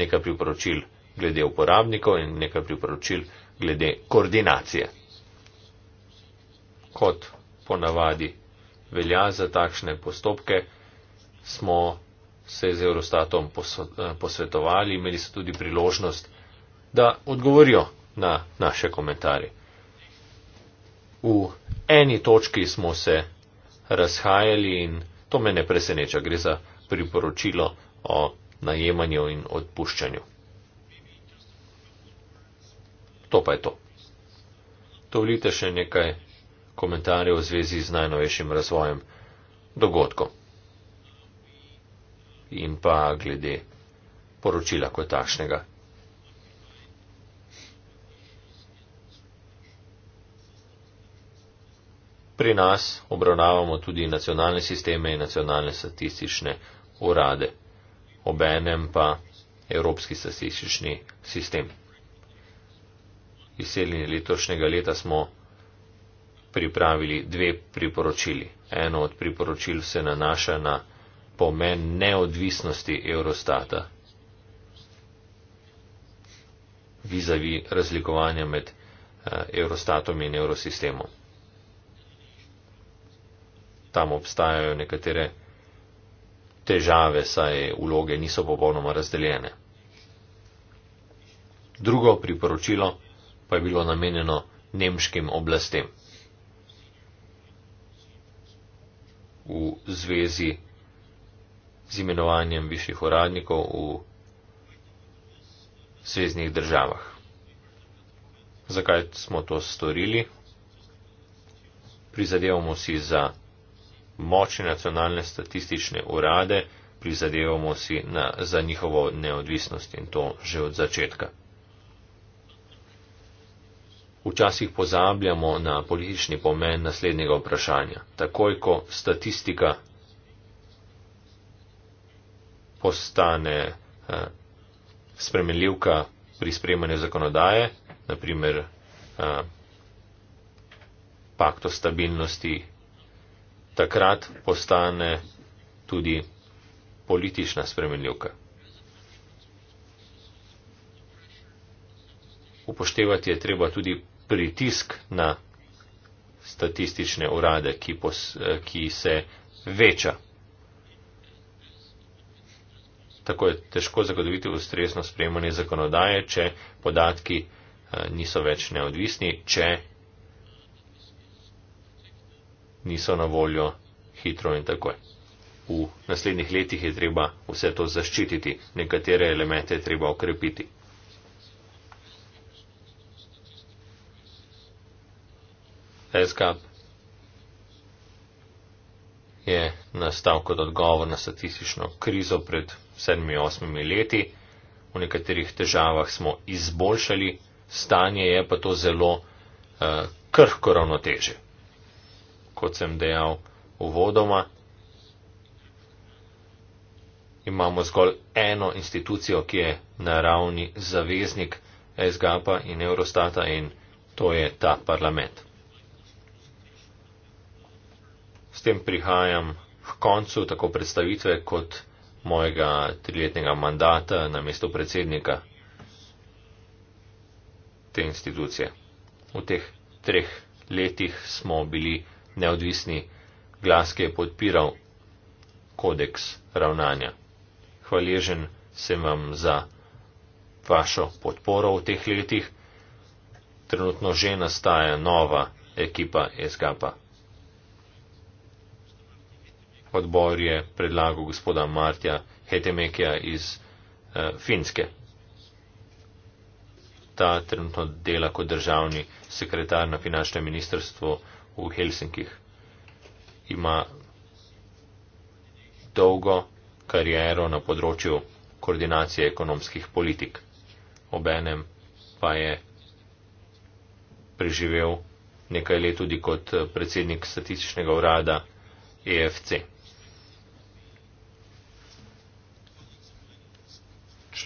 [SPEAKER 1] nekaj priporočil glede uporabnikov in nekaj priporočil glede koordinacije. Kot ponavadi velja za takšne postopke, smo se z Eurostatom eh, posvetovali, imeli so tudi priložnost, da odgovorijo na naše komentarje. V eni točki smo se razhajali in to me ne preseneča, gre za priporočilo o najemanju in odpuščanju. To pa je to. Dovolite še nekaj komentarjev v zvezi z najnovejšim razvojem dogodkov in pa glede poročila kot takšnega. Pri nas obravnavamo tudi nacionalne sisteme in nacionalne statistične urade, obenem pa Evropski statistični sistem. Izseljeni letošnjega leta smo pripravili dve priporočili. Eno od priporočil se nanaša na, naša na pomen neodvisnosti Eurostata vizavi razlikovanja med eh, Eurostatom in Eurosistemom. Tam obstajajo nekatere težave, saj vloge niso popolnoma razdeljene. Drugo priporočilo pa je bilo namenjeno nemškim oblastem v zvezi z imenovanjem višjih uradnikov v sveznih državah. Zakaj smo to storili? Prizadevamo si za močne nacionalne statistične urade, prizadevamo si na, za njihovo neodvisnost in to že od začetka. Včasih pozabljamo na politični pomen naslednjega vprašanja. Takoj, ko statistika postane eh, spremenljivka pri spremenju zakonodaje, naprimer eh, pakt o stabilnosti, takrat postane tudi politična spremenljivka. Upoštevati je treba tudi pritisk na statistične urade, ki, pos, eh, ki se veča tako je težko zagotoviti ustrezno spremljanje zakonodaje, če podatki eh, niso več neodvisni, če niso na voljo hitro in takoj. V naslednjih letih je treba vse to zaščititi, nekatere elemente je treba okrepiti. ESCAP je nastal kot odgovor na statistično krizo pred 7-8 leti. V nekaterih težavah smo izboljšali, stanje je pa to zelo uh, krhko ravnoteže. Kot sem dejal uvodoma, imamo zgolj eno institucijo, ki je naravni zaveznik SGAP-a in Eurostata in to je ta parlament. S tem prihajam k koncu tako predstavitve kot mojega triletnega mandata na mesto predsednika te institucije. V teh treh letih smo bili neodvisni glas, ki je podpiral kodeks ravnanja. Hvaležen sem vam za vašo podporo v teh letih. Trenutno že nastaja nova ekipa SGAP-a odbor je predlagal gospoda Martja Hetemekija iz eh, Finske. Ta trenutno dela kot državni sekretar na finančnem ministrstvu v Helsinkih. Ima dolgo kariero na področju koordinacije ekonomskih politik. Obenem pa je preživel nekaj let tudi kot eh, predsednik statističnega urada EFC.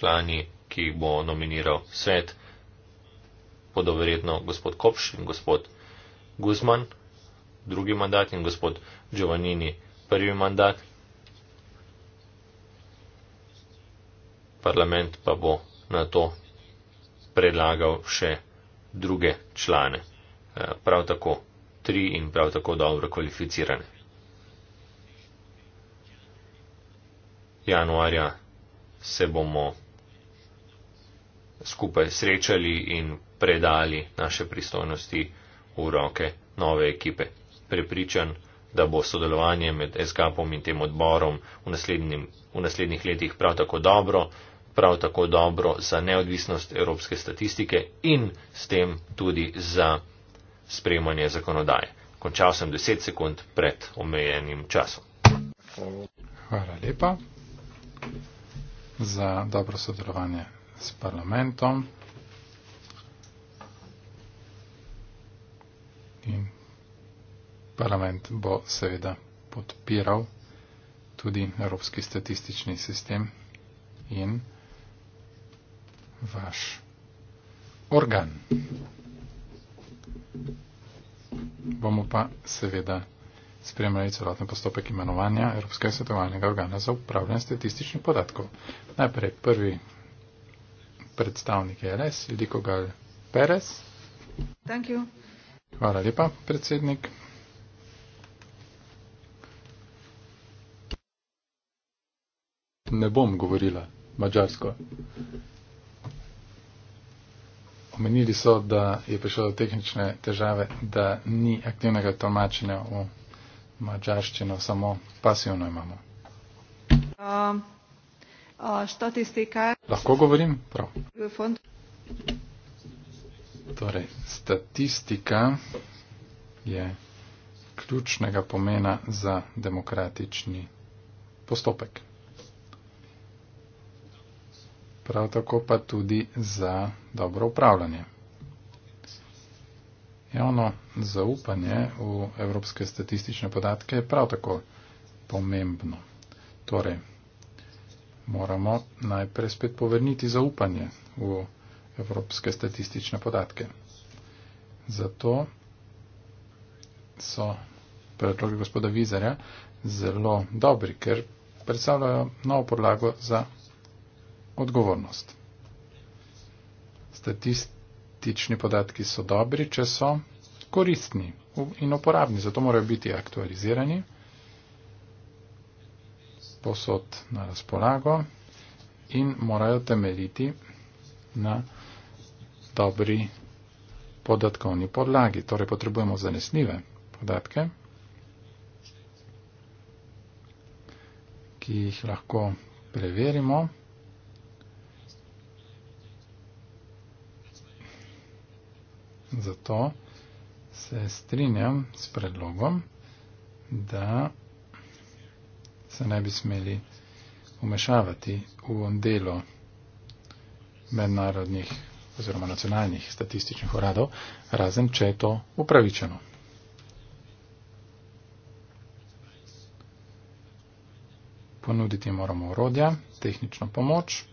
[SPEAKER 1] člani, ki jih bo nominiral svet, bodo verjetno gospod Kopš in gospod Guzman, drugi mandat in gospod Giovannini, prvi mandat. Parlament pa bo na to predlagal še druge člane, eh, prav tako tri in prav tako dobro kvalificirane. Januarja se bomo skupaj srečali in predali naše pristojnosti v roke nove ekipe. Prepričan, da bo sodelovanje med SKP-om in tem odborom v, v naslednjih letih prav tako dobro, prav tako dobro za neodvisnost evropske statistike in s tem tudi za sprejmanje zakonodaje. Končal sem 10 sekund pred omejenim časom. Hvala lepa
[SPEAKER 2] za dobro sodelovanje s parlamentom in parlament bo seveda podpiral tudi Evropski statistični sistem in vaš organ. Bomo pa seveda spremljali celotni postopek imenovanja Evropskega svetovalnega organa za upravljanje statističnih podatkov. Najprej prvi predstavnik LS, Judiko Gal Perez. Thank you. Hvala lepa, predsednik. Ne bom govorila mađarsko. Omenili so, da je prišlo do tehnične težave, da ni aktivnega tolmačenja v mađarščino, samo pasivno imamo.
[SPEAKER 3] Um. Lahko govorim?
[SPEAKER 2] Prav. Torej, statistika je ključnega pomena za demokratični postopek. Prav tako pa tudi za dobro upravljanje. Javno zaupanje v evropske statistične podatke je prav tako pomembno. Torej, moramo najprej spet povrniti zaupanje v evropske statistične podatke. Zato so predloge gospoda Vizarja zelo dobri, ker predstavljajo novo podlago za odgovornost. Statistični podatki so dobri, če so koristni in uporabni, zato morajo biti aktualizirani posod na razpolago in morajo temeljiti na dobri podatkovni podlagi. Torej potrebujemo zanesljive podatke, ki jih lahko preverimo. Zato se strinjam s predlogom, da se ne bi smeli umešavati v delo mednarodnih oziroma nacionalnih statističnih uradov, razen če je to upravičeno. Ponuditi moramo urodja, tehnično pomoč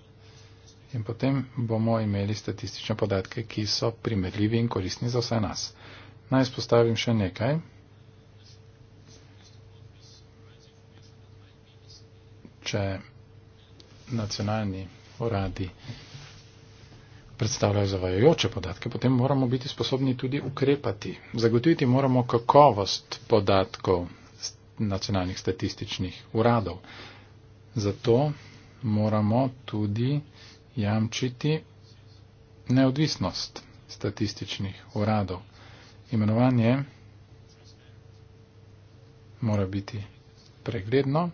[SPEAKER 2] in potem bomo imeli statistične podatke, ki so primerljivi in koristni za vse nas. Naj spostavim še nekaj. če nacionalni uradi predstavljajo zavajajoče podatke, potem moramo biti sposobni tudi ukrepati. Zagotoviti moramo kakovost podatkov nacionalnih statističnih uradov. Zato moramo tudi jamčiti neodvisnost statističnih uradov. Imenovanje mora biti pregledno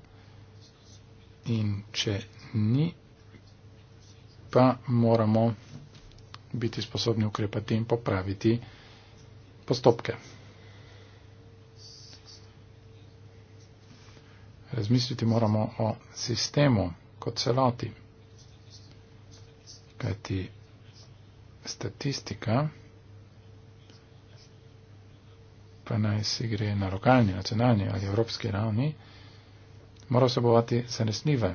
[SPEAKER 2] in če ni, pa moramo biti sposobni ukrepati in popraviti postopke. Razmisliti moramo o sistemu kot celoti, kajti statistika pa naj si gre na lokalni, nacionalni ali evropski ravni, mora vsebovati zanesljive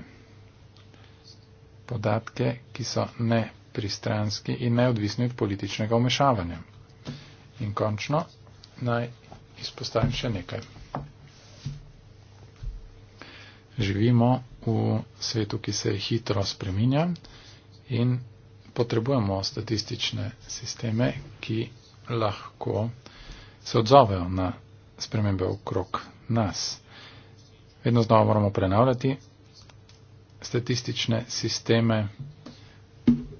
[SPEAKER 2] podatke, ki so nepristranski in neodvisni od političnega umešavanja. In končno naj izpostavim še nekaj. Živimo v svetu, ki se hitro spreminja in potrebujemo statistične sisteme, ki lahko se odzovejo na spremembe okrog nas vedno znova moramo prenavljati statistične sisteme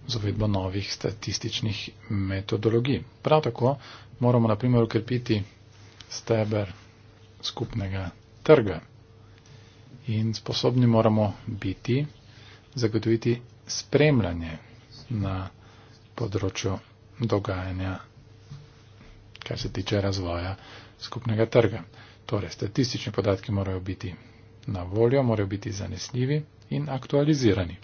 [SPEAKER 2] z uvedbo novih statističnih metodologij. Prav tako moramo na primer ukrepiti steber skupnega trga in sposobni moramo biti zagotoviti spremljanje na področju dogajanja, kar se tiče razvoja skupnega trga. Torej, statistični podatki morajo biti na voljo morajo biti zanesljivi in aktualizirani.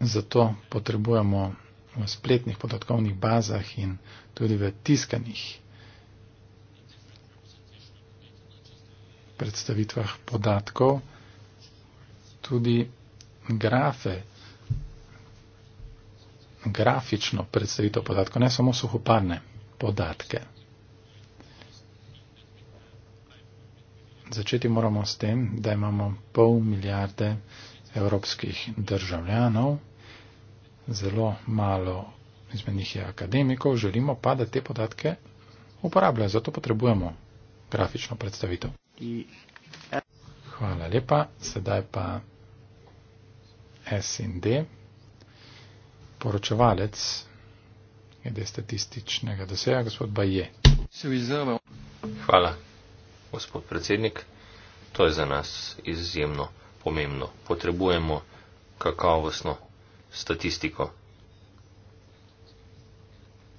[SPEAKER 2] Zato potrebujemo v spletnih podatkovnih bazah in tudi v tiskanih predstavitvah podatkov tudi grafe, grafično predstavitev podatkov, ne samo suhoparne podatke. začeti moramo s tem, da imamo pol milijarde evropskih državljanov, zelo malo izmed njih je akademikov, želimo pa, da te podatke uporabljajo. Zato potrebujemo grafično predstavitev. Hvala lepa. Sedaj pa S in D. Poročevalec glede statističnega dosega, gospod Baje.
[SPEAKER 1] Hvala gospod predsednik, to je za nas izjemno pomembno. Potrebujemo kakovostno statistiko,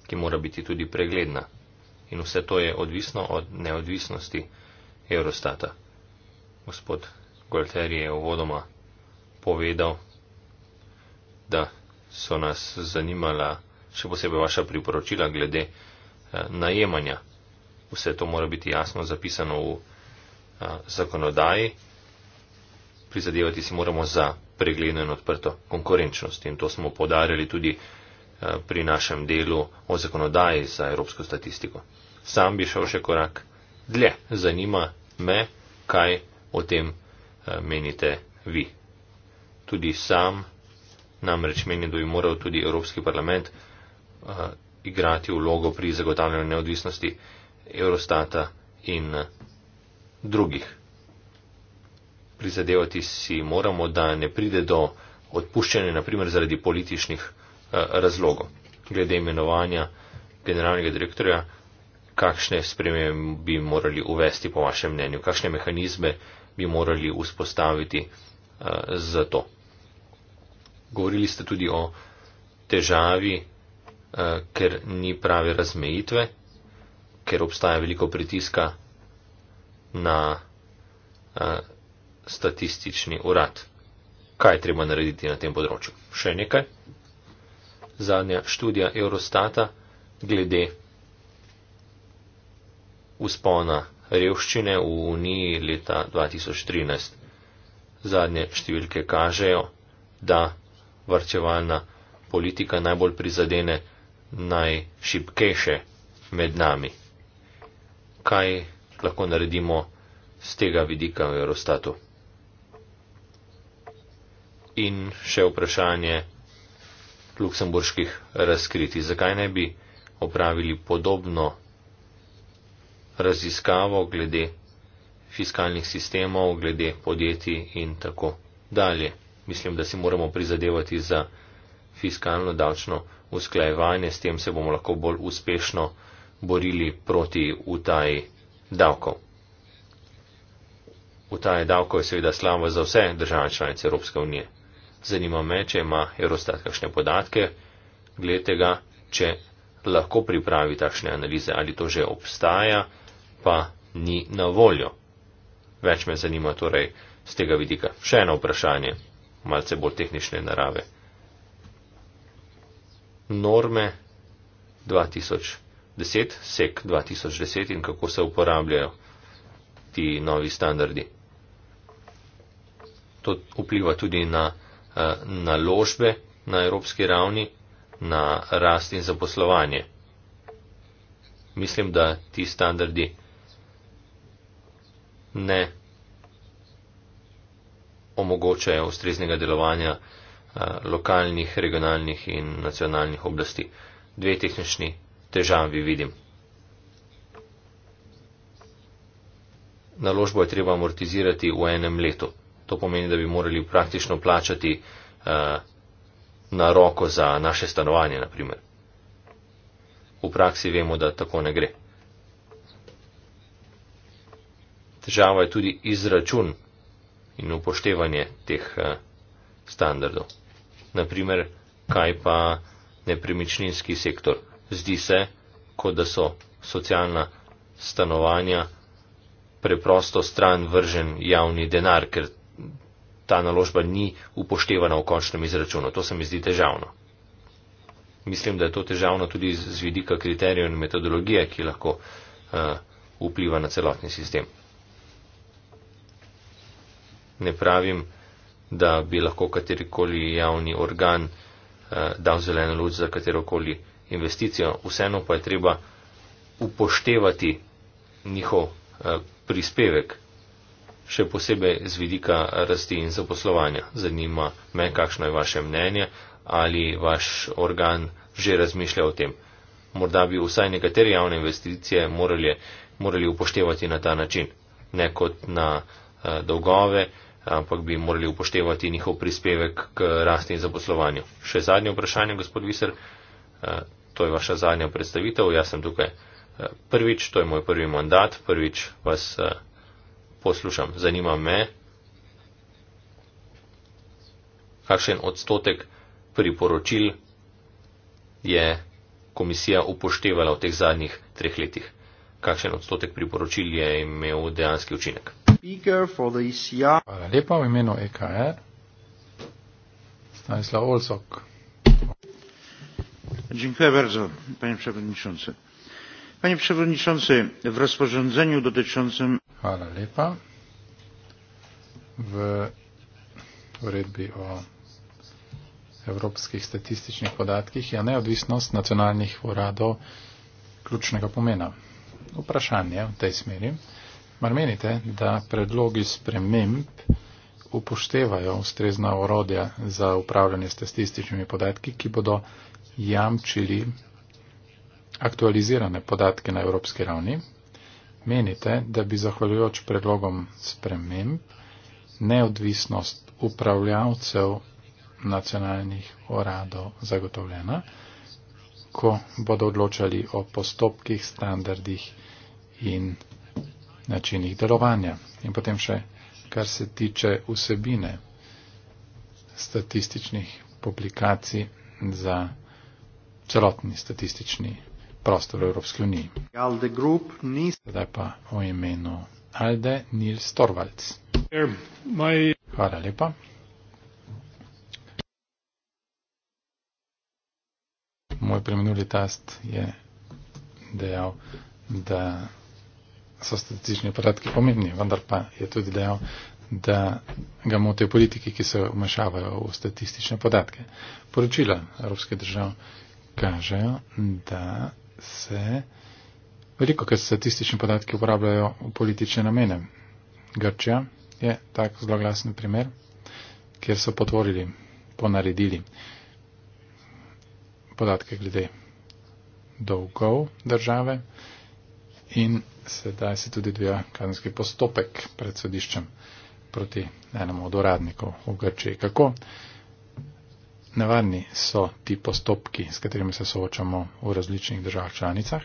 [SPEAKER 1] ki mora biti tudi pregledna. In vse to je odvisno od neodvisnosti Eurostata. Gospod Golter je uvodoma povedal, da so nas zanimala še posebej vaša priporočila glede eh, najemanja vse to mora biti jasno zapisano v a, zakonodaji. Prizadevati si moramo za pregledno in odprto konkurenčnost in to smo podarili tudi a, pri našem delu o zakonodaji za evropsko statistiko. Sam bi šel še korak dlje. Zanima me, kaj o tem a, menite vi. Tudi sam namreč menim, da bi moral tudi Evropski parlament a, igrati vlogo pri zagotavljanju neodvisnosti. Eurostata in eh, drugih. Prizadevati si moramo, da ne pride do odpuščanja, naprimer zaradi političnih eh, razlogov. Glede imenovanja generalnega direktorja, kakšne spreme bi morali uvesti po vašem mnenju, kakšne mehanizme bi morali vzpostaviti eh, za to. Govorili ste tudi o težavi, ker ni prave razmejitve ker obstaja veliko pritiska na uh, statistični urad. Kaj je treba narediti na tem področju? Še nekaj. Zadnja študija Eurostata glede uspona revščine v Uniji leta 2013. Zadnje številke kažejo, da vrčevalna politika najbolj prizadene najšipkejše med nami kaj lahko naredimo z tega vidika v Eurostatu. In še vprašanje luksemburških razkriti. Zakaj ne bi opravili podobno raziskavo glede fiskalnih sistemov, glede podjetij in tako dalje? Mislim, da si moramo prizadevati za fiskalno-davčno usklajevanje, s tem se bomo lahko bolj uspešno borili proti utaji davkov. Utaja davkov je seveda slava za vse države članice Evropske unije. Zanima me, če ima Eurostat kakšne podatke, glede ga, če lahko pripravi takšne analize, ali to že obstaja, pa ni na voljo. Več me zanima torej z tega vidika. Še eno vprašanje, malce bolj tehnične narave. Norme 2000. 10, SEC 2010 in kako se uporabljajo ti novi standardi. To vpliva tudi na eh, naložbe na evropski ravni, na rast in zaposlovanje. Mislim, da ti standardi ne omogočajo ustreznega delovanja eh, lokalnih, regionalnih in nacionalnih oblasti. Dve tehnični težavami vidim. Naložbo je treba amortizirati v enem letu. To pomeni, da bi morali praktično plačati uh, na roko za naše stanovanje, naprimer. V praksi vemo, da tako ne gre. Težava je tudi izračun in upoštevanje teh uh, standardov. Naprimer, kaj pa nepremičninski sektor? zdi se, kot da so socialna stanovanja preprosto stran vržen javni denar, ker ta naložba ni upoštevana v končnem izračunu. To se mi zdi težavno. Mislim, da je to težavno tudi z vidika kriterijev in metodologije, ki lahko uh, vpliva na celotni sistem. Ne pravim, da bi lahko katerikoli javni organ uh, dal zeleno luč za katerokoli investicijo, vseeno pa je treba upoštevati njihov eh, prispevek, še posebej z vidika rasti in zaposlovanja. Zanima me, kakšno je vaše mnenje, ali vaš organ že razmišlja o tem. Morda bi vsaj nekatere javne investicije morali, morali upoštevati na ta način, ne kot na eh, dolgove, ampak bi morali upoštevati njihov prispevek k rasti in zaposlovanju. Še zadnje vprašanje, gospod Viser. Eh, to je vaša zadnja predstavitev, jaz sem tukaj eh, prvič, to je moj prvi mandat, prvič vas eh, poslušam. Zanima me, kakšen odstotek priporočil je komisija upoštevala v teh zadnjih treh letih. Kakšen odstotek priporočil je imel dejanski učinek?
[SPEAKER 2] Hvala lepa v imenu EKR. Stanislav Olsok panie przewodniczący w rozporządzeniu dotyczącym w uredbi o evropskih statističnih podatkih je neodvisnost nacionalnih uradov ključnega pomena. Vprašanje v tej smeri. Mar menite, da predlogi sprememb upoštevajo ustrezna orodja za upravljanje statističnimi podatki, ki bodo jamčili aktualizirane podatke na evropski ravni, menite, da bi zahvaljujoč predlogom sprememb neodvisnost upravljavcev nacionalnih uradov zagotovljena, ko bodo odločali o postopkih, standardih in načinih delovanja. In potem še, kar se tiče vsebine statističnih publikacij za celotni statistični prostor v Evropski uniji. ALDE Group ni. Zdaj pa o imenu ALDE Nils Torvalds. Er, Hvala lepa. Moj premenuli tast je dejal, da so statistični podatki pomembni, vendar pa je tudi dejal, da ga motijo politiki, ki se vmešavajo v statistične podatke. Poročila Evropske države kažejo, da se veliko, ker statistični podatki uporabljajo v politične namene. Grčija je tak zloglasen primer, kjer so potvorili, ponaredili podatke glede dolgov države in sedaj se tudi dvija kazenski postopek pred sodiščem proti enemu od uradnikov v Grčiji. Kako? nevarni so ti postopki, s katerimi se soočamo v različnih državah članicah?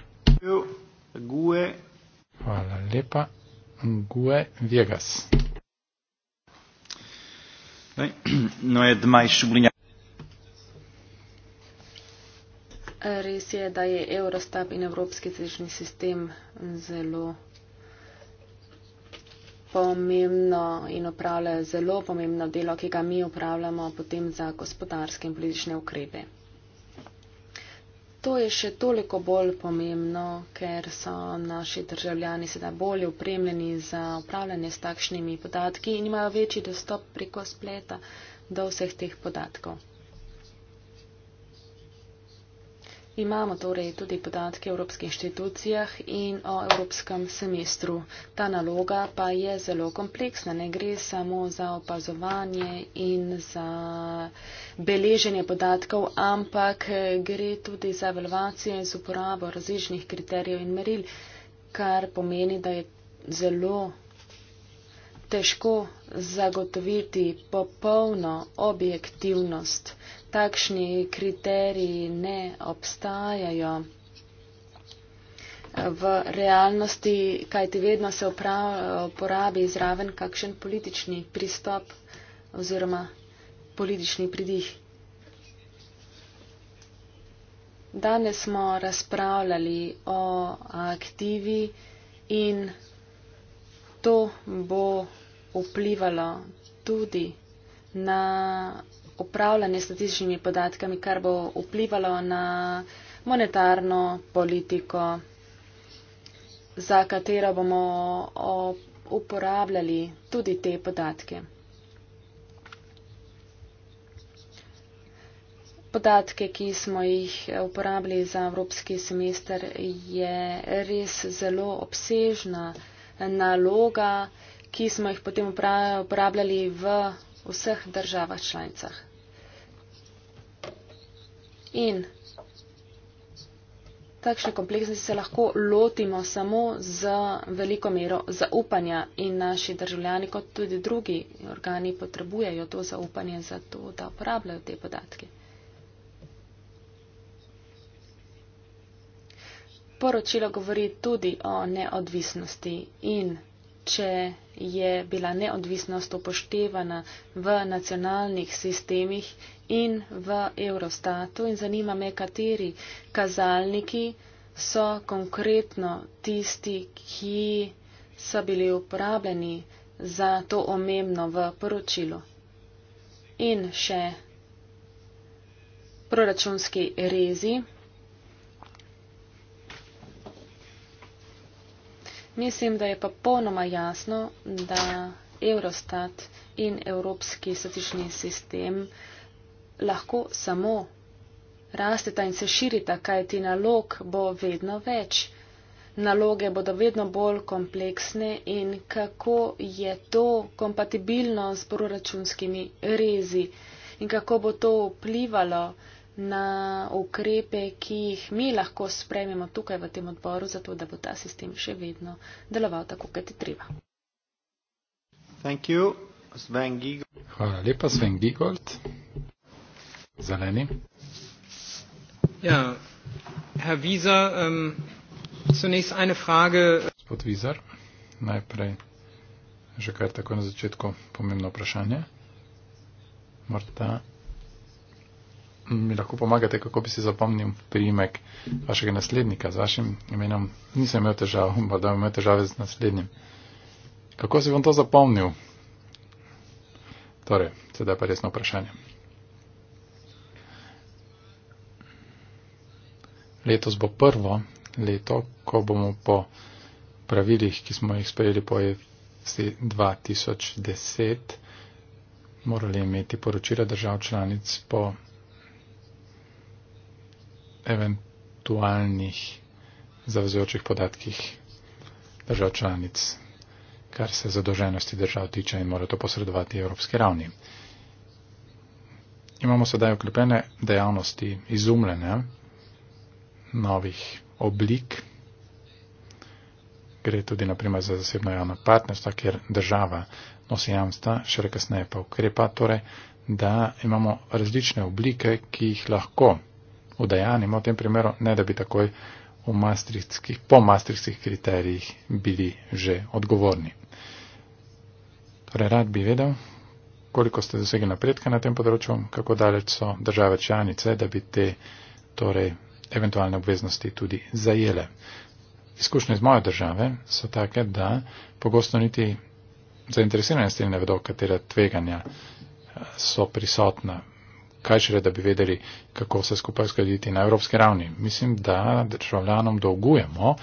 [SPEAKER 2] Gue. Hvala lepa. Gue Vegas. No je dmaj šublinja.
[SPEAKER 3] Res je, da je Eurostat in Evropski cvični sistem zelo pomembno in upravljajo zelo pomembno delo, ki ga mi upravljamo potem za gospodarske in politične ukrepe. To je še toliko bolj pomembno, ker so naši državljani sedaj bolje upremljeni za upravljanje s takšnimi podatki in imajo večji dostop preko spleta do vseh teh podatkov. Imamo torej tudi podatke o evropskih inštitucijah in o evropskem semestru. Ta naloga pa je zelo kompleksna, ne gre samo za opazovanje in za beleženje podatkov, ampak gre tudi za evaluacijo in uporabo različnih kriterijev in meril, kar pomeni, da je zelo težko zagotoviti popolno objektivnost takšni kriteriji ne obstajajo v realnosti, kajti vedno se uporabi izraven kakšen politični pristop oziroma politični pridih. Danes smo razpravljali o aktivi in to bo vplivalo tudi na upravljanje statističnimi podatkami, kar bo vplivalo na monetarno politiko, za katero bomo uporabljali tudi te podatke. Podatke, ki smo jih uporabili za evropski semester, je res zelo obsežna naloga, ki smo jih potem uporabljali v vseh državah članicah. In takšne kompleksnosti se lahko lotimo samo z veliko mero zaupanja in naši državljani, kot tudi drugi organi, potrebujejo to zaupanje za to, da uporabljajo te podatke. Poročilo govori tudi o neodvisnosti in če je bila neodvisnost upoštevana v nacionalnih sistemih in v Eurostatu in zanima me, kateri kazalniki so konkretno tisti, ki so bili uporabljeni za to omembno v poročilu. In še proračunski rezi. Mislim, da je pa ponoma jasno, da Eurostat in Evropski statični sistem lahko samo rasteta in se širita, kaj ti nalog bo vedno več. Naloge bodo vedno bolj kompleksne in kako je to kompatibilno s proračunskimi rezi in kako bo to vplivalo na ukrepe, ki jih mi lahko sprejmemo tukaj v tem odboru, zato da bo ta sistem še vedno deloval tako, kot je treba.
[SPEAKER 2] Hvala lepa, Sven Gigold. Zeleni.
[SPEAKER 1] Ja, herr Wieser, um, zunächst eine Frage.
[SPEAKER 2] Gospod Wieser, najprej že kar tako na začetku pomembno vprašanje. Morda mi lahko pomagate, kako bi si zapomnil primek vašega naslednika z vašim imenom. Nisem imel težav, ampak da imam težave z naslednjim. Kako si bom to zapomnil? Torej, sedaj pa resno vprašanje. Letos bo prvo leto, ko bomo po pravilih, ki smo jih sprejeli po 2010, e morali imeti poročila držav članic po eventualnih zavezujočih podatkih držav članic, kar se zadolženosti držav tiče in mora to posredovati evropski ravni. Imamo sedaj oklepene dejavnosti izumljene novih oblik, gre tudi naprimer za zasebno javno partnerstvo, kjer država nosi jamstva, še kasneje pa ukrepa, torej, da imamo različne oblike, ki jih lahko udajanimo v tem primeru, ne da bi takoj v mastrihtskih, po mastrihtskih kriterijih bili že odgovorni. Torej, rad bi vedel, koliko ste dosegli napredka na tem področju, kako daleč so države članice, da bi te torej, eventualne obveznosti tudi zajele. Izkušnje z moje države so take, da pogosto niti zainteresirane strani ne vedo, katera tveganja eh, so prisotna kaj šele, da bi vedeli, kako vse skupaj uskladiti na evropski ravni. Mislim, da državljanom dolgujemo,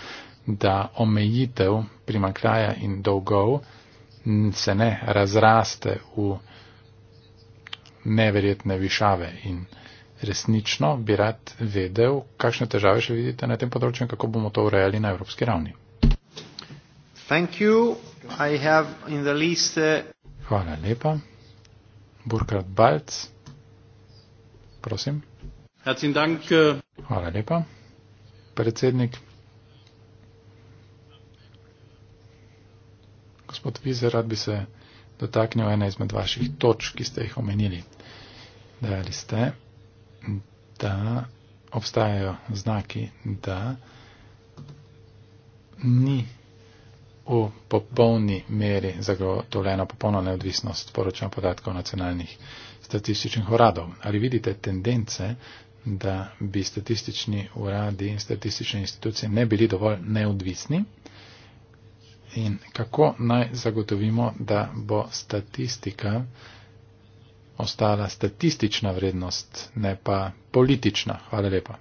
[SPEAKER 2] da omejitev primankljaja in dolgov se ne razraste v neverjetne višave in resnično bi rad vedel, kakšne težave še vidite na tem področju in kako bomo to urejali na evropski ravni.
[SPEAKER 1] Uh,
[SPEAKER 2] Hvala lepa. Burkhard Balc. Prosim. Äh, Hvala lepa. Predsednik. Gospod Vize, rad bi se dotaknil ene izmed vaših točk, ki ste jih omenili. Dajali ste, da obstajajo znaki, da ni v popolni meri zagotovljena popolna neodvisnost poročanja podatkov nacionalnih statističnih uradov. Ali vidite tendence, da bi statistični uradi in statistične institucije ne bili dovolj neodvisni? In kako naj zagotovimo, da bo statistika ostala statistična vrednost, ne pa politična? Hvala lepa.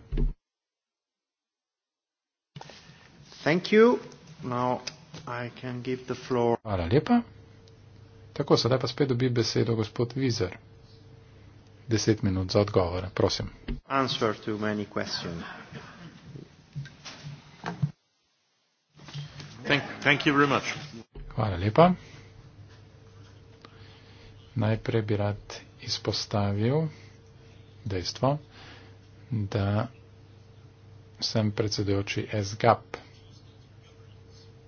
[SPEAKER 2] Thank you. Now Hvala lepa. Tako, sedaj pa spet dobi besedo gospod Vizer. Deset minut za odgovore, prosim. Thank, thank Hvala lepa. Najprej bi rad izpostavil dejstvo, da sem predsedujoči SGAP,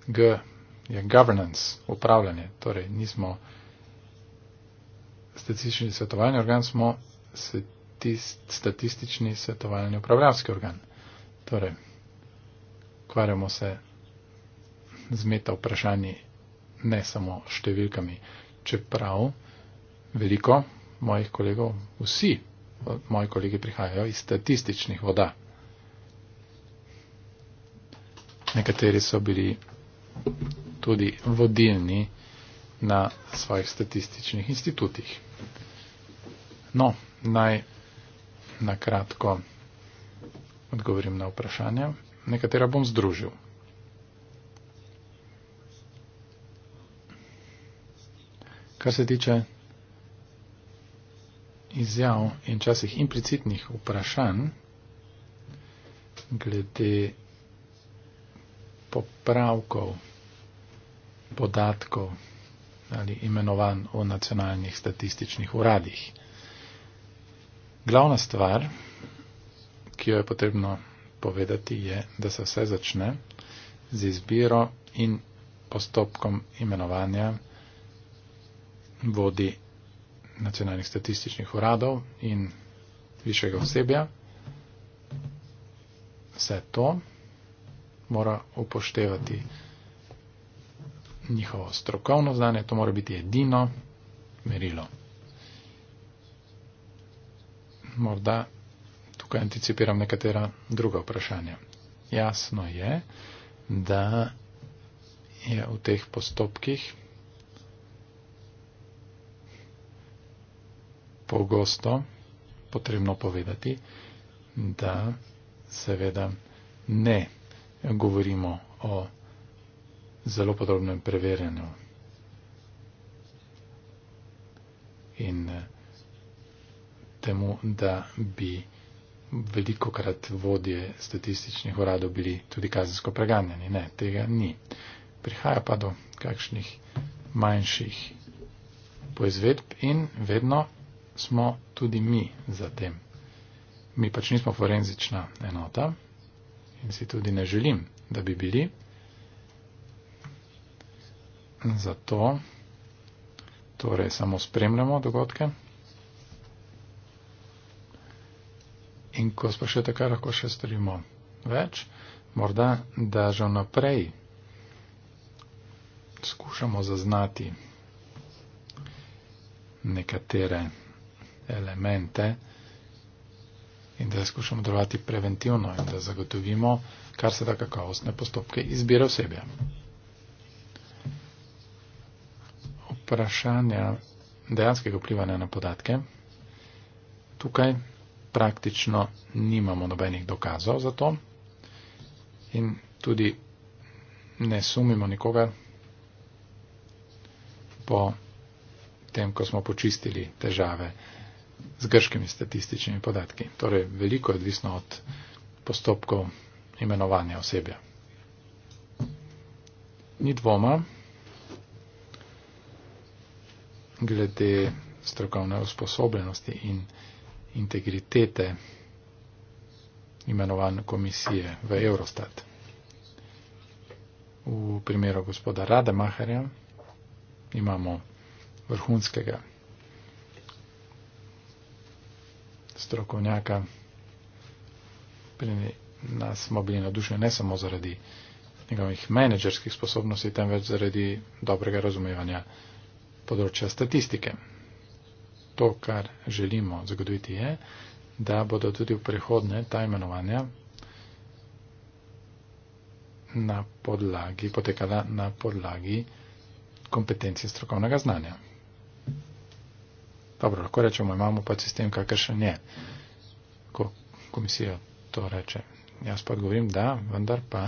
[SPEAKER 2] G je governance, upravljanje. Torej, nismo statistični svetovalni organ, smo statistični svetovalni upravljavski organ. Torej, kvarjamo se z meta vprašanji, ne samo številkami. Čeprav veliko mojih kolegov, vsi moji kolegi prihajajo iz statističnih voda. Nekateri so bili tudi vodilni na svojih statističnih institutih. No, naj na kratko odgovorim na vprašanja. Nekatera bom združil. Kar se tiče izjav in časih implicitnih vprašanj glede popravkov podatkov ali imenovan v nacionalnih statističnih uradih. Glavna stvar, ki jo je potrebno povedati, je, da se vse začne z izbiro in postopkom imenovanja vodi nacionalnih statističnih uradov in višjega osebja. Vse to mora upoštevati njihovo strokovno znanje, to mora biti edino merilo. Morda tukaj anticipiram nekatera druga vprašanja. Jasno je, da je v teh postopkih pogosto potrebno povedati, da seveda ne govorimo o zelo podrobnem preverjanju. In eh, temu, da bi veliko krat vodje statističnih uradov bili tudi kazensko preganjeni. Ne, tega ni. Prihaja pa do kakšnih manjših poizvedb in vedno smo tudi mi za tem. Mi pač nismo forenzična enota in si tudi ne želim, da bi bili. Zato torej samo spremljamo dogodke. In ko sprašuje takrat, lahko še storimo več, morda da že naprej skušamo zaznati nekatere elemente, in da skušamo delovati preventivno in da zagotovimo kar se da kakovostne postopke izbire osebe. Vprašanja dejanskega vplivanja na podatke. Tukaj praktično nimamo nobenih dokazov za to in tudi ne sumimo nikoga po tem, ko smo počistili težave z grškimi statističnimi podatki. Torej, veliko je odvisno od postopkov imenovanja osebja. Ni dvoma glede strokovne usposobljenosti in integritete imenovanj komisije v Eurostat. V primeru gospoda Rademaherja imamo vrhunskega strokovnjaka. Pri nas smo bili nadušeni ne samo zaradi njegovih menedžerskih sposobnosti, temveč zaradi dobrega razumevanja področja statistike. To, kar želimo zagotoviti, je, da bodo tudi v prihodne ta imenovanja na podlagi, potekala na podlagi kompetencije strokovnega znanja. Dobro, lahko rečemo, imamo pač sistem, kakršen je, ko komisija to reče. Jaz pa govorim, da, vendar pa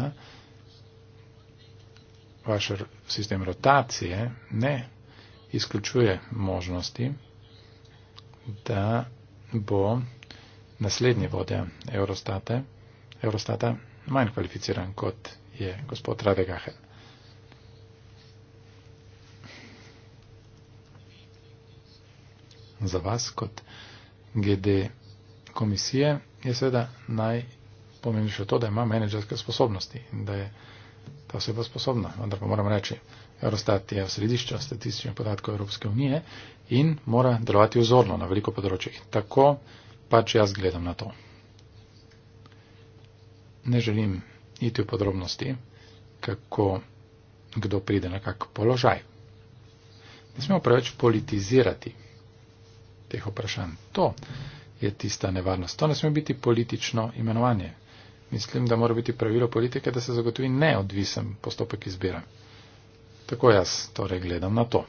[SPEAKER 2] vaš sistem rotacije ne izključuje možnosti, da bo naslednji vodja Eurostata manj kvalificiran kot je gospod Radegahel. za vas kot GD komisije, je seveda najpomembnejše to, da ima menedžerske sposobnosti in da je ta oseba sposobna. Vendar pa moram reči, Eurostat je v središču statističnih podatkov Evropske unije in mora delovati vzorno na veliko področjih. Tako pač jaz gledam na to. Ne želim iti v podrobnosti, kako kdo pride na kak položaj. Ne smemo preveč politizirati teh vprašanj. To je tista nevarnost. To ne sme biti politično imenovanje. Mislim, da mora biti pravilo politike, da se zagotovi neodvisen postopek izbira. Tako jaz torej gledam na to.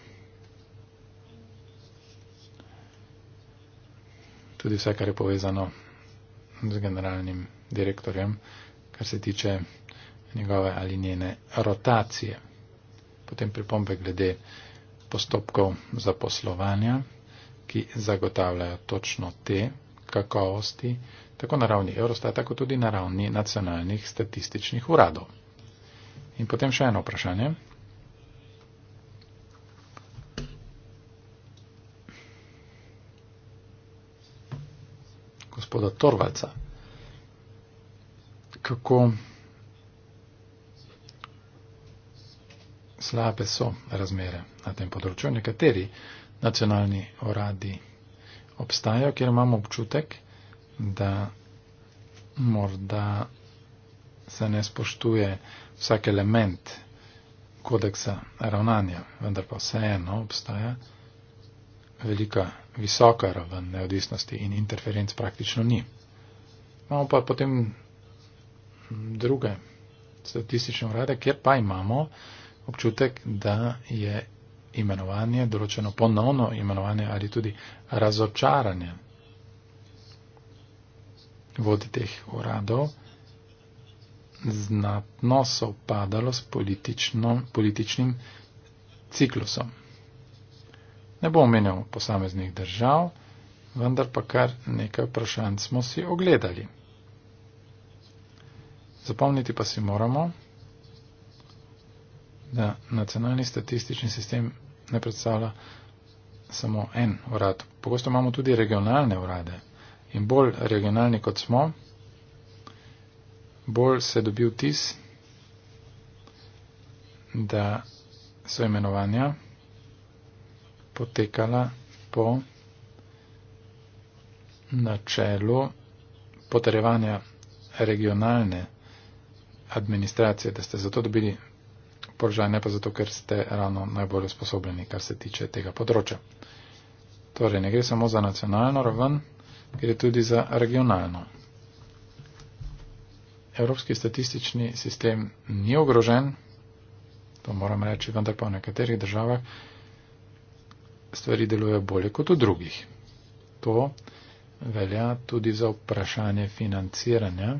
[SPEAKER 2] Tudi vse, kar je povezano z generalnim direktorjem, kar se tiče njegove ali njene rotacije. Potem pripombe glede postopkov zaposlovanja. poslovanja ki zagotavljajo točno te kakovosti, tako na ravni Eurostata, kot tudi na ravni nacionalnih statističnih uradov. In potem še eno vprašanje. Gospoda Torvalca, kako slabe so razmere na tem področju? Nekateri nacionalni uradi obstajajo, ker imamo občutek, da morda se ne spoštuje vsak element kodeksa ravnanja, vendar pa vseeno obstaja velika, visoka raven neodvisnosti in interferenc praktično ni. Imamo pa potem druge statistične urade, kjer pa imamo občutek, da je imenovanje, določeno ponovno imenovanje ali tudi razočaranje vodi teh uradov, znatno so padalo s političnim ciklusom. Ne bom omenjal posameznih držav, vendar pa kar nekaj vprašanj smo si ogledali. Zapomniti pa si moramo, da nacionalni statistični sistem ne predstavlja samo en urad. Pogosto imamo tudi regionalne urade in bolj regionalni kot smo, bolj se dobi vtis, da so imenovanja potekala po načelu potrevanja regionalne administracije, da ste zato dobili položaj, ne pa zato, ker ste ravno najbolj usposobljeni, kar se tiče tega področja. Torej, ne gre samo za nacionalno raven, gre tudi za regionalno. Evropski statistični sistem ni ogrožen, to moram reči, vendar pa v nekaterih državah stvari delujejo bolje kot v drugih. To velja tudi za vprašanje financiranja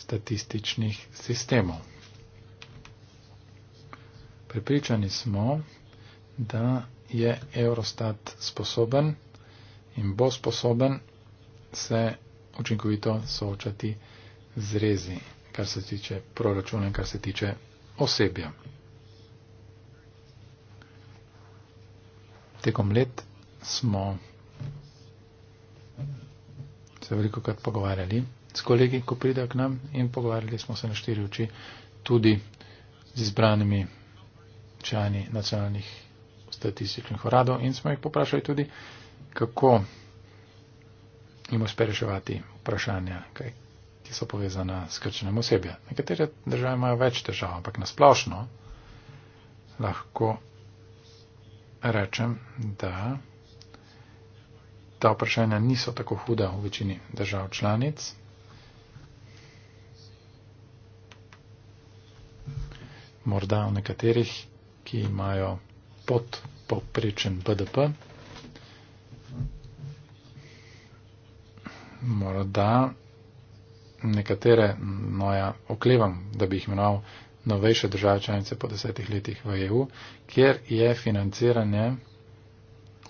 [SPEAKER 2] statističnih sistemov. Pripričani smo, da je Eurostat sposoben in bo sposoben se učinkovito soočati z rezi, kar se tiče proračuna in kar se tiče osebja. Tekom let smo se veliko krat pogovarjali s kolegi, ko pridejo k nam in pogovarjali smo se na štiri oči tudi z izbranimi člani nacionalnih statističnih uradov in smo jih poprašali tudi, kako jim uspe reševati vprašanja, ki so povezana s krčenjem osebja. Nekatere države imajo več težav, ampak nasplošno lahko rečem, da ta vprašanja niso tako huda v večini držav članic. Morda v nekaterih ki imajo pod povprečen BDP. Morda nekatere, no ja, oklevam, da bi jih imenoval novejše države članice po desetih letih v EU, kjer je financiranje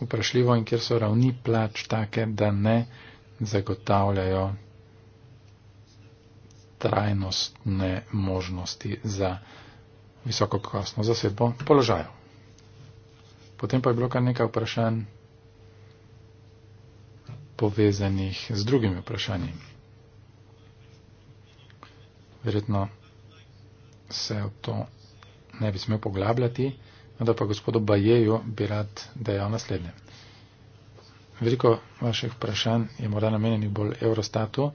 [SPEAKER 2] vprašljivo in kjer so ravni plač take, da ne zagotavljajo trajnostne možnosti za visoko kakovostno zasedbo položajev. Potem pa je bilo kar nekaj vprašanj povezanih z drugimi vprašanji. Verjetno se v to ne bi smel poglabljati, vendar pa gospodu Bajeju bi rad dejal naslednje. Veliko vaših vprašanj je morda namenjenih bolj Eurostatu,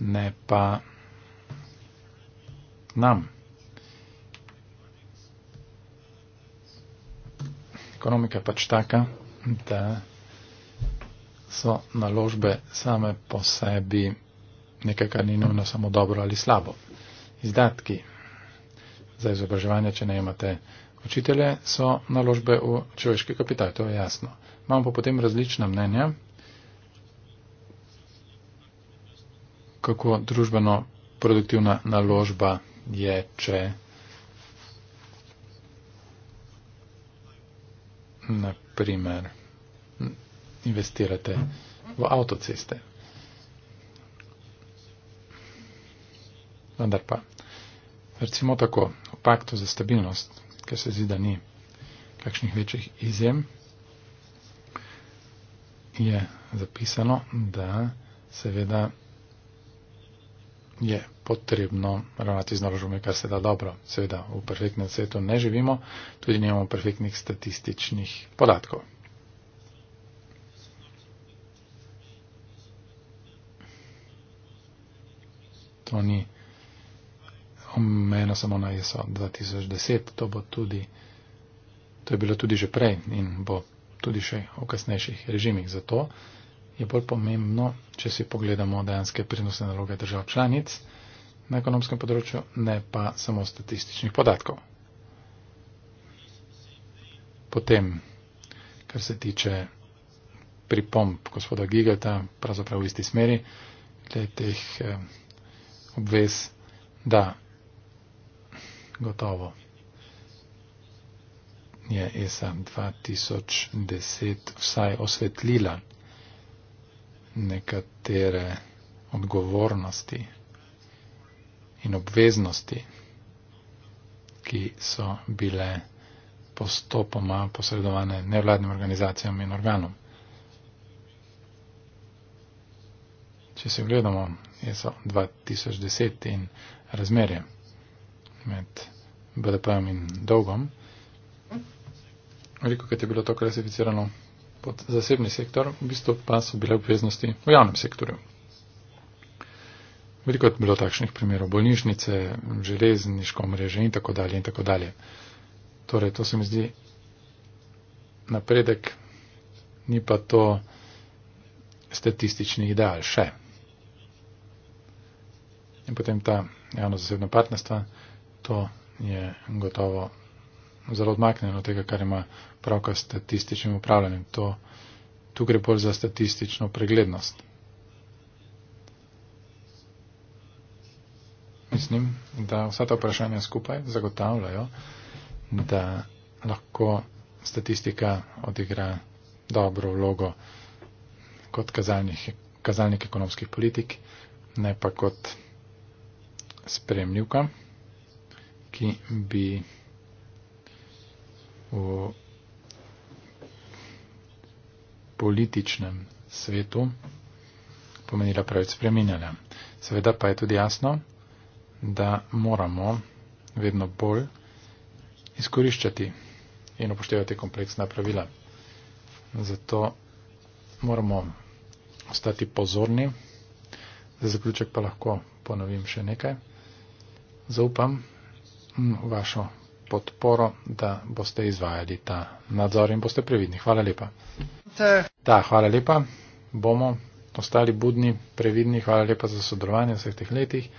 [SPEAKER 2] ne pa nam. ekonomika pač taka, da so naložbe same po sebi nekaj, kar ni nujno samo dobro ali slabo. Izdatki za izobraževanje, če ne imate učitelje, so naložbe v človeški kapital, to je jasno. Imamo pa potem različna mnenja, kako družbeno produktivna naložba je, če na primer investirate v avtoceste. Vendar pa, recimo tako, v paktu za stabilnost, ker se zdi, da ni kakšnih večjih izjem, je zapisano, da seveda je potrebno ravnati z naložbami, kar se da dobro. Seveda, v perfektnem svetu ne živimo, tudi nimamo perfektnih statističnih podatkov. To ni omejeno samo na ISO 2010, to, bo tudi, to je bilo tudi že prej in bo tudi še v kasnejših režimih. Zato je bolj pomembno, če si pogledamo dejanske prinosne naloge držav članic na ekonomskem področju, ne pa samo statističnih podatkov. Potem, kar se tiče pripomp gospoda Gigelta, pravzaprav v isti smeri, glede teh eh, obvez, da gotovo je ESA 2010 vsaj osvetlila nekatere odgovornosti in obveznosti, ki so bile postopoma posredovane nevladnim organizacijam in organom. Če se gledamo, je so 2010 in razmerje med BDP-om in dolgom, veliko, kaj je bilo to klasificirano pod zasebni sektor, v bistvu pa so bile obveznosti v javnem sektorju. Veliko je bilo takšnih primerov, bolnišnice, železniško mreže in tako dalje in tako dalje. Torej, to se mi zdi napredek, ni pa to statistični ideal še. In potem ta javno-zasebno partnerstvo, to je gotovo zelo odmaknjen od tega, kar ima pravka s statističnim upravljanjem. To, tu gre bolj za statistično preglednost. Mislim, da vsa ta vprašanja skupaj zagotavljajo, da lahko statistika odigra dobro vlogo kot kazalnik, kazalnik ekonomskih politik, ne pa kot spremljivka, ki bi v političnem svetu pomenila pravic spreminjanja. Seveda pa je tudi jasno, da moramo vedno bolj izkoriščati in upoštevati kompleksna pravila. Zato moramo ostati pozorni. Za zaključek pa lahko ponovim še nekaj. Zaupam vašo podporo, da boste izvajali ta nadzor in boste previdni. Hvala lepa. Da, hvala lepa. Bomo ostali budni, previdni. Hvala lepa za sodelovanje vseh teh letih.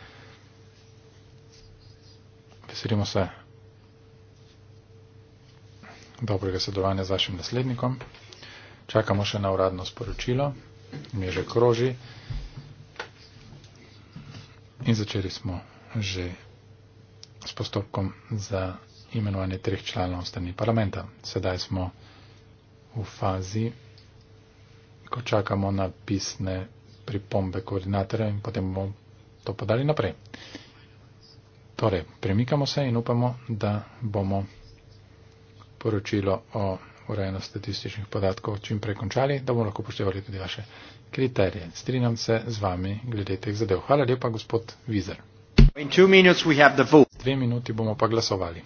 [SPEAKER 2] Veselimo se dobrega sodelovanja z vašim naslednikom. Čakamo še na uradno sporočilo. Mi že kroži. In začeli smo že s postopkom za imenovanje treh članov strani parlamenta. Sedaj smo v fazi, ko čakamo na pisne pripombe koordinatora in potem bomo to podali naprej. Torej, premikamo se in upamo, da bomo poročilo o urejeno statističnih podatkov čim prej končali, da bomo lahko poštevali tudi vaše kriterije. Strinjam se z vami glede teh zadev. Hvala lepa, gospod Vizer. Dve minuti bomo pa glasovali.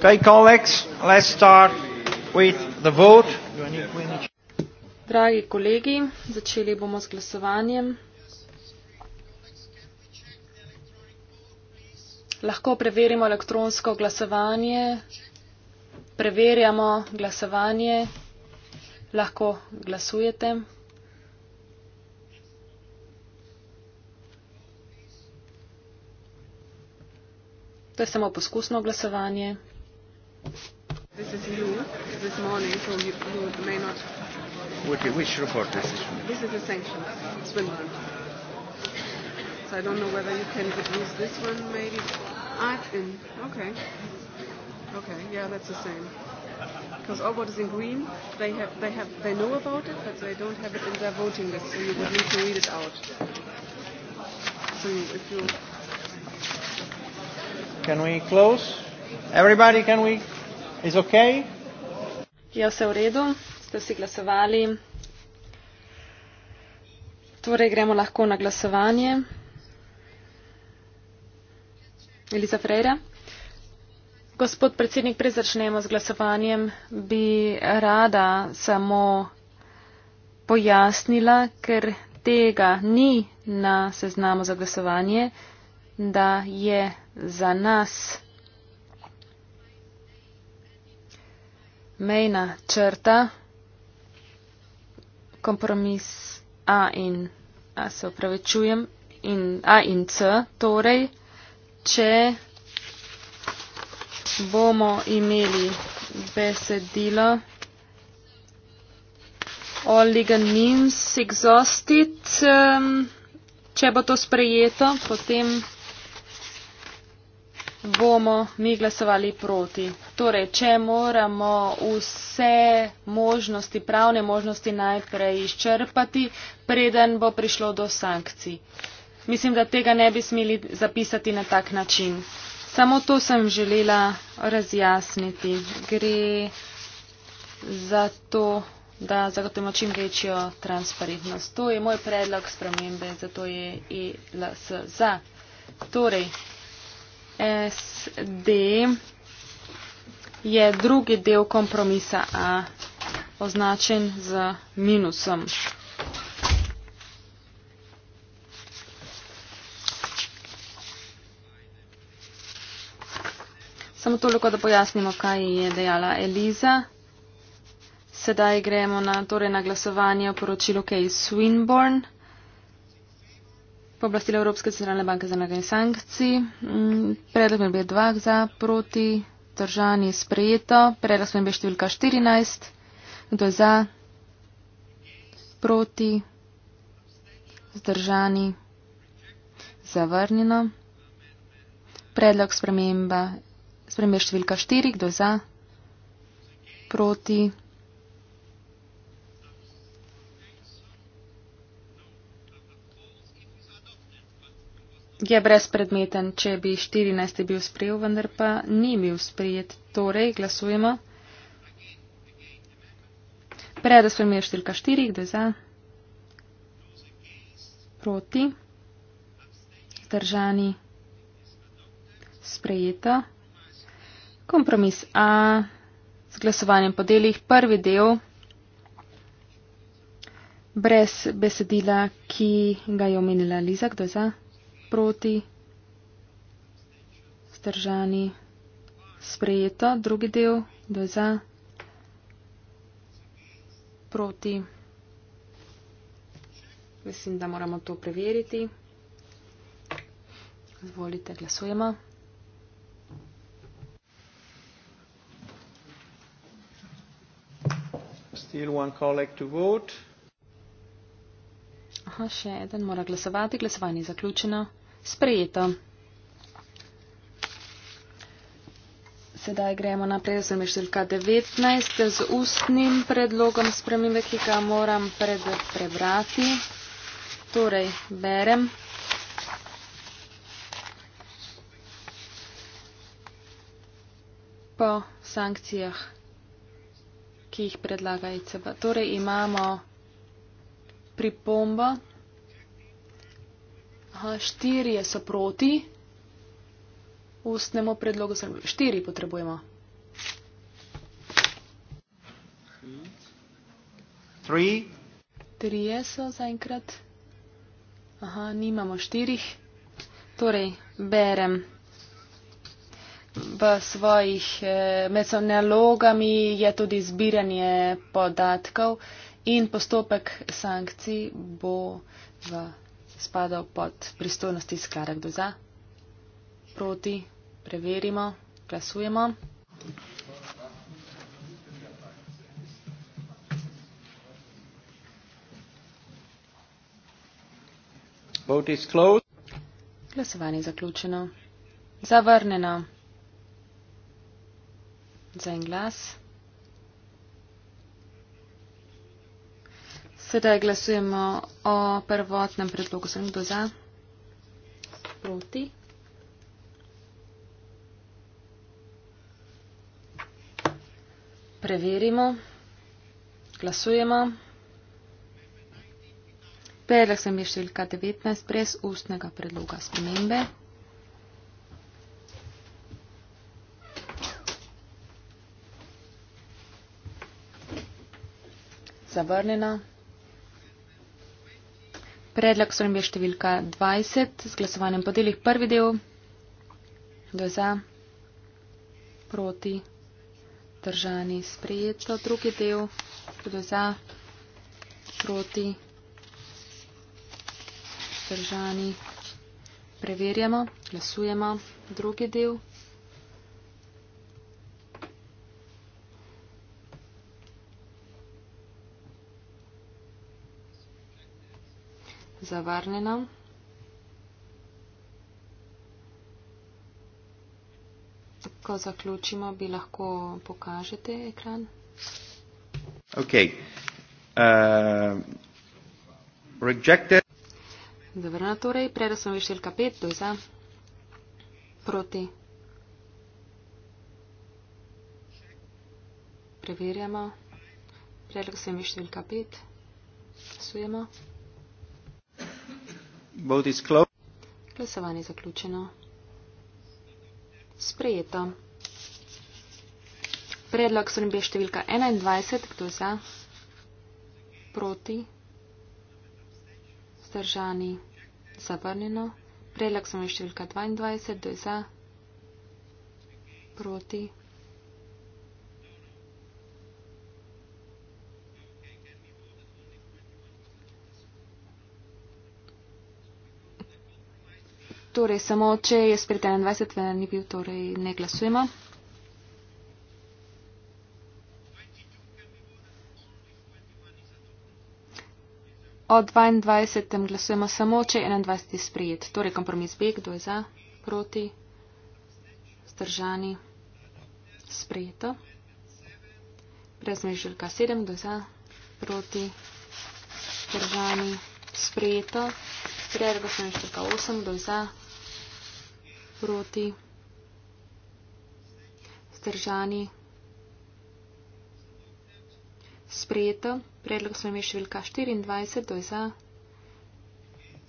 [SPEAKER 2] Okay, colleagues, let's start with the vote.
[SPEAKER 3] Dragi kolegi, začeli bomo z glasovanjem. Lahko preverimo elektronsko glasovanje. Preverjamo glasovanje. Lahko glasujete. To je samo poskusno glasovanje. This is you this morning, so you, you may not. Which, which report this is? This is a sanction, Swinburne. So I don't know whether you can use this one, maybe. I've been. Okay. Okay, yeah, that's the same. Because all what is in green, they have, they have, they know about it, but they don't have it in their voting list. So you would need to read it out. So if you can we close, everybody, can we? Close? Okay? Je ja, vse v redu, ste vsi glasovali. Torej gremo lahko na glasovanje. Eliza Freire. Gospod predsednik, prej začnemo z glasovanjem, bi rada samo pojasnila, ker tega ni na seznamu za glasovanje, da je za nas mejna črta, kompromis A in A se upravičujem, in A in C, torej, če bomo imeli besedilo all legal means exhausted, um, če bo to sprejeto, potem bomo mi glasovali proti. Torej, če moramo vse možnosti, pravne možnosti najprej izčrpati, preden bo prišlo do sankcij. Mislim, da tega ne bi smeli zapisati na tak način. Samo to sem želela razjasniti. Gre za to, da zagotovimo čim večjo transparentnost. To je moj predlog spremembe, zato je ELS za. Torej, SD je drugi del kompromisa A označen z minusom. Samo toliko, da pojasnimo, kaj je dejala Eliza. Sedaj gremo na, torej na glasovanje o poročilu K. Swinburne. Poblastila Evropske centralne banke za nagaj sankcij. Mm, predlog je bil 2 za, proti vzdržani sprejeto. Prejela smo imbe številka 14. Kdo je za? Proti? Vzdržani? Zavrnjeno. Predlog sprememba. Sprememba številka 4. Kdo je za? Proti? je brezpredmeten, če bi 14. bil sprejel, vendar pa ni bil sprejet. Torej, glasujemo. Preda smo imeli številka 4, kdo je za? Proti. Zdržani. Sprejeto. Kompromis A. Z glasovanjem po delih. Prvi del. Brez besedila, ki ga je omenila Liza, kdo je za? proti, vzdržani, sprejeto, drugi del, dve za, proti. Mislim, da moramo to preveriti. Zvolite, glasujemo. Aha, še eden mora glasovati, glasovanje je zaključeno sprejeto. Sedaj gremo naprej za mešilka 19 z ustnim predlogom spremembe, ki ga moram pred prebrati. Torej, berem. Po sankcijah, ki jih predlaga ICB. E torej, imamo pripombo, Aha, štiri je so proti ustnemu predlogu. Štiri potrebujemo. Tri. Trije so zaenkrat. Aha, nimamo štirih. Torej, berem v svojih, eh, med so nalogami je tudi zbiranje podatkov in postopek sankcij bo v spada pod pristojnosti sklada Gdoza. Proti, preverimo, glasujemo.
[SPEAKER 1] Vote is closed.
[SPEAKER 3] Glasovanje je zaključeno. Zavrnjeno. Za en glas. Sedaj glasujemo o prvotnem predlogu. Sem kdo za? Proti. Preverimo. Glasujemo. Predlog sem je številka 19 brez ustnega predloga spremembe. Zavrnjena. Predlog spremembe številka 20 z glasovanjem podelih prvi del. Kdo je za? Proti? Držani sprejeto. Drugi del. Kdo je za? Proti? Držani. Preverjamo. Glasujemo. Drugi del. zavrnjena. Ko zaključimo, bi lahko pokažete ekran.
[SPEAKER 1] Ok. Uh, rejected.
[SPEAKER 3] Zavrnjena torej, predal sem višelka 5, to je za. Proti. Preverjamo. Predlog sem višelka 5. Sujemo. Glasovanje je zaključeno. Sprejeto. Predlog so nebe številka 21. Kdo je za? Proti? Zdržani? Zavrnjeno. Predlog so nebe številka 22. Kdo je za? Proti? Torej, samo če je sprejet 21, vendar ni bil, torej ne glasujemo. O 22. glasujemo samo, če je 21. sprejet. Torej, kompromis B, kdo je za, proti, zdržani, sprejeto. Preznamen želka 7, kdo je za, proti, zdržani, sprejeto. Prerogosno je številka 8, kdo je za proti, zdržani, sprejeto. Predlog smo imeli številka 24, to je za,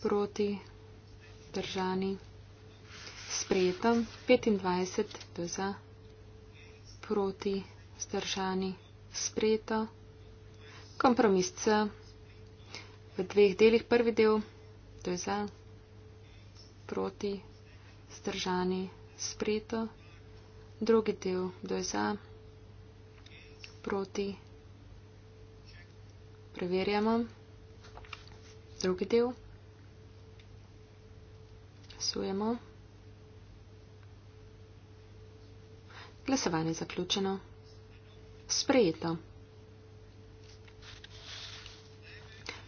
[SPEAKER 3] proti, zdržani, sprejeto. 25, to je za, proti, zdržani, sprejeto. Kompromis C v dveh delih. Prvi del, to je za, proti, zdržani stržani spreto, drugi del, kdo je za, proti, preverjamo, drugi del, sujemo. Glasovanje zaključeno. Sprejeto.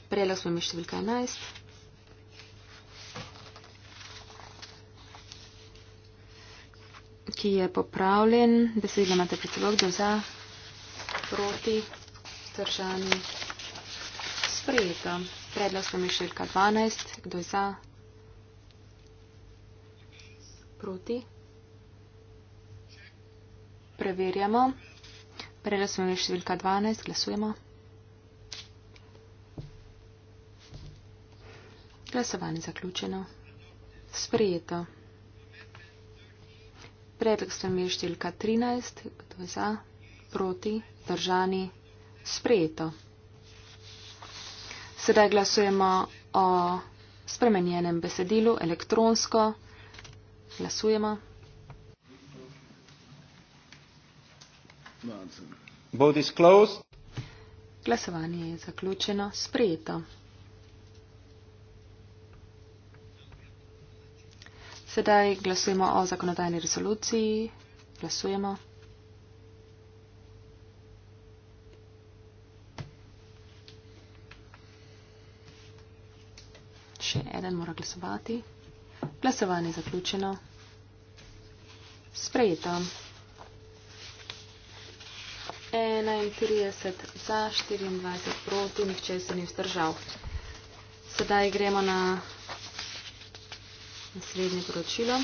[SPEAKER 3] Prelo smo mi številka 11. ki je popravljen, besedila imate pred seboj, kdo za, proti, vzdržani, sprejeto. Predlog sem mišeljka 12, kdo za, proti. Preverjamo. Predlog sem mišeljka 12, glasujemo. Glasovanje zaključeno. Sprejeto. Predlog sem je številka 13, kdo je za, proti, držani, sprejeto. Sedaj glasujemo o spremenjenem besedilu elektronsko. Glasujemo. Glasovanje je zaključeno, sprejeto. sedaj glasujemo o zakonodajni resoluciji. Glasujemo. Še eden mora glasovati. Glasovanje je zaključeno. Sprejeto. 31 za 24 proti, nihče se ni vzdržal. Sedaj gremo na naslednje poročilo.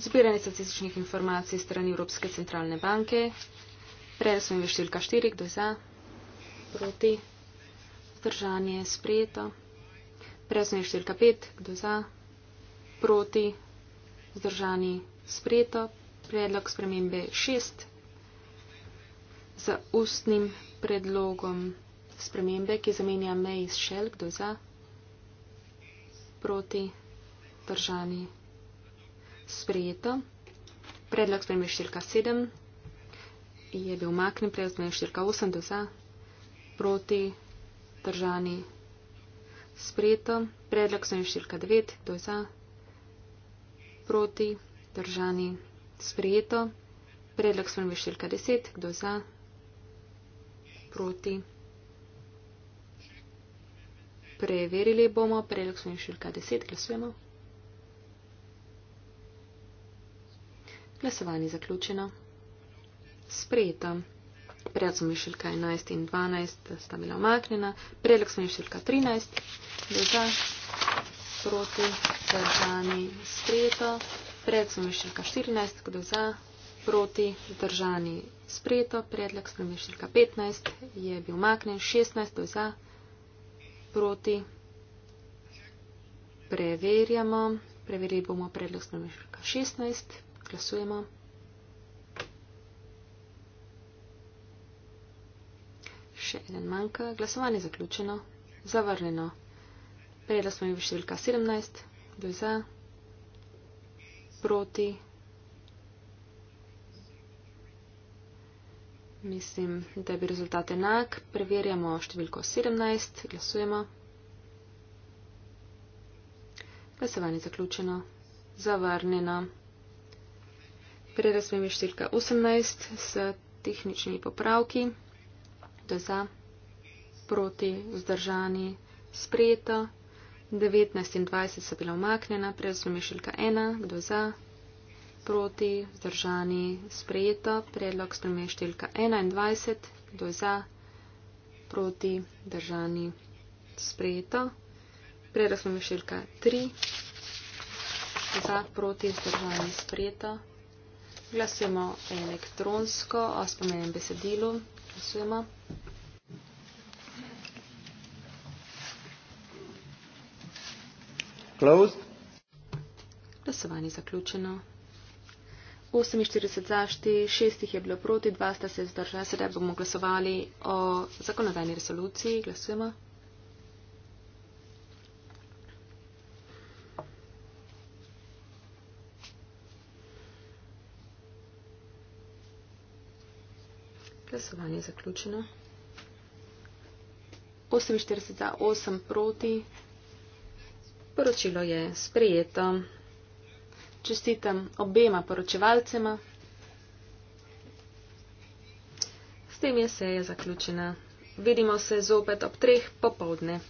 [SPEAKER 3] Zbiranje statističnih informacij strani Evropske centralne banke. Prejel smo številka 4, kdo je za, proti, zdržanje je sprejeto. Prejel smo številka 5, kdo je za, proti, zdržanje je sprejeto. Predlog spremembe 6, z ustnim predlogom spremembe, ki zamenja mej iz šel, kdo za, proti, držani, sprejeto. Predlog spremembe številka 7 je bil umaknjen, predlog spremembe številka 8, kdo za, proti, držani, sprejeto. Predlog spremembe številka 9, kdo za, proti, držani, sprejeto. Predlog spremembe številka 10, kdo za, proti, držani, sprejeto proti. Preverili bomo, predlog smo šilka 10, glasujemo. Glasovanje zaključeno. Sprejeto. Predlog smo šilka 11 in 12, da sta bila omaknjena. Predlog smo šilka 13, za, proti, držani, sprejeto. Predlog smo šilka 14, kdo za, proti zdržani sprejeto, predlog spremešnika 15 je bil maknen, 16 za proti preverjamo, preverili bomo predlog spremešnika 16, glasujemo. Še en manjka, glasovanje je zaključeno, zavrljeno. Predlog spremešnika 17, 2 za proti preverjamo. Mislim, da je bil rezultat enak. Preverjamo številko 17, glasujemo. Glasovanje zaključeno. Zavrnjeno. Prerazumem številka 18 s tehničnimi popravki. To je za, proti, vzdržani, sprejeto. 19 in 20 so bila omaknjena, prerazumem številka 1, kdo je za proti, vzdržani, sprejeta, predlog spremenj številka 21, kdo je za, proti, vzdržani, sprejeta, predlog spremenj številka 3, za, proti, vzdržani, sprejeta, glasujemo elektronsko o spomenem besedilu, glasujemo. Closed. Glasovanje zaključeno. 48 za, 6 jih je bilo proti, 2 sta se zdržali. Sedaj bomo glasovali o zakonodajni resoluciji. Glasujemo. Glasovanje je zaključeno. 48 za, 8 proti. Poročilo je sprejeto čestitam obema poročevalcema. S tem je seja zaključena. Vidimo se zopet ob treh popovdne.